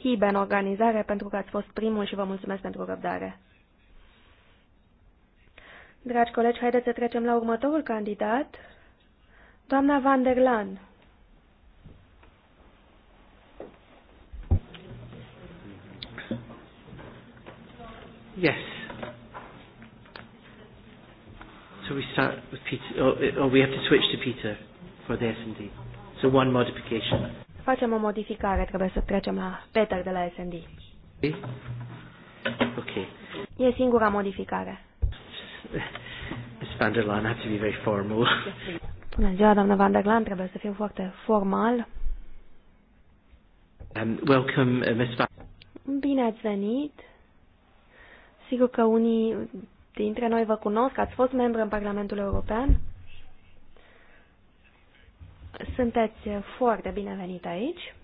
hibe în organizare pentru că ați fost primul și vă mulțumesc pentru răbdare. Dragi colegi, haideți să trecem la următorul candidat, doamna Van der Laan. Yes. So we start with Peter, or, oh, or oh, we have to switch to Peter for the S&D. So one modification. Facem o modificare, trebuie să trecem la Peter de la S&D. Okay. E singura modificare. Miss van der Laan, I have to be very formal. Bună ziua, doamna van der Laan, trebuie să fiu foarte formal. Um, welcome, uh, Miss van... Bine ați venit. Sigur că unii dintre noi vă cunosc, ați fost membru în Parlamentul European. Sunteți foarte binevenit aici.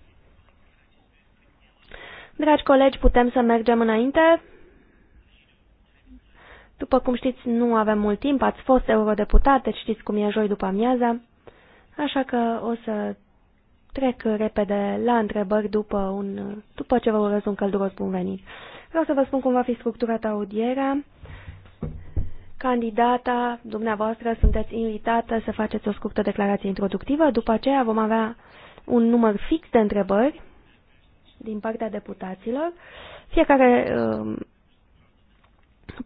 Dragi colegi, putem să mergem înainte? După cum știți, nu avem mult timp, ați fost eurodeputat, deci știți cum e joi după amiaza, așa că o să trec repede la întrebări după, un, după ce vă urez un călduros bun venit. Vreau să vă spun cum va fi structurată audierea. Candidata, dumneavoastră, sunteți invitată să faceți o scurtă declarație introductivă. După aceea vom avea un număr fix de întrebări din partea deputaților. Fiecare um,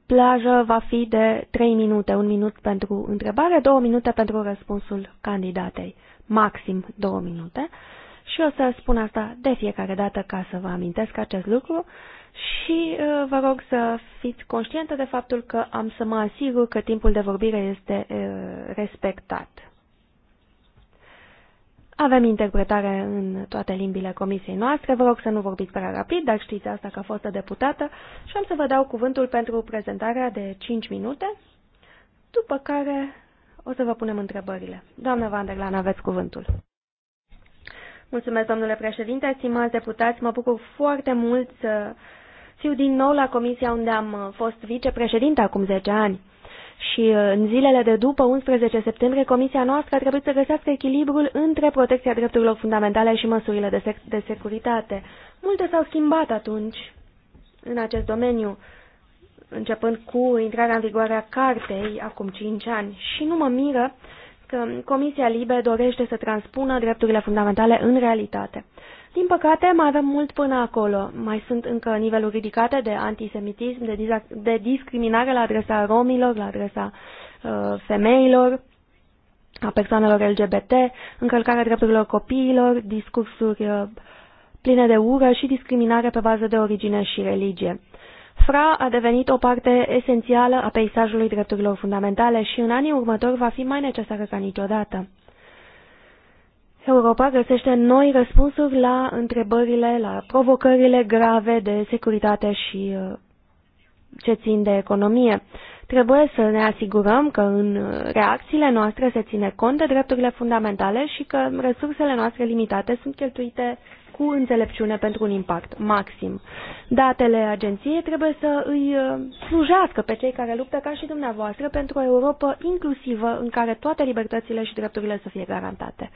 plajă va fi de 3 minute, 1 minut pentru întrebare, 2 minute pentru răspunsul candidatei, maxim 2 minute. Și o să spun asta de fiecare dată ca să vă amintesc acest lucru și uh, vă rog să fiți conștientă de faptul că am să mă asigur că timpul de vorbire este uh, respectat. Avem interpretare în toate limbile comisiei noastre, vă rog să nu vorbiți prea rapid, dar știți asta că a fost deputată și am să vă dau cuvântul pentru prezentarea de 5 minute, după care o să vă punem întrebările. Doamna Van aveți cuvântul. Mulțumesc, domnule președinte, stimați deputați, mă bucur foarte mult să fiu din nou la comisia unde am uh, fost vicepreședinte acum 10 ani. Și uh, în zilele de după 11 septembrie, comisia noastră a trebuit să găsească echilibrul între protecția drepturilor fundamentale și măsurile de, sec de securitate. Multe s-au schimbat atunci în acest domeniu, începând cu intrarea în vigoare a cartei acum 5 ani. Și nu mă miră că Comisia Libe dorește să transpună drepturile fundamentale în realitate. Din păcate, mai avem mult până acolo. Mai sunt încă niveluri ridicate de antisemitism, de, de discriminare la adresa romilor, la adresa uh, femeilor, a persoanelor LGBT, încălcarea drepturilor copiilor, discursuri uh, pline de ură și discriminare pe bază de origine și religie. FRA a devenit o parte esențială a peisajului drepturilor fundamentale și în anii următori va fi mai necesară ca niciodată. Europa găsește noi răspunsuri la întrebările, la provocările grave de securitate și uh, ce țin de economie. Trebuie să ne asigurăm că în uh, reacțiile noastre se ține cont de drepturile fundamentale și că resursele noastre limitate sunt cheltuite cu înțelepciune pentru un impact maxim. Datele agenției trebuie să îi uh, slujească pe cei care luptă ca și dumneavoastră pentru o Europa inclusivă în care toate libertățile și drepturile să fie garantate.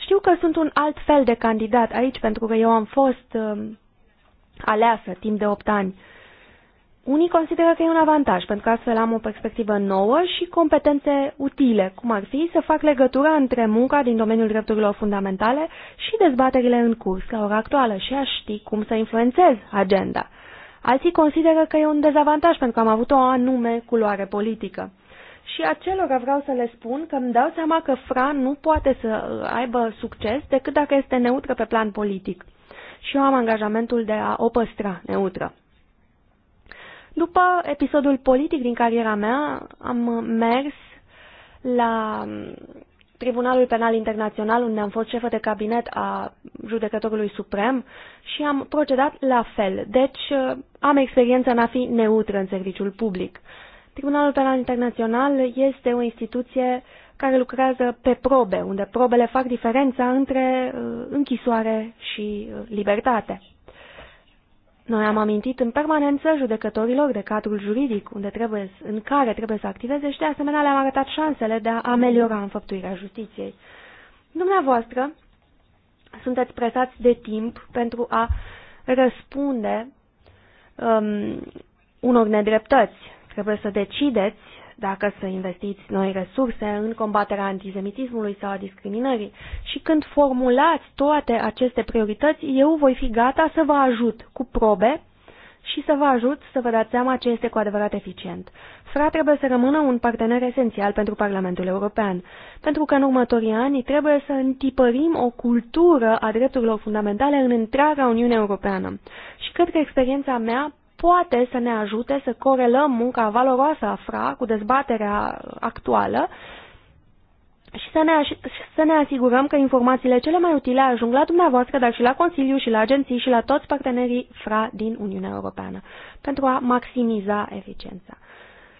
Știu că sunt un alt fel de candidat aici, pentru că eu am fost uh, aleasă timp de 8 ani. Unii consideră că e un avantaj, pentru că astfel am o perspectivă nouă și competențe utile, cum ar fi să fac legătura între munca din domeniul drepturilor fundamentale și dezbaterile în curs la ora actuală și aș ști cum să influențez agenda. Alții consideră că e un dezavantaj pentru că am avut o anume culoare politică și acelora vreau să le spun că îmi dau seama că Fran nu poate să uh, aibă succes decât dacă este neutră pe plan politic. Și eu am angajamentul de a o păstra neutră. După episodul politic din cariera mea, am mers la um, Tribunalul Penal Internațional, unde am fost șefă de cabinet a judecătorului suprem și am procedat la fel. Deci uh, am experiența în a fi neutră în serviciul public. Tribunalul Penal Internațional este o instituție care lucrează pe probe, unde probele fac diferența între uh, închisoare și uh, libertate. Noi am amintit în permanență judecătorilor de cadrul juridic unde trebuie, în care trebuie să activeze și de asemenea le-am arătat șansele de a ameliora înfăptuirea justiției. Dumneavoastră sunteți presați de timp pentru a răspunde um, unor nedreptăți Trebuie să decideți dacă să investiți noi resurse în combaterea antisemitismului sau a discriminării. Și când formulați toate aceste priorități, eu voi fi gata să vă ajut cu probe și să vă ajut să vă dați seama ce este cu adevărat eficient. FRA trebuie să rămână un partener esențial pentru Parlamentul European, pentru că în următorii ani trebuie să întipărim o cultură a drepturilor fundamentale în întreaga Uniune Europeană. Și cred că experiența mea poate să ne ajute să corelăm munca valoroasă a FRA cu dezbaterea actuală și să ne, să ne asigurăm că informațiile cele mai utile ajung la dumneavoastră, dar și la Consiliu și la agenții și la toți partenerii FRA din Uniunea Europeană, pentru a maximiza eficiența.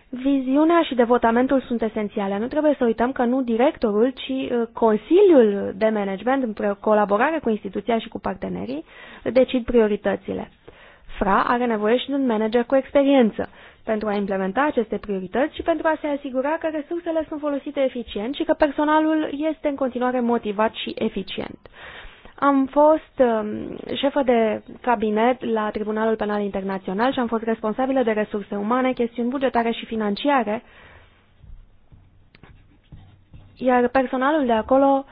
Viziunea și devotamentul sunt esențiale. Nu trebuie să uităm că nu directorul, ci uh, Consiliul de Management, în colaborare cu instituția și cu partenerii, decid prioritățile infra are nevoie și de un manager cu experiență pentru a implementa aceste priorități și pentru a se asigura că resursele sunt folosite eficient și că personalul este în continuare motivat și eficient. Am fost um, șefă de cabinet la Tribunalul Penal Internațional și am fost responsabilă de resurse umane, chestiuni bugetare și financiare, iar personalul de acolo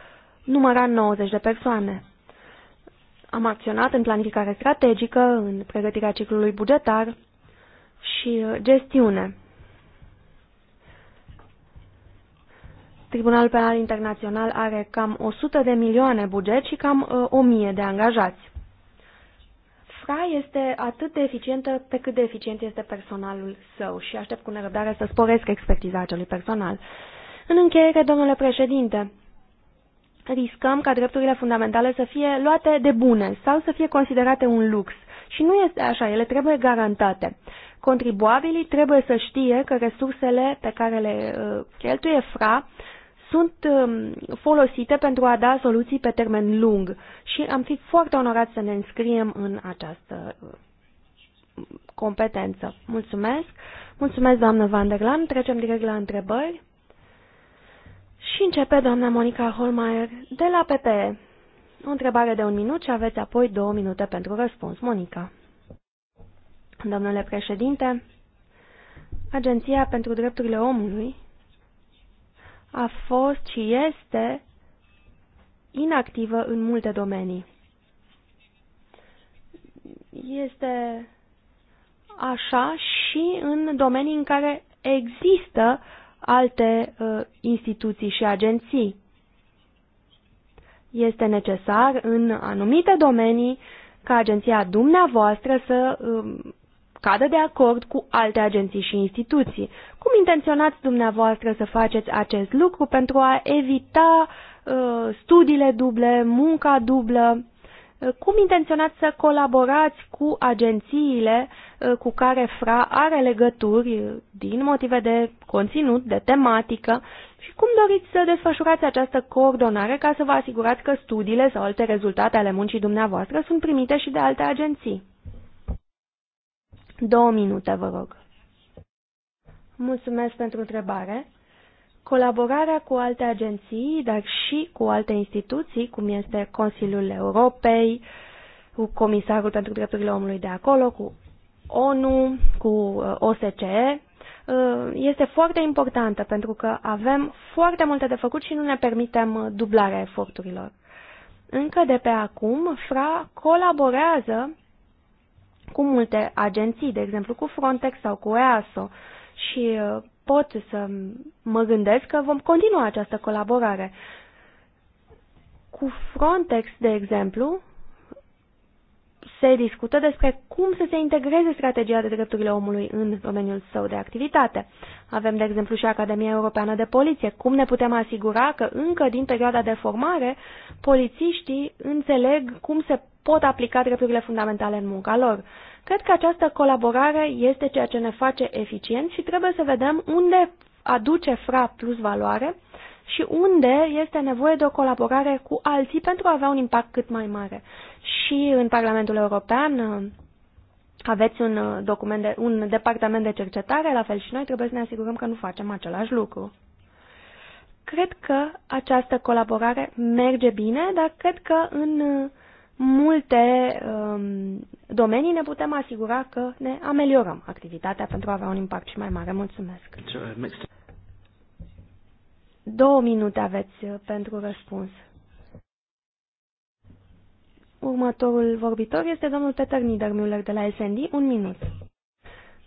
număra 90 de persoane. Am acționat în planificare strategică, în pregătirea ciclului bugetar și uh, gestiune. Tribunalul Penal Internațional are cam 100 de milioane buget și cam 1000 uh, de angajați. FRA este atât de eficientă pe cât de eficient este personalul său și aștept cu nerăbdare să sporesc expertiza acelui personal. În încheiere, domnule președinte, riscăm ca drepturile fundamentale să fie luate de bune sau să fie considerate un lux. Și nu este așa, ele trebuie garantate. Contribuabilii trebuie să știe că resursele pe care le uh, cheltuie FRA sunt um, folosite pentru a da soluții pe termen lung și am fi foarte onorați să ne înscriem în această uh, competență. Mulțumesc! Mulțumesc, doamnă Van Trecem direct la întrebări. Și începe doamna Monica Holmeier de la PPE. O întrebare de un minut și aveți apoi două minute pentru răspuns. Monica. Domnule președinte, Agenția pentru Drepturile Omului a fost și este inactivă în multe domenii. Este așa și în domenii în care există alte uh, instituții și agenții. Este necesar în anumite domenii ca agenția dumneavoastră să uh, cadă de acord cu alte agenții și instituții. Cum intenționați dumneavoastră să faceți acest lucru pentru a evita uh, studiile duble, munca dublă? Cum intenționați să colaborați cu agențiile uh, cu care FRA are legături uh, din motive de conținut, de tematică și cum doriți să desfășurați această coordonare ca să vă asigurați că studiile sau alte rezultate ale muncii dumneavoastră sunt primite și de alte agenții? Două minute, vă rog. Mulțumesc pentru întrebare. Colaborarea cu alte agenții, dar și cu alte instituții, cum este Consiliul Europei, cu Comisarul pentru Drepturile Omului de acolo, cu ONU, cu uh, OSCE, uh, este foarte importantă pentru că avem foarte multe de făcut și nu ne permitem uh, dublarea eforturilor. Încă de pe acum, FRA colaborează cu multe agenții, de exemplu cu Frontex sau cu EASO și pot să mă gândesc că vom continua această colaborare. Cu Frontex, de exemplu, se discută despre cum să se integreze strategia de drepturile omului în domeniul său de activitate. Avem, de exemplu, și Academia Europeană de Poliție. Cum ne putem asigura că încă din perioada de formare polițiștii înțeleg cum se pot aplica drepturile fundamentale în munca lor? Cred că această colaborare este ceea ce ne face eficient și trebuie să vedem unde aduce FRA plus valoare și unde este nevoie de o colaborare cu alții pentru a avea un impact cât mai mare. Și în Parlamentul European uh, aveți un, uh, document de, un departament de cercetare, la fel și noi trebuie să ne asigurăm că nu facem același lucru. Cred că această colaborare merge bine, dar cred că în uh, multe um, domenii ne putem asigura că ne ameliorăm activitatea pentru a avea un impact și mai mare. Mulțumesc! Două minute aveți uh, pentru răspuns. Următorul vorbitor este domnul Peter Niedermüller de la SND. Un minut.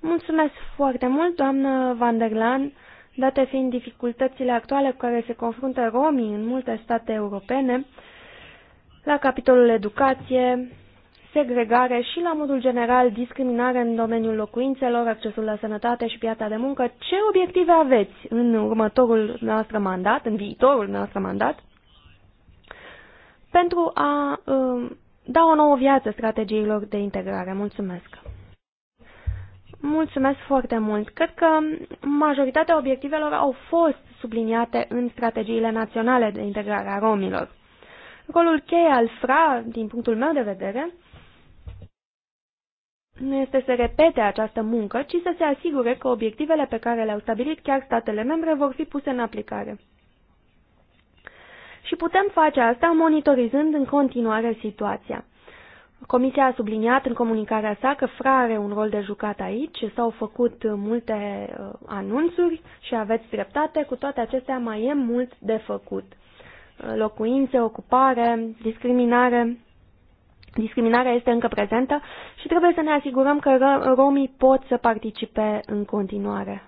Mulțumesc foarte mult, doamnă Van der Laan. Date fiind dificultățile actuale cu care se confruntă romii în multe state europene, la capitolul educație, segregare și, la modul general, discriminare în domeniul locuințelor, accesul la sănătate și piața de muncă, ce obiective aveți în următorul noastră mandat, în viitorul noastră mandat, pentru a uh, da o nouă viață strategiilor de integrare? Mulțumesc! Mulțumesc foarte mult! Cred că majoritatea obiectivelor au fost subliniate în strategiile naționale de integrare a romilor. Rolul cheie al FRA, din punctul meu de vedere, nu este să repete această muncă, ci să se asigure că obiectivele pe care le-au stabilit chiar statele membre vor fi puse în aplicare. Și putem face asta monitorizând în continuare situația. Comisia a subliniat în comunicarea sa că FRA are un rol de jucat aici, s-au făcut multe uh, anunțuri și aveți dreptate, cu toate acestea mai e mult de făcut locuințe, ocupare, discriminare. Discriminarea este încă prezentă și trebuie să ne asigurăm că romii pot să participe în continuare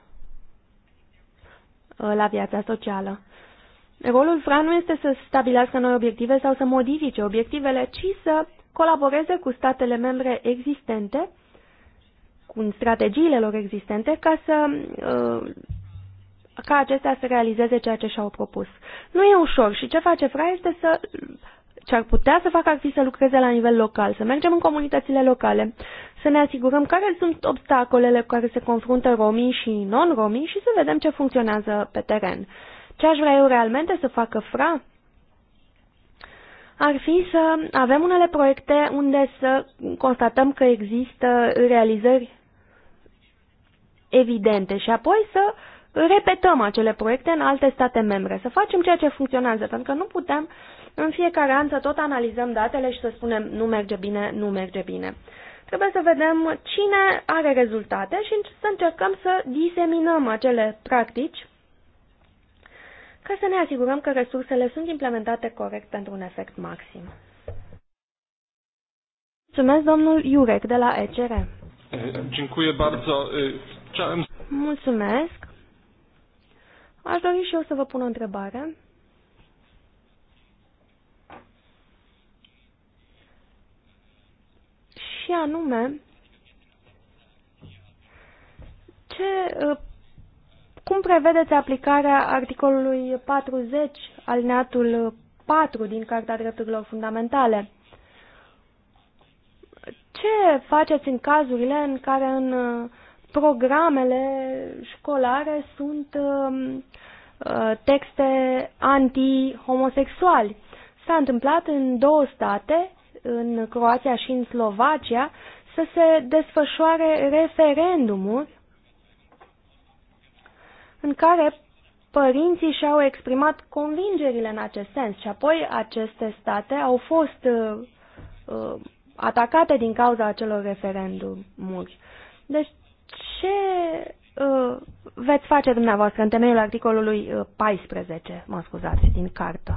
uh, la viața socială. Rolul FRA nu este să stabilească noi obiective sau să modifice obiectivele, ci să colaboreze cu statele membre existente, cu strategiile lor existente, ca să uh, ca acestea să realizeze ceea ce și-au propus. Nu e ușor și ce face FRA este să ce ar putea să facă ar fi să lucreze la nivel local, să mergem în comunitățile locale, să ne asigurăm care sunt obstacolele cu care se confruntă romii și non-romii și să vedem ce funcționează pe teren. Ce aș vrea eu realmente să facă FRA? Ar fi să avem unele proiecte unde să constatăm că există realizări evidente și apoi să repetăm acele proiecte în alte state membre, să facem ceea ce funcționează, pentru că nu putem în fiecare an să tot analizăm datele și să spunem nu merge bine, nu merge bine. Trebuie să vedem cine are rezultate și să încercăm să diseminăm acele practici ca să ne asigurăm că resursele sunt implementate corect pentru un efect maxim. Mulțumesc, domnul Iurec de la ECR. Mulțumesc. Aș dori și eu să vă pun o întrebare. Și anume, ce, uh, cum prevedeți aplicarea articolului 40, alineatul 4 din Carta Drepturilor Fundamentale? Ce faceți în cazurile în care în uh, programele școlare sunt um, uh, texte anti-homosexuali. S-a întâmplat în două state, în Croația și în Slovacia, să se desfășoare referendumuri în care părinții și-au exprimat convingerile în acest sens și apoi aceste state au fost uh, uh atacate din cauza acelor referendumuri. Deci ce uh, veți face dumneavoastră în temeiul articolului 14, uh, mă scuzați, din cartă?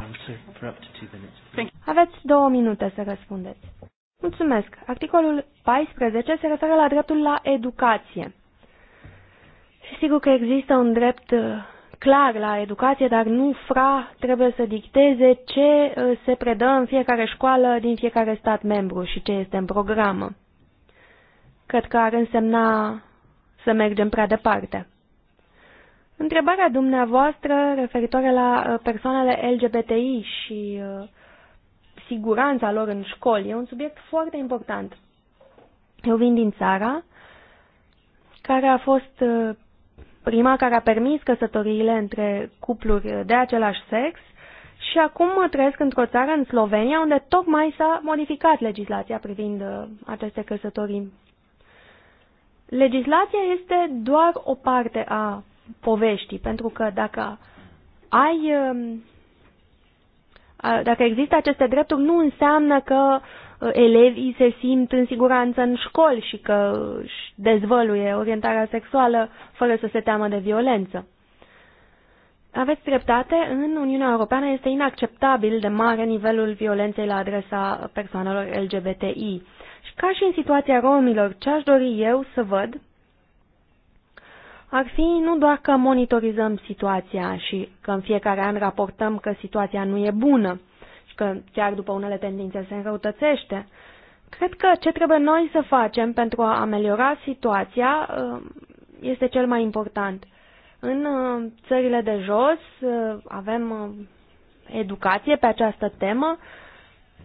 Aveți două minute să răspundeți. Mulțumesc. Articolul 14 se referă la dreptul la educație. Și sigur că există un drept uh, clar la educație, dar nu FRA trebuie să dicteze ce uh, se predă în fiecare școală din fiecare stat membru și ce este în programă. Cred că ar însemna să mergem prea departe. Întrebarea dumneavoastră referitoare la uh, persoanele LGBTI și uh, siguranța lor în școli e un subiect foarte important. Eu vin din țara care a fost uh, prima care a permis căsătoriile între cupluri de același sex și acum mă trăiesc într-o țară, în Slovenia, unde tocmai s-a modificat legislația privind aceste căsătorii legislația este doar o parte a poveștii, pentru că dacă ai um, dacă există aceste drepturi, nu înseamnă că uh, elevii se simt în siguranță în școli și că își dezvăluie orientarea sexuală fără să se teamă de violență. Aveți dreptate, în Uniunea Europeană este inacceptabil de mare nivelul violenței la adresa persoanelor LGBTI. Ca și în situația romilor, ce aș dori eu să văd ar fi nu doar că monitorizăm situația și că în fiecare an raportăm că situația nu e bună și că chiar după unele tendințe se înrăutățește. Cred că ce trebuie noi să facem pentru a ameliora situația uh, este cel mai important. În uh, țările de jos uh, avem educație pe această temă,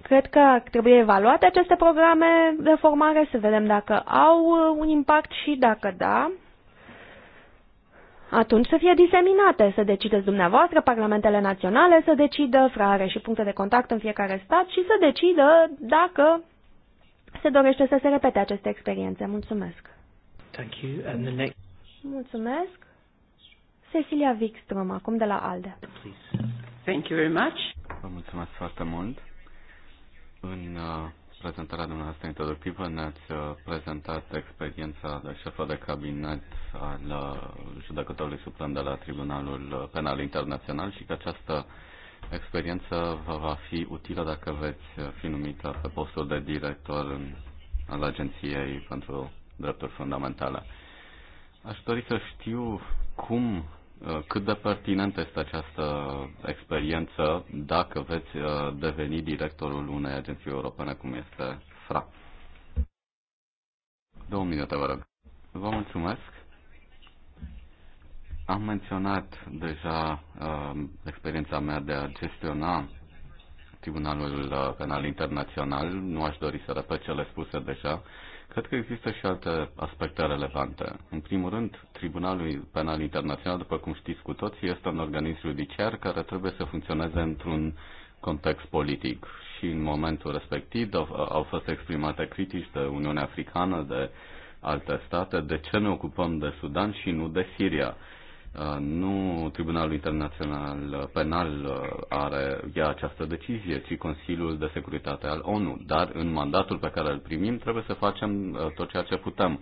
Cred că trebuie evaluate aceste programe de formare, să vedem dacă au uh, un impact și dacă da, atunci să fie diseminate, să decideți dumneavoastră, parlamentele naționale să decidă, frare și puncte de contact în fiecare stat și să decidă dacă se dorește să se repete aceste experiențe. Mulțumesc! Thank you. And the next... Mulțumesc! Cecilia Wikström, acum de la ALDE. Please. Thank you very much. Vă mulțumesc foarte mult. În uh, prezentarea dumneavoastră introductivă ne-ați uh, prezentat experiența de șefă de cabinet al uh, judecătorului suprem de la Tribunalul Penal Internațional și că această experiență vă va fi utilă dacă veți fi numită pe postul de director al Agenției pentru Drepturi Fundamentale. Aș dori să știu cum Uh, cât de pertinentă este această experiență dacă veți uh, deveni directorul unei agenții europene cum este FRA. Două minute, vă rog. Vă mulțumesc. Am menționat deja uh, experiența mea de a gestiona Tribunalul uh, Penal Internațional. Nu aș dori să repet cele spuse deja. Uh, Cred că există și alte aspecte relevante. În primul rând, Tribunalul Penal Internațional, după cum știți cu toții, este un organism judiciar care trebuie să funcționeze într-un context politic. Și în momentul respectiv au, au fost exprimate critici de Uniunea Africană, de alte state, de ce ne ocupăm de Sudan și nu de Siria. Uh, nu Tribunalul Internațional Penal uh, are, ia această decizie, ci Consiliul de Securitate al ONU. Dar în mandatul pe care îl primim trebuie să facem uh, tot ceea ce putem.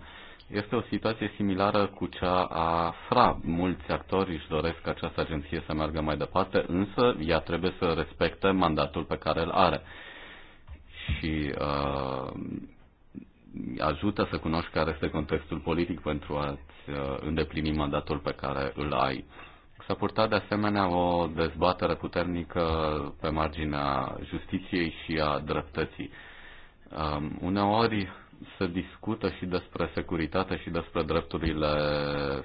Este o situație similară cu cea a FRA. Mulți actori își doresc această agenție să meargă mai departe, însă ea trebuie să respecte mandatul pe care îl are. Și uh, ajută să cunoști care este contextul politic pentru a Uh, îndeplini mandatul pe care îl ai. S-a purtat de asemenea o dezbatere puternică pe marginea justiției și a dreptății. Um, uneori se discută și despre securitate și despre drepturile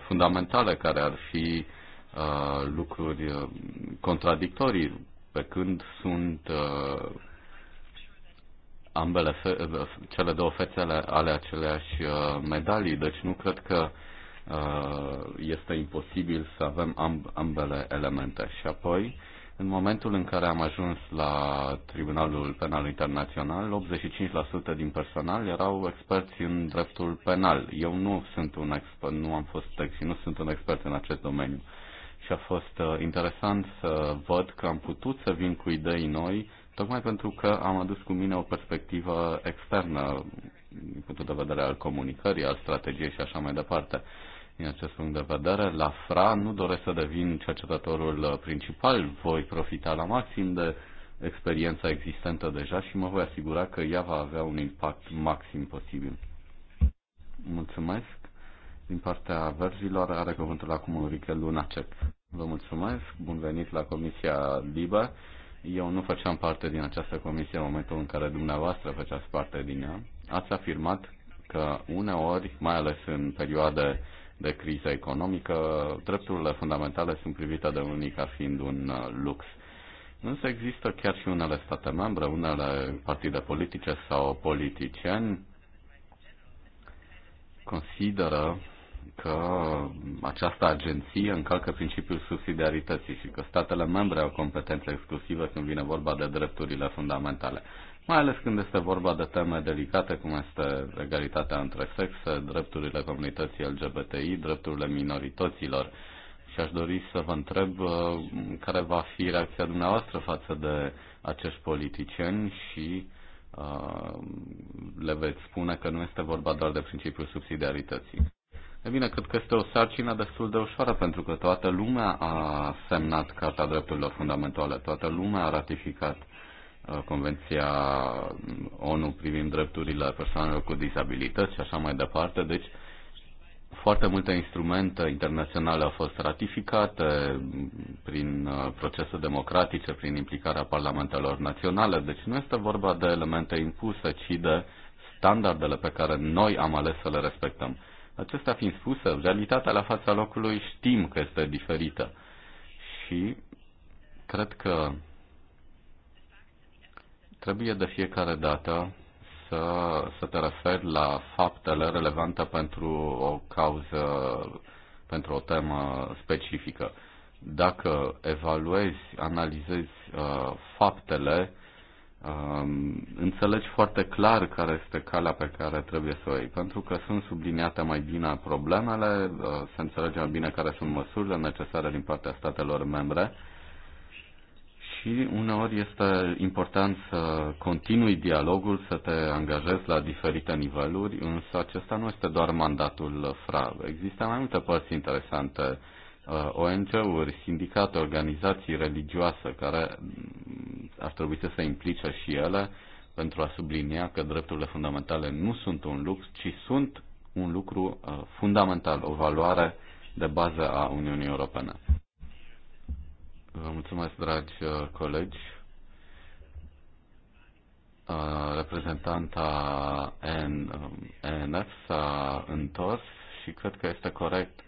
fundamentale care ar fi uh, lucruri uh, contradictorii, pe când sunt uh, ambele fe- cele două fețele ale, ale aceleași medalii. Deci nu cred că uh, Uh, este imposibil să avem amb- ambele elemente. Și apoi, în momentul în care am ajuns la Tribunalul Penal Internațional, 85% din personal erau experți în dreptul penal. Eu nu sunt un expert, nu am fost text, nu sunt un expert în acest domeniu. Și a fost uh, interesant să văd că am putut să vin cu idei noi, tocmai pentru că am adus cu mine o perspectivă externă, din punctul de vedere al comunicării, al strategiei și așa mai departe. Uh, din acest punct de vedere. La FRA nu doresc să devin cercetătorul uh, principal, voi profita la maxim de experiența existentă deja și mă voi asigura că ea va avea un impact maxim posibil. Mulțumesc. Din partea verzilor are cuvântul acum Ulrike Lunacek. Vă mulțumesc, bun venit la Comisia Liba. Eu nu făceam parte din această comisie în momentul în care dumneavoastră făceați parte din ea. Ați afirmat că uneori, mai ales în perioade de criză economică, drepturile fundamentale sunt privite de unii ca fiind un uh, lux. Însă există chiar și unele state membre, unele partide politice sau politicieni consideră că această agenție încalcă principiul subsidiarității și că statele membre au competență exclusivă când vine vorba de drepturile fundamentale, mai ales când este vorba de teme delicate cum este egalitatea între sexe, drepturile comunității LGBTI, drepturile minorităților. Și aș dori să vă întreb uh, care va fi reacția dumneavoastră față de acești politicieni și uh, le veți spune că nu este vorba doar de principiul subsidiarității. E bine, cred că este o sarcină destul de ușoară, pentru că toată lumea a semnat Carta Drepturilor Fundamentale, toată lumea a ratificat uh, Convenția mm, ONU privind drepturile persoanelor cu dizabilități și așa mai departe. Deci, foarte multe instrumente internaționale au fost ratificate mm, prin uh, procese democratice, prin implicarea parlamentelor naționale. Deci nu este vorba de elemente impuse, ci de standardele pe care noi am ales să le respectăm. Acesta fiind spusă, realitatea la fața locului știm că este diferită și cred că trebuie de fiecare dată să, să te referi la faptele relevante pentru o cauză, pentru o temă specifică. Dacă evaluezi, analizezi uh, faptele, înțelegi foarte clar care este calea pe care trebuie să o iei, pentru că sunt subliniate mai bine problemele, uh, se înțelege mai bine care sunt măsurile necesare din partea statelor membre și uneori este important să continui dialogul, să te angajezi la diferite niveluri, însă acesta nu este doar mandatul FRA. Există mai multe părți interesante Uh, ONG-uri, sindicate, organizații religioase care mm, ar trebui să se implice și ele pentru a sublinia că drepturile fundamentale nu sunt un lux, ci sunt un lucru uh, fundamental, o valoare de bază a Uniunii Europene. Vă mulțumesc, dragi uh, colegi. Reprezentanta um, ENF s-a întors și cred că este corect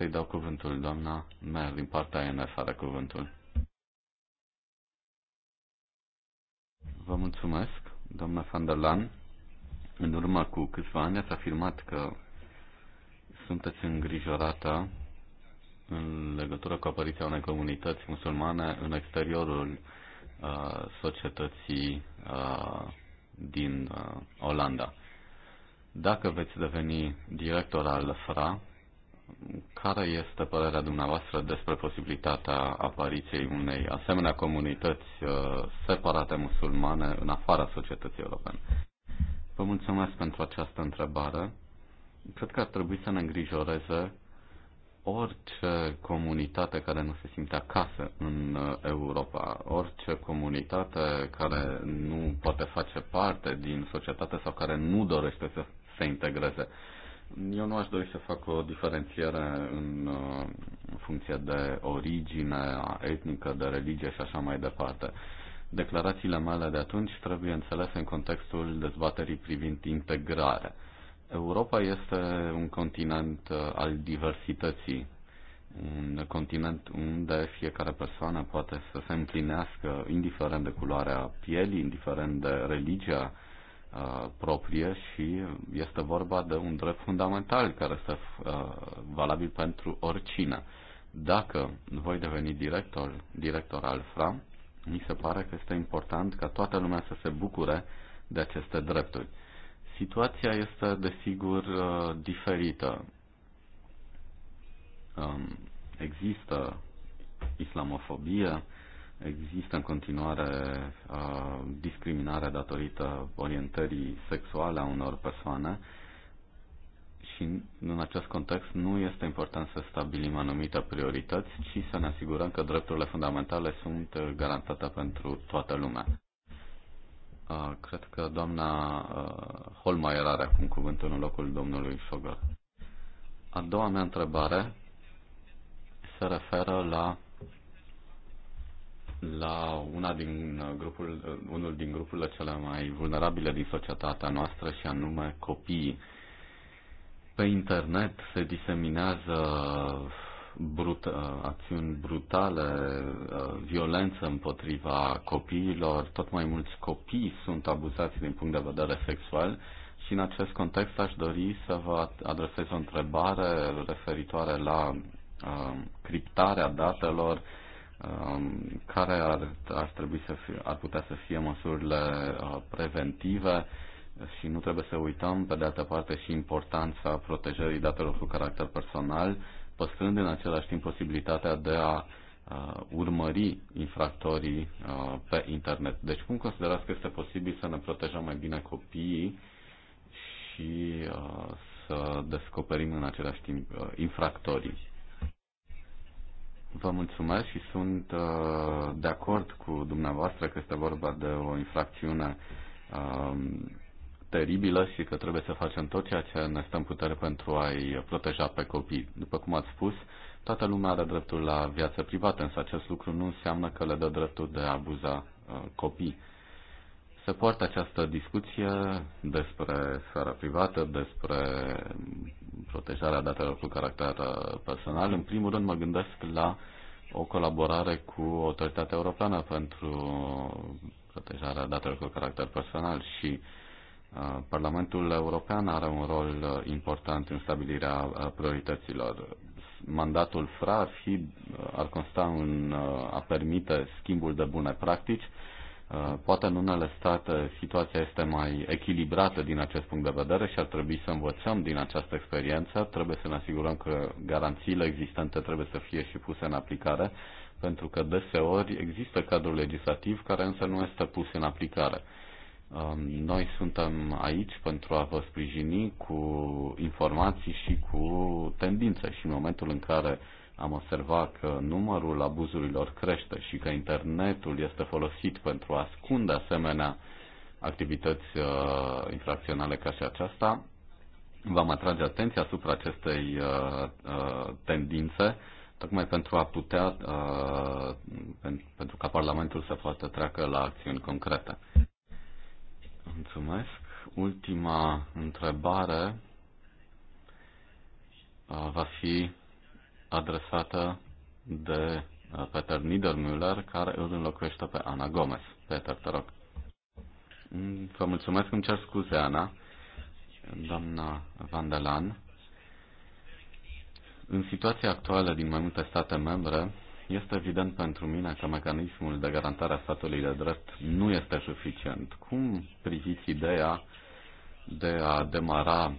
să-i dau cuvântul, doamna Mer, din partea INF are cuvântul. Vă mulțumesc, doamna Sanderlan. În urmă cu câțiva ani ați afirmat că sunteți îngrijorată în legătură cu apariția unei comunități musulmane în exteriorul uh, societății uh, din uh, Olanda. Dacă veți deveni director al FRA, care este părerea dumneavoastră despre posibilitatea apariției unei asemenea comunități uh, separate musulmane în afara societății europene? Vă mulțumesc pentru această întrebare. Cred că ar trebui să ne îngrijoreze orice comunitate care nu se simte acasă în uh, Europa, orice comunitate care nu poate face parte din societate sau care nu dorește să se integreze. Eu nu aș dori să fac o diferențiere în uh, funcție de origine etnică, de religie și așa mai departe. Declarațiile mele de atunci trebuie înțelese în contextul dezbaterii privind integrarea. Europa este un continent uh, al diversității, un continent unde fiecare persoană poate să se împlinească, indiferent de culoarea pielii, indiferent de religia Uh, proprie și este vorba de un drept fundamental care este uh, valabil pentru oricine. Dacă voi deveni director, director al FRA, mi se pare că este important ca toată lumea să se bucure de aceste drepturi. Situația este, desigur, uh, diferită. Um, există islamofobie, Există în continuare uh, discriminare datorită orientării sexuale a unor persoane și în acest context nu este important să stabilim anumite priorități, ci să ne asigurăm că drepturile fundamentale sunt garantate pentru toată lumea. Uh, cred că doamna uh, Holmeier are acum cuvântul în locul domnului Fogăr. A doua mea întrebare se referă la la una din uh, grupul, uh, unul din grupurile cele mai vulnerabile din societatea noastră și anume copiii. Pe internet se diseminează brut, uh, acțiuni brutale, violență împotriva copiilor, tot mai mulți copii sunt abuzați din punct de vedere sexual și în acest context aș dori să vă adresez o întrebare referitoare la criptarea datelor Um, care ar, ar, trebui să fie, ar putea să fie măsurile uh, preventive și nu trebuie să uităm, pe de altă parte, și importanța protejării datelor cu caracter personal, păstrând în același timp posibilitatea de a uh, urmări infractorii uh, pe internet. Deci cum considerați că este posibil să ne protejăm mai bine copiii și să descoperim în același timp infractorii? Vă mulțumesc și sunt uh, de acord cu dumneavoastră că este vorba de o infracțiune uh, teribilă și că trebuie să facem tot ceea ce ne stăm putere pentru a-i proteja pe copii. După cum ați spus, toată lumea are dreptul la viață privată, însă acest lucru nu înseamnă că le dă dreptul de a abuza uh, copii se poartă această discuție despre sfera privată, despre protejarea datelor cu caracter uh, personal. În primul rând mă gândesc la o colaborare cu Autoritatea Europeană pentru protejarea datelor cu caracter personal și uh, Parlamentul European are un rol uh, important în stabilirea priorităților. Mandatul FRA ar, fi, ar consta în a permite schimbul de bune practici Uh, poate în unele state situația este mai echilibrată din acest punct de vedere și ar trebui să învățăm din această experiență. Trebuie să ne asigurăm că garanțiile existente trebuie să fie și puse în aplicare, pentru că deseori există cadrul legislativ care însă nu este pus în aplicare. Um, noi suntem aici pentru a vă sprijini cu informații și cu tendințe și în momentul în care am observat că numărul abuzurilor crește și că internetul este folosit pentru a ascunde asemenea activități uh, infracționale ca și aceasta, v-am atrage atenția asupra acestei uh, uh, tendințe, tocmai pentru a putea, uh, pentru, pentru ca Parlamentul să poată treacă la acțiuni concrete. Mulțumesc. Ultima întrebare uh, va fi adresată de uh, Peter Niedermüller, care îl înlocuiește pe Ana Gomez. Peter, te rog. Mm, vă mulțumesc, îmi cer scuze, Ana, doamna Vandelan. În situația actuală din mai multe state membre, este evident pentru mine că mecanismul de garantare a statului de drept nu este suficient. Cum priviți ideea de a demara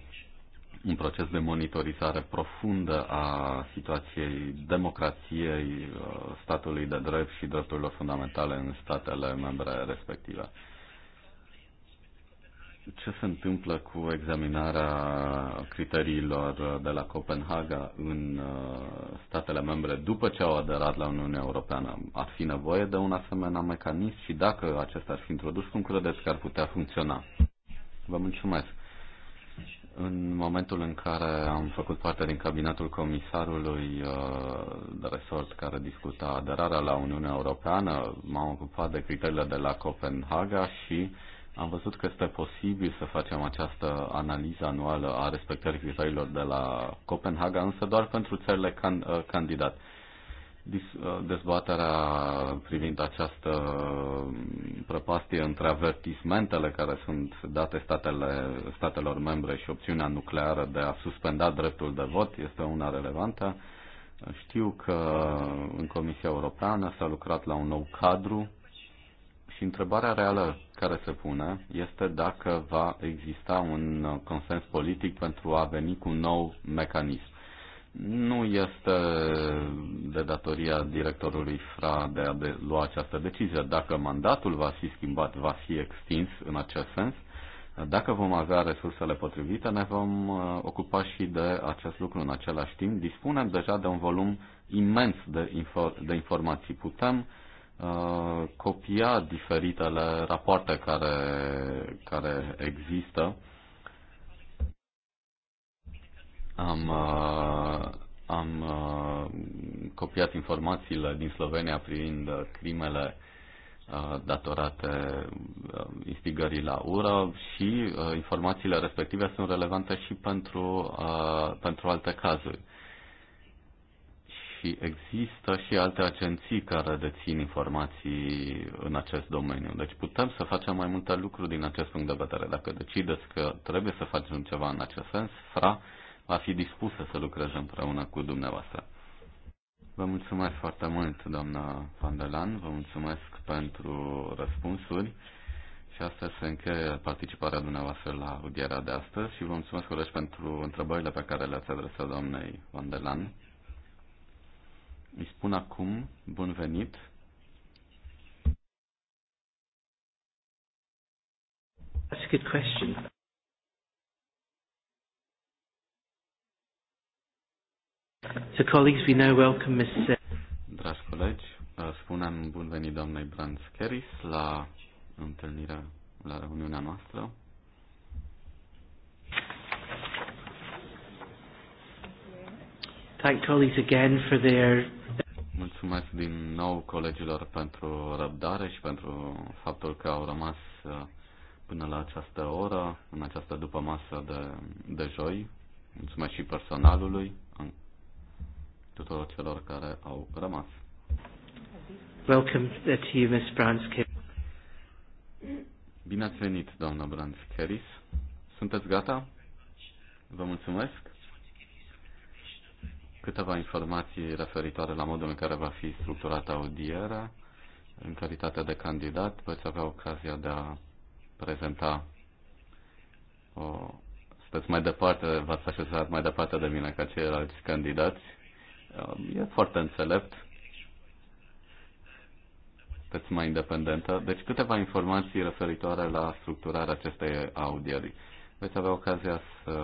un proces de monitorizare profundă a situației democrației, uh, statului de drept și drepturilor fundamentale în statele membre respective. Ce se întâmplă cu examinarea criteriilor de la Copenhaga în uh, statele membre după ce au aderat la Uniunea Europeană? Ar fi nevoie de un asemenea mecanism și dacă acesta ar fi introdus, cum credeți că ar putea funcționa? Vă mulțumesc! În momentul în care am făcut parte din cabinetul comisarului uh, de resort care discuta aderarea la Uniunea Europeană, m-am ocupat de criteriile de la Copenhaga și am văzut că este posibil să facem această analiză anuală a respectării criteriilor de la Copenhaga, însă doar pentru țările can- uh, candidat. Uh, dezbaterea privind această prăpastie între avertismentele care sunt date statele, statelor membre și opțiunea nucleară de a suspenda dreptul de vot este una relevantă. Știu că în Comisia Europeană s-a lucrat la un nou cadru și întrebarea reală care se pune este dacă va exista un consens politic pentru a veni cu un nou mecanism. Nu este de datoria directorului FRA de a de lua această decizie. Dacă mandatul va fi schimbat, va fi extins în acest sens, dacă vom avea resursele potrivite, ne vom uh, ocupa și de acest lucru în același timp. Dispunem deja de un volum imens de, infor- de informații. Putem uh, copia diferitele rapoarte care, care există am, uh, am uh, copiat informațiile din Slovenia privind uh, crimele datorate instigării la ură și informațiile respective sunt relevante și pentru, pentru alte cazuri. Și există și alte agenții care dețin informații în acest domeniu. Deci putem să facem mai multe lucruri din acest punct de vedere. Dacă decideți că trebuie să facem ceva în acest sens, FRA va fi dispusă să lucreze împreună cu dumneavoastră. Vă mulțumesc foarte mult, doamna Van der Lan, vă mulțumesc pentru răspunsuri și astăzi se încheie participarea dumneavoastră la audierea de astăzi și vă mulțumesc, colegi, pentru întrebările pe care le-ați adresat doamnei Van der Îi spun acum bun venit That's a good question. So colleagues, we now welcome Ms. Uh, Dragi colegi, spunem bun venit doamnei Brands Keris la întâlnirea, la reuniunea noastră. Thank colleagues again for their Mulțumesc din nou colegilor pentru răbdare și pentru faptul că au rămas uh, până la această oră, în această după masă de, de joi. Mulțumesc și personalului tuturor celor care au rămas. Welcome to you, Ms. Brands Bine ați venit, doamna Brands kerris Sunteți gata? Vă mulțumesc. Câteva informații referitoare la modul în care va fi structurată audierea. În calitate de candidat veți avea ocazia de a prezenta o sunteți mai departe, v-ați așezat mai departe de mine ca ceilalți candidați Um, e foarte înțelept sunteți mai independentă. Deci câteva informații referitoare la structurarea acestei audieri. Veți avea ocazia să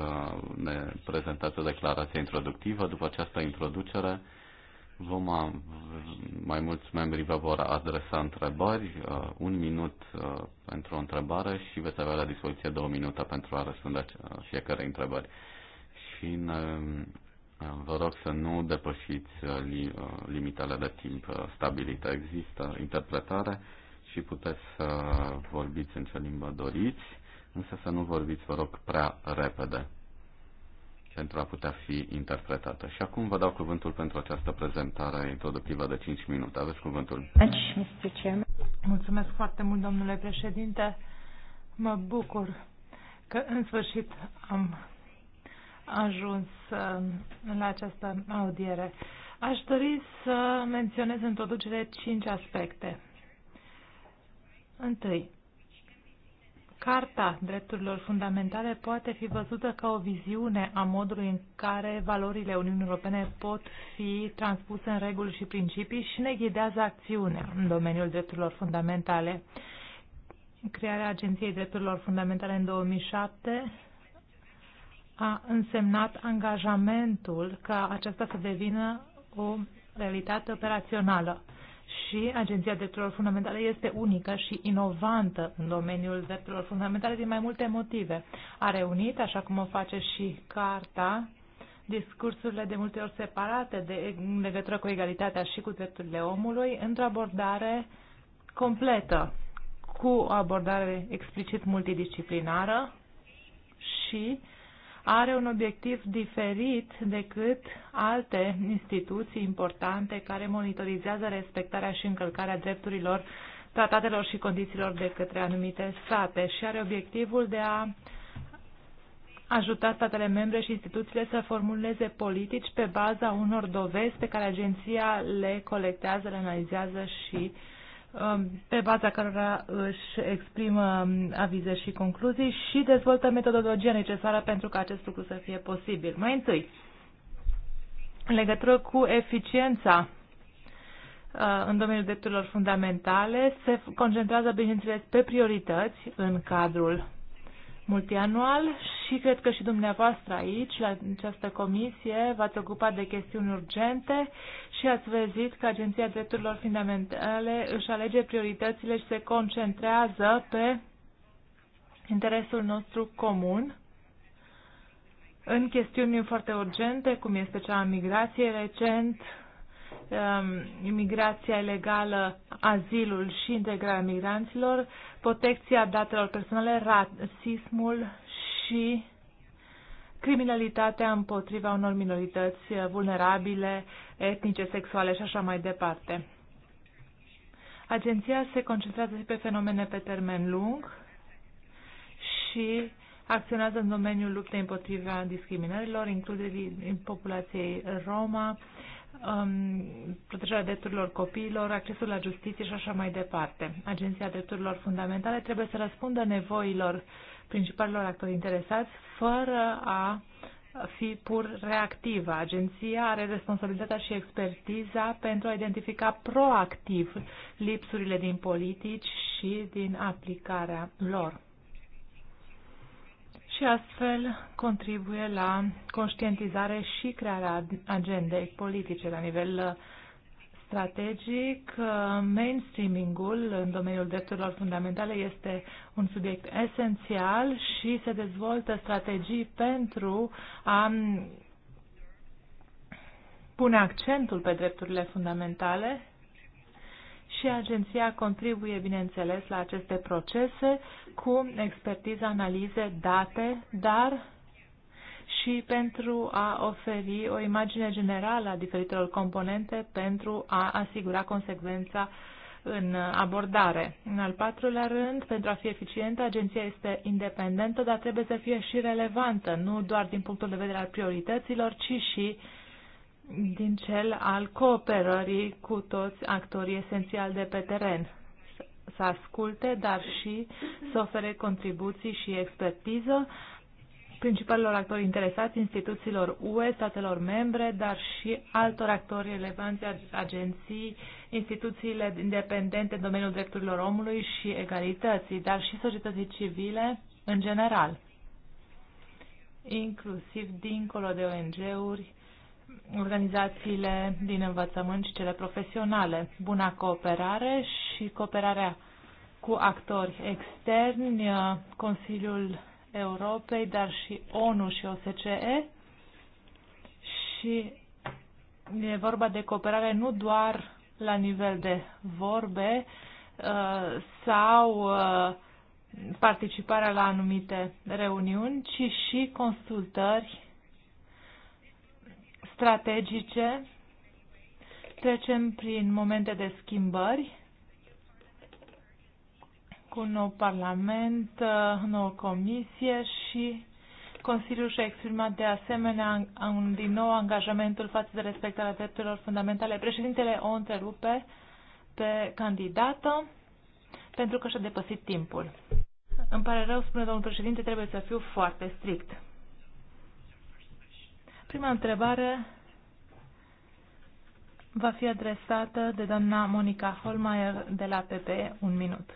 ne prezentați o declarație introductivă. După această introducere, vom a, mai mulți membri vă vor adresa întrebări, uh, un minut uh, pentru o întrebare și veți avea la dispoziție două minute pentru a răspunde fiecare întrebări. Și ne Vă rog să nu depășiți uh, uh, limitele de timp uh, stabilită. Există interpretare și puteți să vorbiți în ce limbă doriți, însă să nu vorbiți, vă rog, prea repede pentru a putea fi interpretată. Și acum vă dau cuvântul pentru această prezentare introductivă de 5 minute. Aveți cuvântul. Mulțumesc foarte mult, domnule președinte. Mă bucur că în sfârșit am ajuns uh, la această audiere. Aș dori să menționez în introducere cinci aspecte. Întâi, Carta drepturilor fundamentale poate fi văzută ca o viziune a modului în care valorile Uniunii Europene pot fi transpuse în reguli și principii și ne ghidează acțiunea în domeniul drepturilor fundamentale. Crearea Agenției Drepturilor Fundamentale în 2007 a însemnat angajamentul ca aceasta să devină o realitate operațională. Și Agenția Drepturilor Fundamentale este unică și inovantă în domeniul drepturilor fundamentale din mai multe motive. A reunit, așa cum o face și Carta, discursurile de multe ori separate de, legătură cu egalitatea și cu drepturile omului într-o abordare completă, cu o abordare explicit multidisciplinară și uh, are un obiectiv diferit decât alte instituții importante care monitorizează respectarea și încălcarea drepturilor, tratatelor și condițiilor de către anumite state și are obiectivul de a ajuta statele membre și instituțiile să formuleze politici pe baza unor dovezi pe care agenția le colectează, le analizează și uh, Um, pe baza cărora își exprimă um, avize și concluzii și dezvoltă metodologia necesară pentru ca acest lucru să fie posibil. Mai întâi, în legătură cu eficiența uh, în domeniul drepturilor fundamentale, se concentrează, bineînțeles, pe priorități în cadrul multianual și cred că și dumneavoastră aici, la această comisie, v-ați ocupat de chestiuni urgente și ați văzut că Agenția Drepturilor Fundamentale își alege prioritățile și se concentrează pe interesul nostru comun în chestiuni foarte urgente, cum este cea a migrației recent, Um, imigrația ilegală, azilul și integrarea migranților, protecția datelor personale, rasismul și criminalitatea împotriva unor minorități vulnerabile, etnice, sexuale și așa mai departe. Agenția se concentrează și pe fenomene pe termen lung și acționează în domeniul luptei împotriva discriminărilor, includerii populației Roma, um, protejarea drepturilor copiilor, accesul la justiție și așa mai departe. Agenția Drepturilor Fundamentale trebuie să răspundă nevoilor principalilor actori interesați fără a fi pur reactivă. Agenția are responsabilitatea și expertiza pentru a identifica proactiv lipsurile din politici și din aplicarea lor și astfel contribuie la conștientizare și crearea agendei politice la nivel uh, strategic. Uh, mainstreamingul în domeniul drepturilor fundamentale este un subiect esențial și se dezvoltă strategii pentru a um, pune accentul pe drepturile fundamentale și agenția contribuie, bineînțeles, la aceste procese cu expertiză, analize, date, dar și pentru a oferi o imagine generală a diferitelor componente pentru a asigura consecvența în abordare. În al patrulea rând, pentru a fi eficientă, agenția este independentă, dar trebuie să fie și relevantă, nu doar din punctul de vedere al priorităților, ci și din cel al cooperării cu toți actorii esențiali de pe teren să asculte, dar și să ofere contribuții și expertiză principalilor actori interesați, instituțiilor UE, statelor membre, dar și altor actori relevanți, agenții, instituțiile independente în domeniul drepturilor omului și egalității, dar și societății civile în general, inclusiv dincolo de ONG-uri organizațiile din învățământ și cele profesionale, buna cooperare și cooperarea cu actori externi, uh, Consiliul Europei, dar și ONU și OSCE. Și e vorba de cooperare nu doar la nivel de vorbe uh, sau uh, participarea la anumite reuniuni, ci și consultări strategice, trecem prin momente de schimbări cu un nou parlament, uh, nouă comisie și Consiliul și-a exprimat de asemenea din nou angajamentul față de respectarea drepturilor fundamentale. Președintele o întrerupe pe candidată pentru că și-a depăsit timpul. Îmi pare rău, spune domnul președinte, trebuie să fiu foarte strict. Prima întrebare va fi adresată de doamna Monica Holmeier de la PP. Un minut.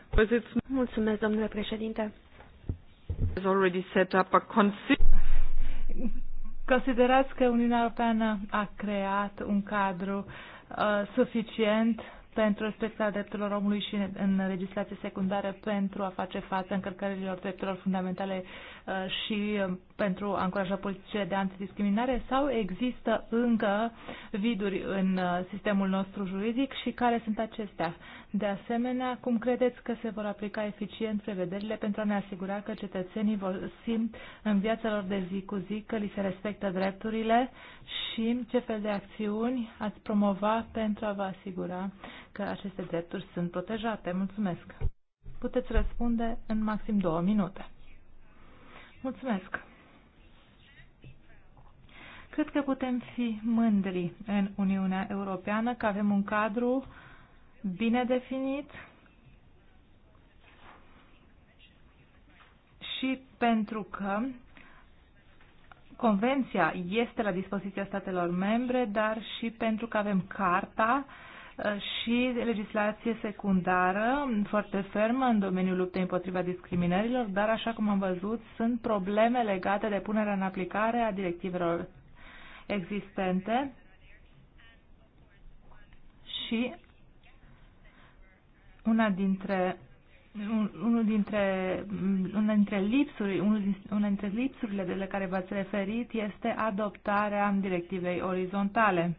Mulțumesc, domnule președinte. Considerați că Uniunea Europeană a creat un cadru uh, suficient pentru respectarea drepturilor omului și în legislație secundară pentru a face față încălcărilor drepturilor fundamentale uh, și uh, pentru a încuraja politicile de antidiscriminare sau există încă viduri în uh, sistemul nostru juridic și care sunt acestea? De asemenea, cum credeți că se vor aplica eficient prevederile pentru a ne asigura că cetățenii vor simt în viața lor de zi cu zi că li se respectă drepturile și ce fel de acțiuni ați promova pentru a vă asigura că aceste drepturi sunt protejate? Mulțumesc! Puteți răspunde în maxim două minute. Mulțumesc! Cred că putem fi mândri în Uniunea Europeană că avem un cadru uh, bine definit și pentru că Convenția este la dispoziția statelor membre, dar și pentru că avem carta uh, și legislație secundară foarte fermă în domeniul luptei împotriva discriminărilor, dar așa cum am văzut, sunt probleme legate de punerea în aplicare a directivelor existente și una dintre unul dintre, una dintre lipsuri, una dintre lipsurile de la care v-ați referit este adoptarea directivei orizontale.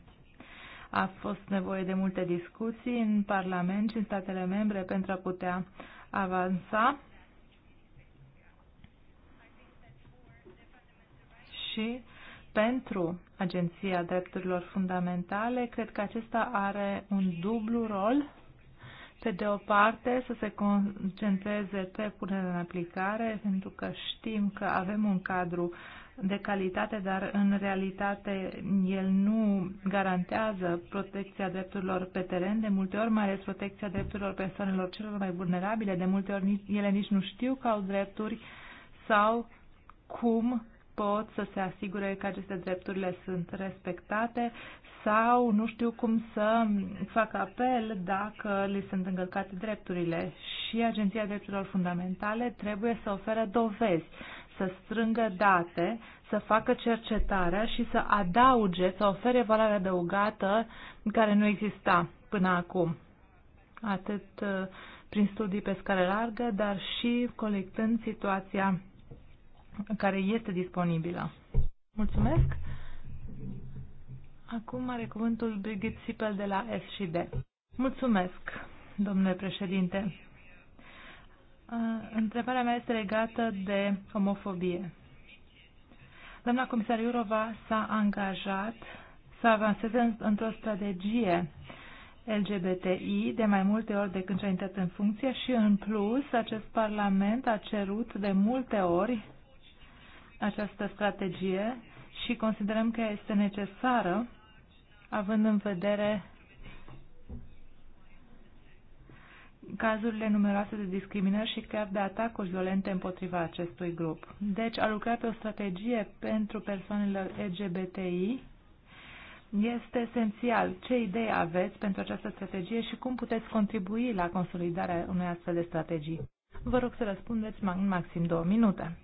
A fost nevoie de multe discuții în Parlament și în statele membre pentru a putea avansa. Și pentru Agenția Drepturilor Fundamentale, cred că acesta are un dublu rol pe de o parte, să se concentreze pe punerea în aplicare, pentru că știm că avem un cadru de calitate, dar în realitate el nu garantează protecția drepturilor pe teren, de multe ori mai ales protecția drepturilor persoanelor celor mai vulnerabile, de multe ori ele nici nu știu că au drepturi sau cum pot să se asigure că aceste drepturile sunt respectate sau nu știu cum să fac apel dacă le sunt încălcate drepturile. Și Agenția Drepturilor Fundamentale trebuie să oferă dovezi, să strângă date, să facă cercetarea și să adauge, să ofere valoare adăugată care nu exista până acum. Atât uh, prin studii pe scară largă, dar și colectând situația care este disponibilă. Mulțumesc! Acum are cuvântul Brigitte Sipel de la SCD. Mulțumesc, domnule președinte. Întrebarea mea este legată de homofobie. Doamna comisar Iurova s-a angajat să avanseze într-o strategie LGBTI de mai multe ori de când și-a intrat în funcție și, în plus, acest Parlament a cerut de multe ori această strategie și considerăm că este necesară, având în vedere cazurile numeroase de discriminări și chiar de atacuri violente împotriva acestui grup. Deci, a lucra pe o strategie pentru persoanele LGBTI este esențial. Ce idei aveți pentru această strategie și cum puteți contribui la consolidarea unei astfel de strategii? Vă rog să răspundeți maxim două minute.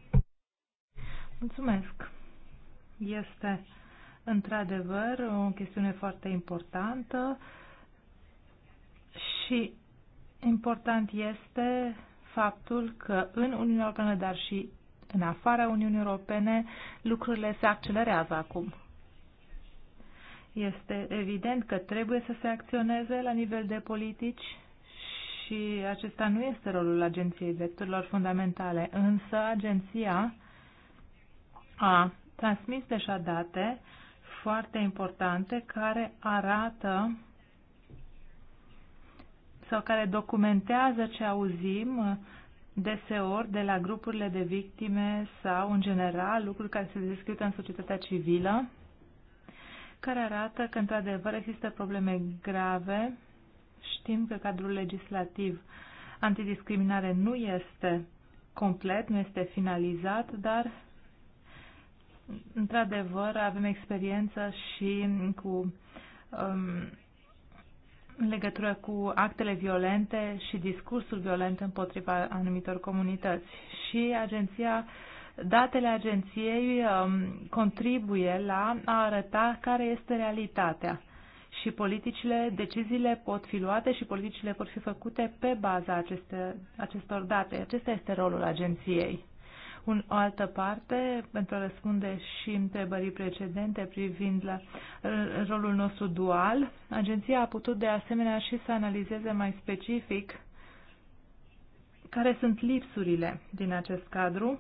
Mulțumesc. Este într-adevăr o chestiune foarte importantă și important este faptul că în Uniunea Europeană, dar și în afara Uniunii Europene, lucrurile se accelerează acum. Este evident că trebuie să se acționeze la nivel de politici și acesta nu este rolul Agenției Drepturilor Fundamentale, însă agenția a transmis deja date foarte importante care arată sau care documentează ce auzim deseori de la grupurile de victime sau, în general, lucruri care se discută în societatea civilă, care arată că, într-adevăr, există probleme grave. Știm că cadrul legislativ antidiscriminare nu este complet, nu este finalizat, dar Într-adevăr, avem experiență și cu um, legătură cu actele violente și discursul violent împotriva anumitor comunități. Și agenția, datele agenției um, contribuie la a arăta care este realitatea și politicile, deciziile pot fi luate și politicile pot fi făcute pe baza aceste, acestor date. Acesta este rolul agenției în o altă parte pentru a răspunde și întrebării precedente privind la uh, rolul nostru dual. Agenția a putut de asemenea și să analizeze mai specific care sunt lipsurile din acest cadru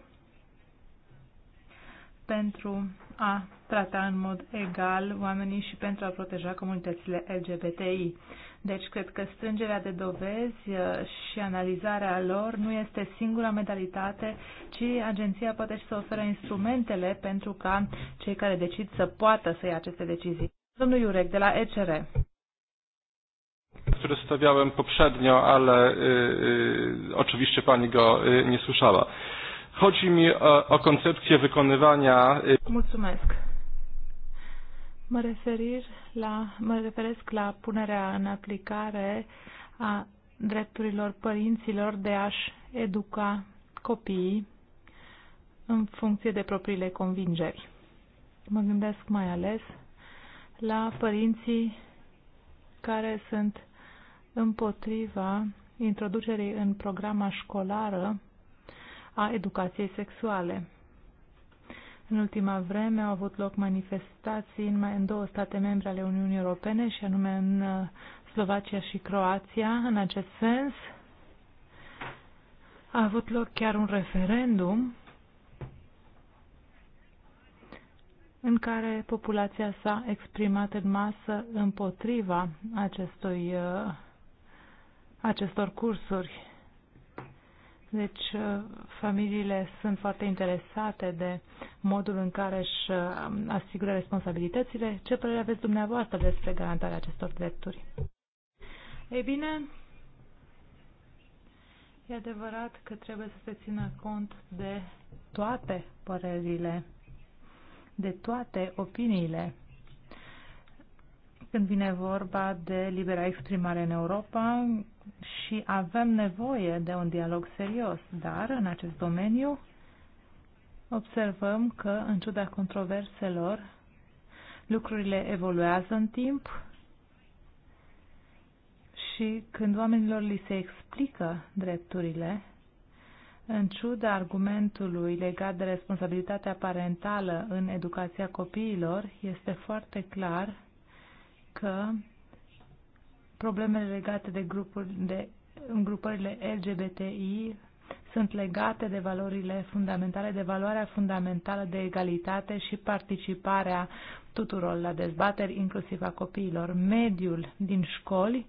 pentru a trata în mod egal oamenii și pentru a proteja comunitățile LGBTI. Deci cred că strângerea de dovezi uh, și analizarea lor nu este singura modalitate, ci agenția poate și să oferă instrumentele pentru ca cei care decid să poată să ia aceste decizii. Domnul Iurec, de la ECR. Które stawiałem poprzednio, ale y, y, oczywiście pani go y, nie słyszała. Y, Chodzi mi o, o koncepcję wykonywania. Mulțumesc. Mă, referir la, mă referesc la punerea în aplicare a drepturilor părinților de a-și educa copiii în funcție de propriile convingeri. Mă gândesc mai ales la părinții care sunt împotriva introducerii în programa școlară a educației sexuale. În ultima vreme au avut loc manifestații în, mai, în două state membre ale Uniunii Europene, și anume în uh, Slovacia și Croația. În acest sens, a avut loc chiar un referendum în care populația s-a exprimat în masă împotriva acestui, uh, acestor cursuri deci, uh, familiile sunt foarte interesate de modul în care își uh, asigură responsabilitățile. Ce părere aveți dumneavoastră despre garantarea acestor drepturi? Ei bine, e adevărat că trebuie să se țină cont de toate părerile, de toate opiniile. Când vine vorba de libera exprimare în Europa, și avem nevoie de un dialog serios, dar în acest domeniu observăm că, în ciuda controverselor, lucrurile evoluează în timp și când oamenilor li se explică drepturile, în ciuda argumentului legat de responsabilitatea parentală în educația copiilor, este foarte clar că problemele legate de, grupuri, de grupările LGBTI sunt legate de valorile fundamentale, de valoarea fundamentală de egalitate și participarea tuturor la dezbateri, inclusiv a copiilor. Mediul din școli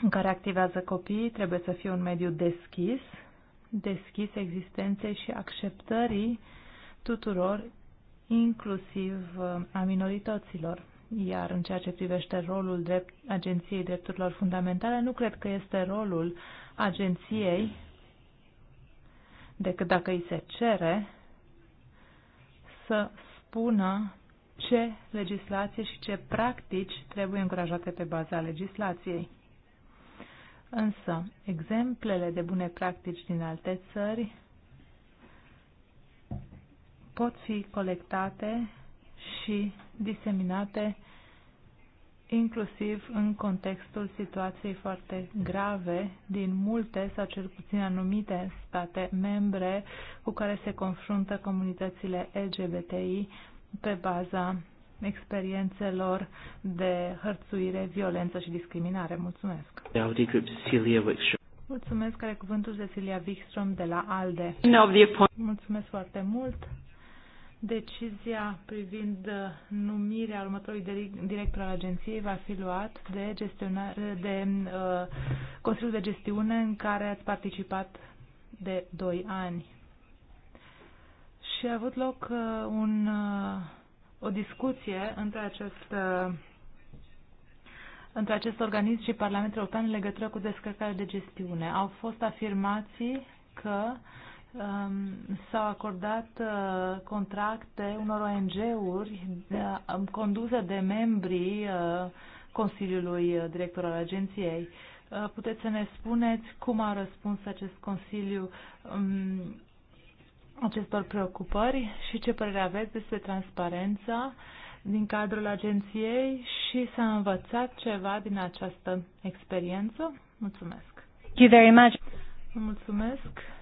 în care activează copiii trebuie să fie un mediu deschis, deschis existenței și acceptării tuturor, inclusiv uh, a minorităților. Iar în ceea ce privește rolul drept, Agenției Drepturilor Fundamentale, nu cred că este rolul agenției, decât dacă îi se cere, să spună ce legislație și ce practici trebuie încurajate pe baza legislației. Însă, exemplele de bune practici din alte țări pot fi colectate și diseminate inclusiv în contextul situației foarte grave din multe sau cel puțin anumite state membre cu care se confruntă comunitățile LGBTI pe baza experiențelor de hărțuire, violență și discriminare. Mulțumesc! Mulțumesc, care cuvântul Cecilia Wikström de la ALDE. Mulțumesc foarte mult! Decizia privind uh, numirea următorului director al agenției va fi luat de, de uh, Consiliul de Gestiune în care ați participat de 2 ani. Și a avut loc uh, un, uh, o discuție între acest uh, între acest organism și Parlamentul European în legătură cu descărcarea de gestiune. Au fost afirmații că uh, Um, s-au acordat uh, contracte unor ONG-uri um, conduse de membrii uh, Consiliului Director al Agenției. Uh, puteți să ne spuneți cum a răspuns acest Consiliu um, acestor preocupări și ce părere aveți despre transparența din cadrul agenției și s-a învățat ceva din această experiență? Mulțumesc! Thank you very much. Mulțumesc!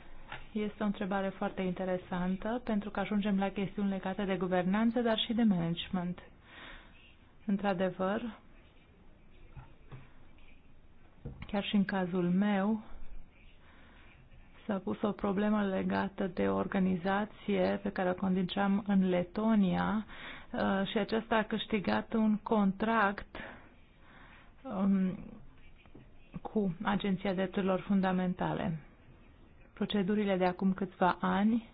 Este o întrebare foarte interesantă pentru că ajungem la chestiuni legate de guvernanță, dar și de management. Într-adevăr, chiar și în cazul meu, s-a pus o problemă legată de o organizație pe care o conduceam în Letonia uh, și acesta a câștigat un contract um, cu Agenția Drepturilor Fundamentale. Procedurile de acum câțiva ani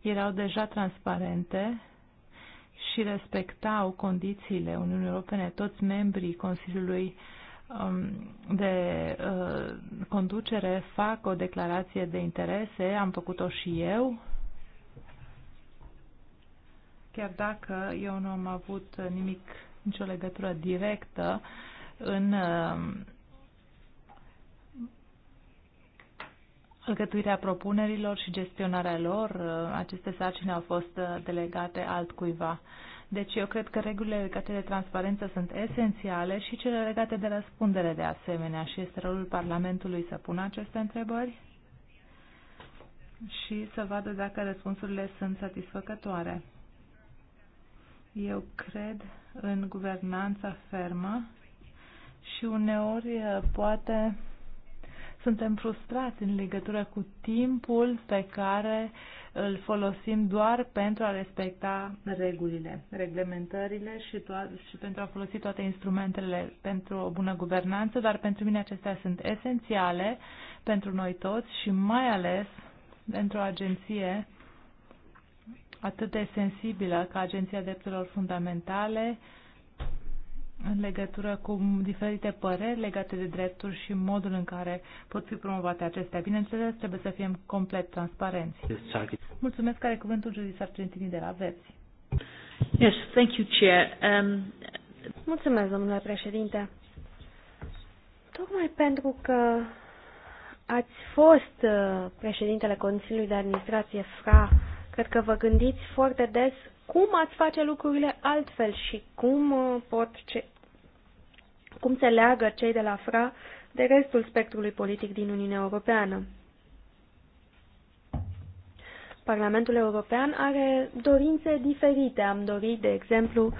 erau deja transparente și respectau condițiile Uniunii Europene. Toți membrii Consiliului um, de uh, conducere fac o declarație de interese, am făcut-o și eu, chiar dacă eu nu am avut nimic, nicio legătură directă în um, Alcătuirea propunerilor și gestionarea lor, uh, aceste sarcini au fost uh, delegate altcuiva. Deci eu cred că regulile legate de transparență sunt esențiale și cele legate de răspundere de asemenea și este rolul Parlamentului să pună aceste întrebări și să vadă dacă răspunsurile sunt satisfăcătoare. Eu cred în guvernanța fermă și uneori uh, poate suntem frustrați în legătură cu timpul pe care îl folosim doar pentru a respecta regulile, reglementările și, și pentru a folosi toate instrumentele pentru o bună guvernanță, dar pentru mine acestea sunt esențiale pentru noi toți și mai ales pentru o agenție atât de sensibilă ca Agenția Drepturilor Fundamentale, în legătură cu diferite păreri legate de drepturi și modul în care pot fi promovate acestea. Bineînțeles, trebuie să fim complet transparenți. Mulțumesc, care cuvântul Judith argentinii de la Verzi. Yes, thank you, Chair. Um... Mulțumesc, domnule președinte. Tocmai pentru că ați fost uh, președintele Consiliului de Administrație FRA, cred că vă gândiți foarte des cum ați face lucrurile altfel și cum uh, pot ce, cum se leagă cei de la FRA de restul spectrului politic din Uniunea Europeană? Parlamentul European are dorințe diferite. Am dorit, de exemplu,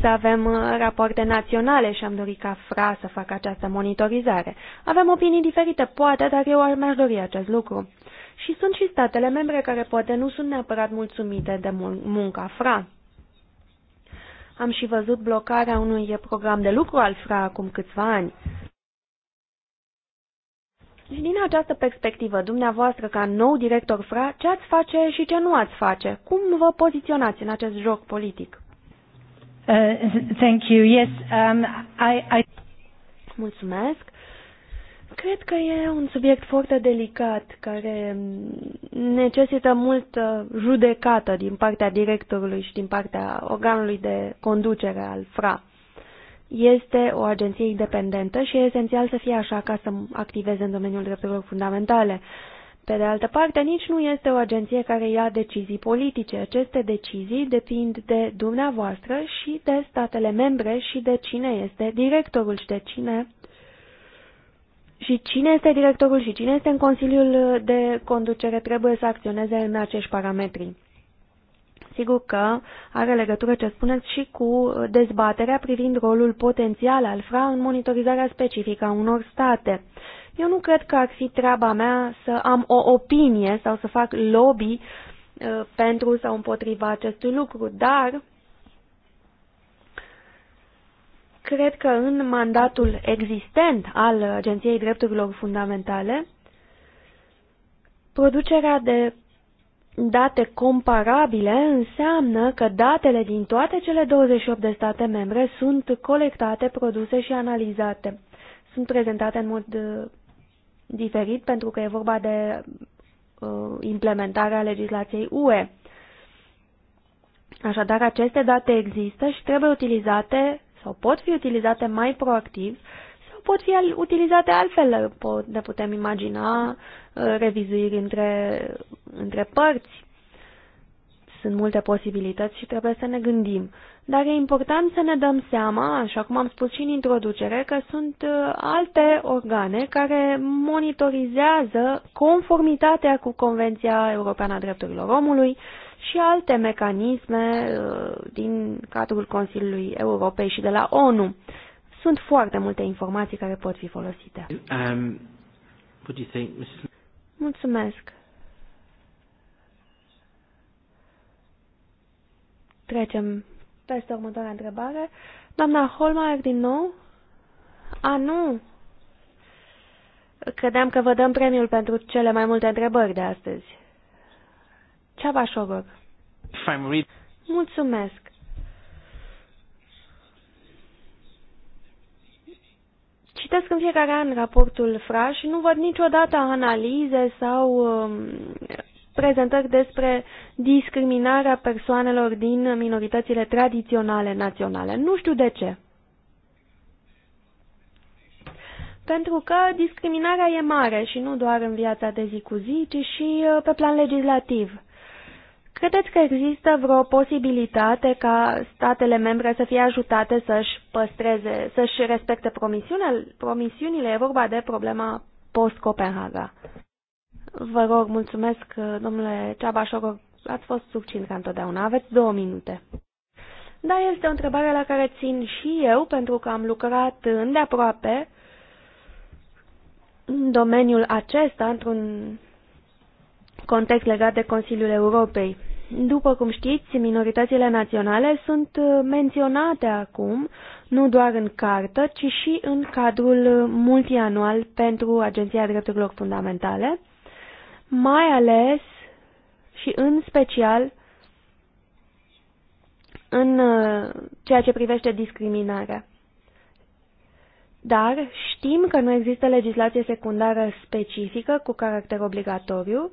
să avem uh, rapoarte naționale și am dorit ca FRA să facă această monitorizare. Avem opinii diferite, poate, dar eu mi-aș dori acest lucru. Și sunt și statele membre care poate nu sunt neapărat mulțumite de munca FRA. Am și văzut blocarea unui program de lucru al FRA acum câțiva ani. Și din această perspectivă, dumneavoastră, ca nou director FRA, ce ați face și ce nu ați face? Cum vă poziționați în acest joc politic? Uh, thank you. Yes, um, I, I... Mulțumesc. Cred că e un subiect foarte delicat care necesită multă judecată din partea directorului și din partea organului de conducere al FRA. Este o agenție independentă și e esențial să fie așa ca să activeze în domeniul drepturilor fundamentale. Pe de altă parte, nici nu este o agenție care ia decizii politice. Aceste decizii depind de dumneavoastră și de statele membre și de cine este directorul și de cine și cine este directorul și cine este în Consiliul de Conducere trebuie să acționeze în acești parametri. Sigur că are legătură ce spuneți și cu dezbaterea privind rolul potențial al FRA în monitorizarea specifică a unor state. Eu nu cred că ar fi treaba mea să am o opinie sau să fac lobby uh, pentru sau împotriva acestui lucru, dar Cred că în mandatul existent al Agenției Drepturilor Fundamentale, producerea de date comparabile înseamnă că datele din toate cele 28 de state membre sunt colectate, produse și analizate. Sunt prezentate în mod uh, diferit pentru că e vorba de uh, implementarea legislației UE. Așadar, aceste date există și trebuie utilizate sau pot fi utilizate mai proactiv sau pot fi utilizate altfel. Ne putem imagina uh, revizuiri între, între părți. Sunt multe posibilități și trebuie să ne gândim. Dar e important să ne dăm seama, așa cum am spus și în introducere, că sunt uh, alte organe care monitorizează conformitatea cu Convenția Europeană a Drepturilor Omului, și alte mecanisme uh, din cadrul Consiliului Europei și de la ONU. Sunt foarte multe informații care pot fi folosite. Um, Mulțumesc. Trecem peste următoarea întrebare. Doamna Holmeier din nou? A, nu. Credeam că vă dăm premiul pentru cele mai multe întrebări de astăzi. Ceaba Șogor. Mulțumesc. Citesc în fiecare an raportul FRA și nu văd niciodată analize sau um, prezentări despre discriminarea persoanelor din minoritățile tradiționale naționale. Nu știu de ce. Pentru că discriminarea e mare și nu doar în viața de zi cu zi, ci și uh, pe plan legislativ. Credeți că există vreo posibilitate ca statele membre să fie ajutate să-și păstreze, să-și respecte promisiunile? E vorba de problema post-Copenhaga. Vă rog, mulțumesc, domnule Ceabașor, ați fost succint ca întotdeauna. Aveți două minute. Da, este o întrebare la care țin și eu, pentru că am lucrat îndeaproape în domeniul acesta, într-un context legat de Consiliul Europei. După cum știți, minoritățile naționale sunt uh, menționate acum, nu doar în cartă, ci și în cadrul multianual pentru Agenția Drepturilor Fundamentale, mai ales și în special în uh, ceea ce privește discriminarea. Dar știm că nu există legislație secundară specifică cu caracter obligatoriu,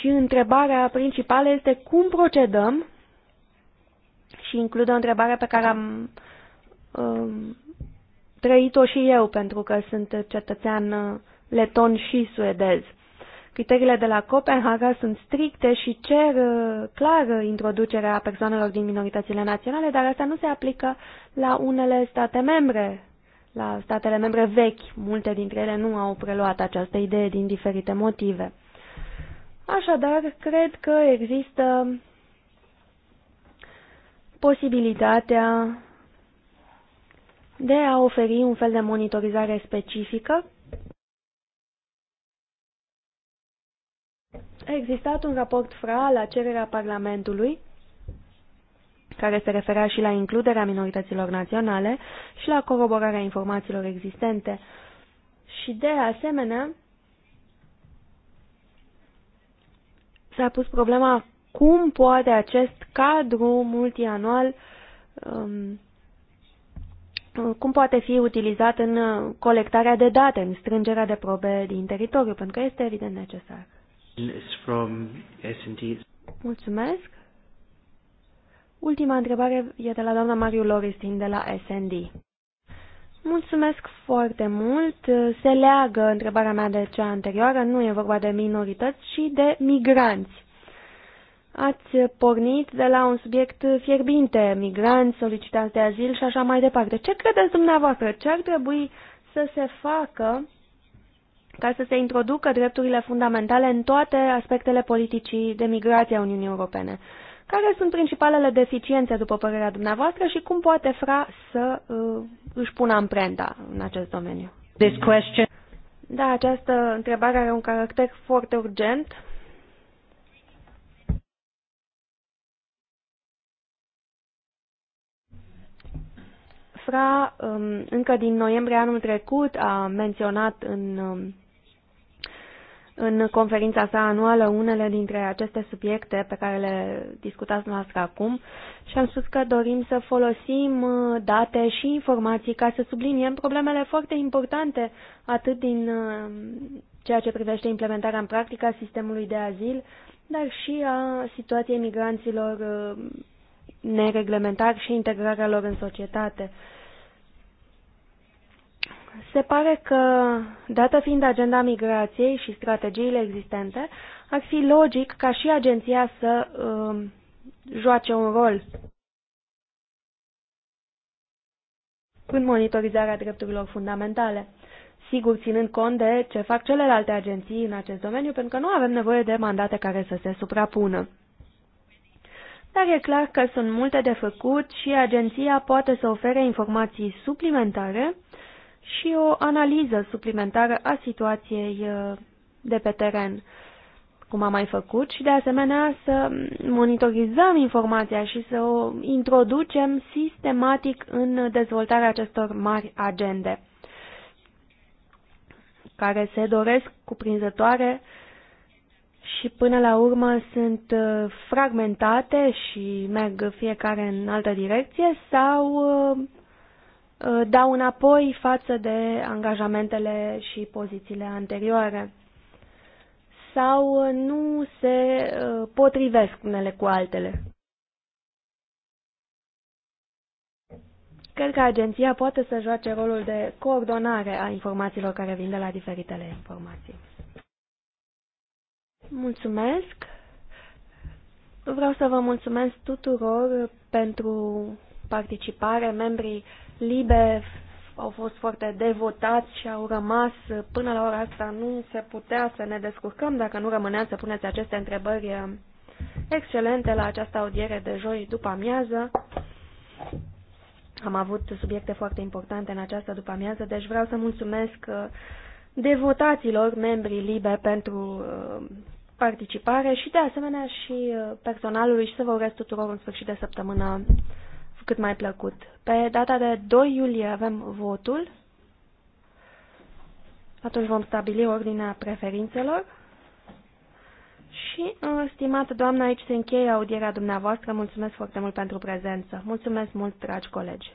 Și deci, întrebarea principală este cum procedăm și include o întrebare pe care am um, trăit-o și eu, pentru că sunt cetățean uh, leton și suedez. Criteriile de la Copenhaga sunt stricte și cer uh, clar introducerea persoanelor din minoritățile naționale, dar asta nu se aplică la unele state membre, la statele membre vechi. Multe dintre ele nu au preluat această idee din diferite motive. Așadar, cred că există posibilitatea de a oferi un fel de monitorizare specifică. A existat un raport FRA la cererea Parlamentului care se referea și la includerea minorităților naționale și la coroborarea informațiilor existente. Și de asemenea, s-a pus problema cum poate acest cadru multianual um, cum poate fi utilizat în colectarea de date, în strângerea de probe din teritoriu, pentru că este evident necesar. Mulțumesc. Ultima întrebare e de la doamna Mariu Loristin de la SND. Mulțumesc foarte mult. Se leagă întrebarea mea de cea anterioară. Nu e vorba de minorități, ci de migranți. Ați pornit de la un subiect fierbinte, migranți, solicitanți de azil și așa mai departe. Ce credeți dumneavoastră? Ce ar trebui să se facă ca să se introducă drepturile fundamentale în toate aspectele politicii de migrație a Uniunii Europene? Care sunt principalele deficiențe, după părerea dumneavoastră, și cum poate FRA să uh, își pună amprenta în acest domeniu? This question. Da, această întrebare are un caracter foarte urgent. FRA, um, încă din noiembrie anul trecut, a menționat în um, în conferința sa anuală unele dintre aceste subiecte pe care le discutați noastră acum și am spus că dorim să folosim uh, date și informații ca să subliniem problemele foarte importante atât din uh, ceea ce privește implementarea în practică a sistemului de azil, dar și a situației migranților uh, nereglementari și integrarea lor în societate. Se pare că, dată fiind agenda migrației și strategiile existente, ar fi logic ca și agenția să uh, joace un rol în monitorizarea drepturilor fundamentale. Sigur, ținând cont de ce fac celelalte agenții în acest domeniu, pentru că nu avem nevoie de mandate care să se suprapună. Dar e clar că sunt multe de făcut și agenția poate să ofere informații suplimentare și o analiză suplimentară a situației uh, de pe teren, cum am mai făcut, și de asemenea să monitorizăm informația și să o introducem sistematic în dezvoltarea acestor mari agende care se doresc cuprinzătoare și până la urmă sunt uh, fragmentate și merg fiecare în altă direcție sau uh, Uh, dau înapoi față de angajamentele și pozițiile anterioare sau uh, nu se uh, potrivesc unele cu altele. Cred că agenția poate să joace rolul de coordonare a informațiilor care vin de la diferitele informații. Mulțumesc! Vreau să vă mulțumesc tuturor pentru participare, membrii libe au fost foarte devotați și au rămas până la ora asta. Nu se putea să ne descurcăm dacă nu rămâneam să puneți aceste întrebări eh, excelente la această audiere de joi după amiază. Am avut subiecte foarte importante în această după amiază, deci vreau să mulțumesc eh, devotaților, membrii LIBE, pentru eh, participare și de asemenea și personalului și să vă urez tuturor un sfârșit de săptămână cât mai plăcut. Pe data de 2 iulie avem votul. Atunci vom stabili ordinea preferințelor. Și, uh, stimată doamnă, aici se încheie audierea dumneavoastră. Mulțumesc foarte mult pentru prezență. Mulțumesc mult, dragi colegi.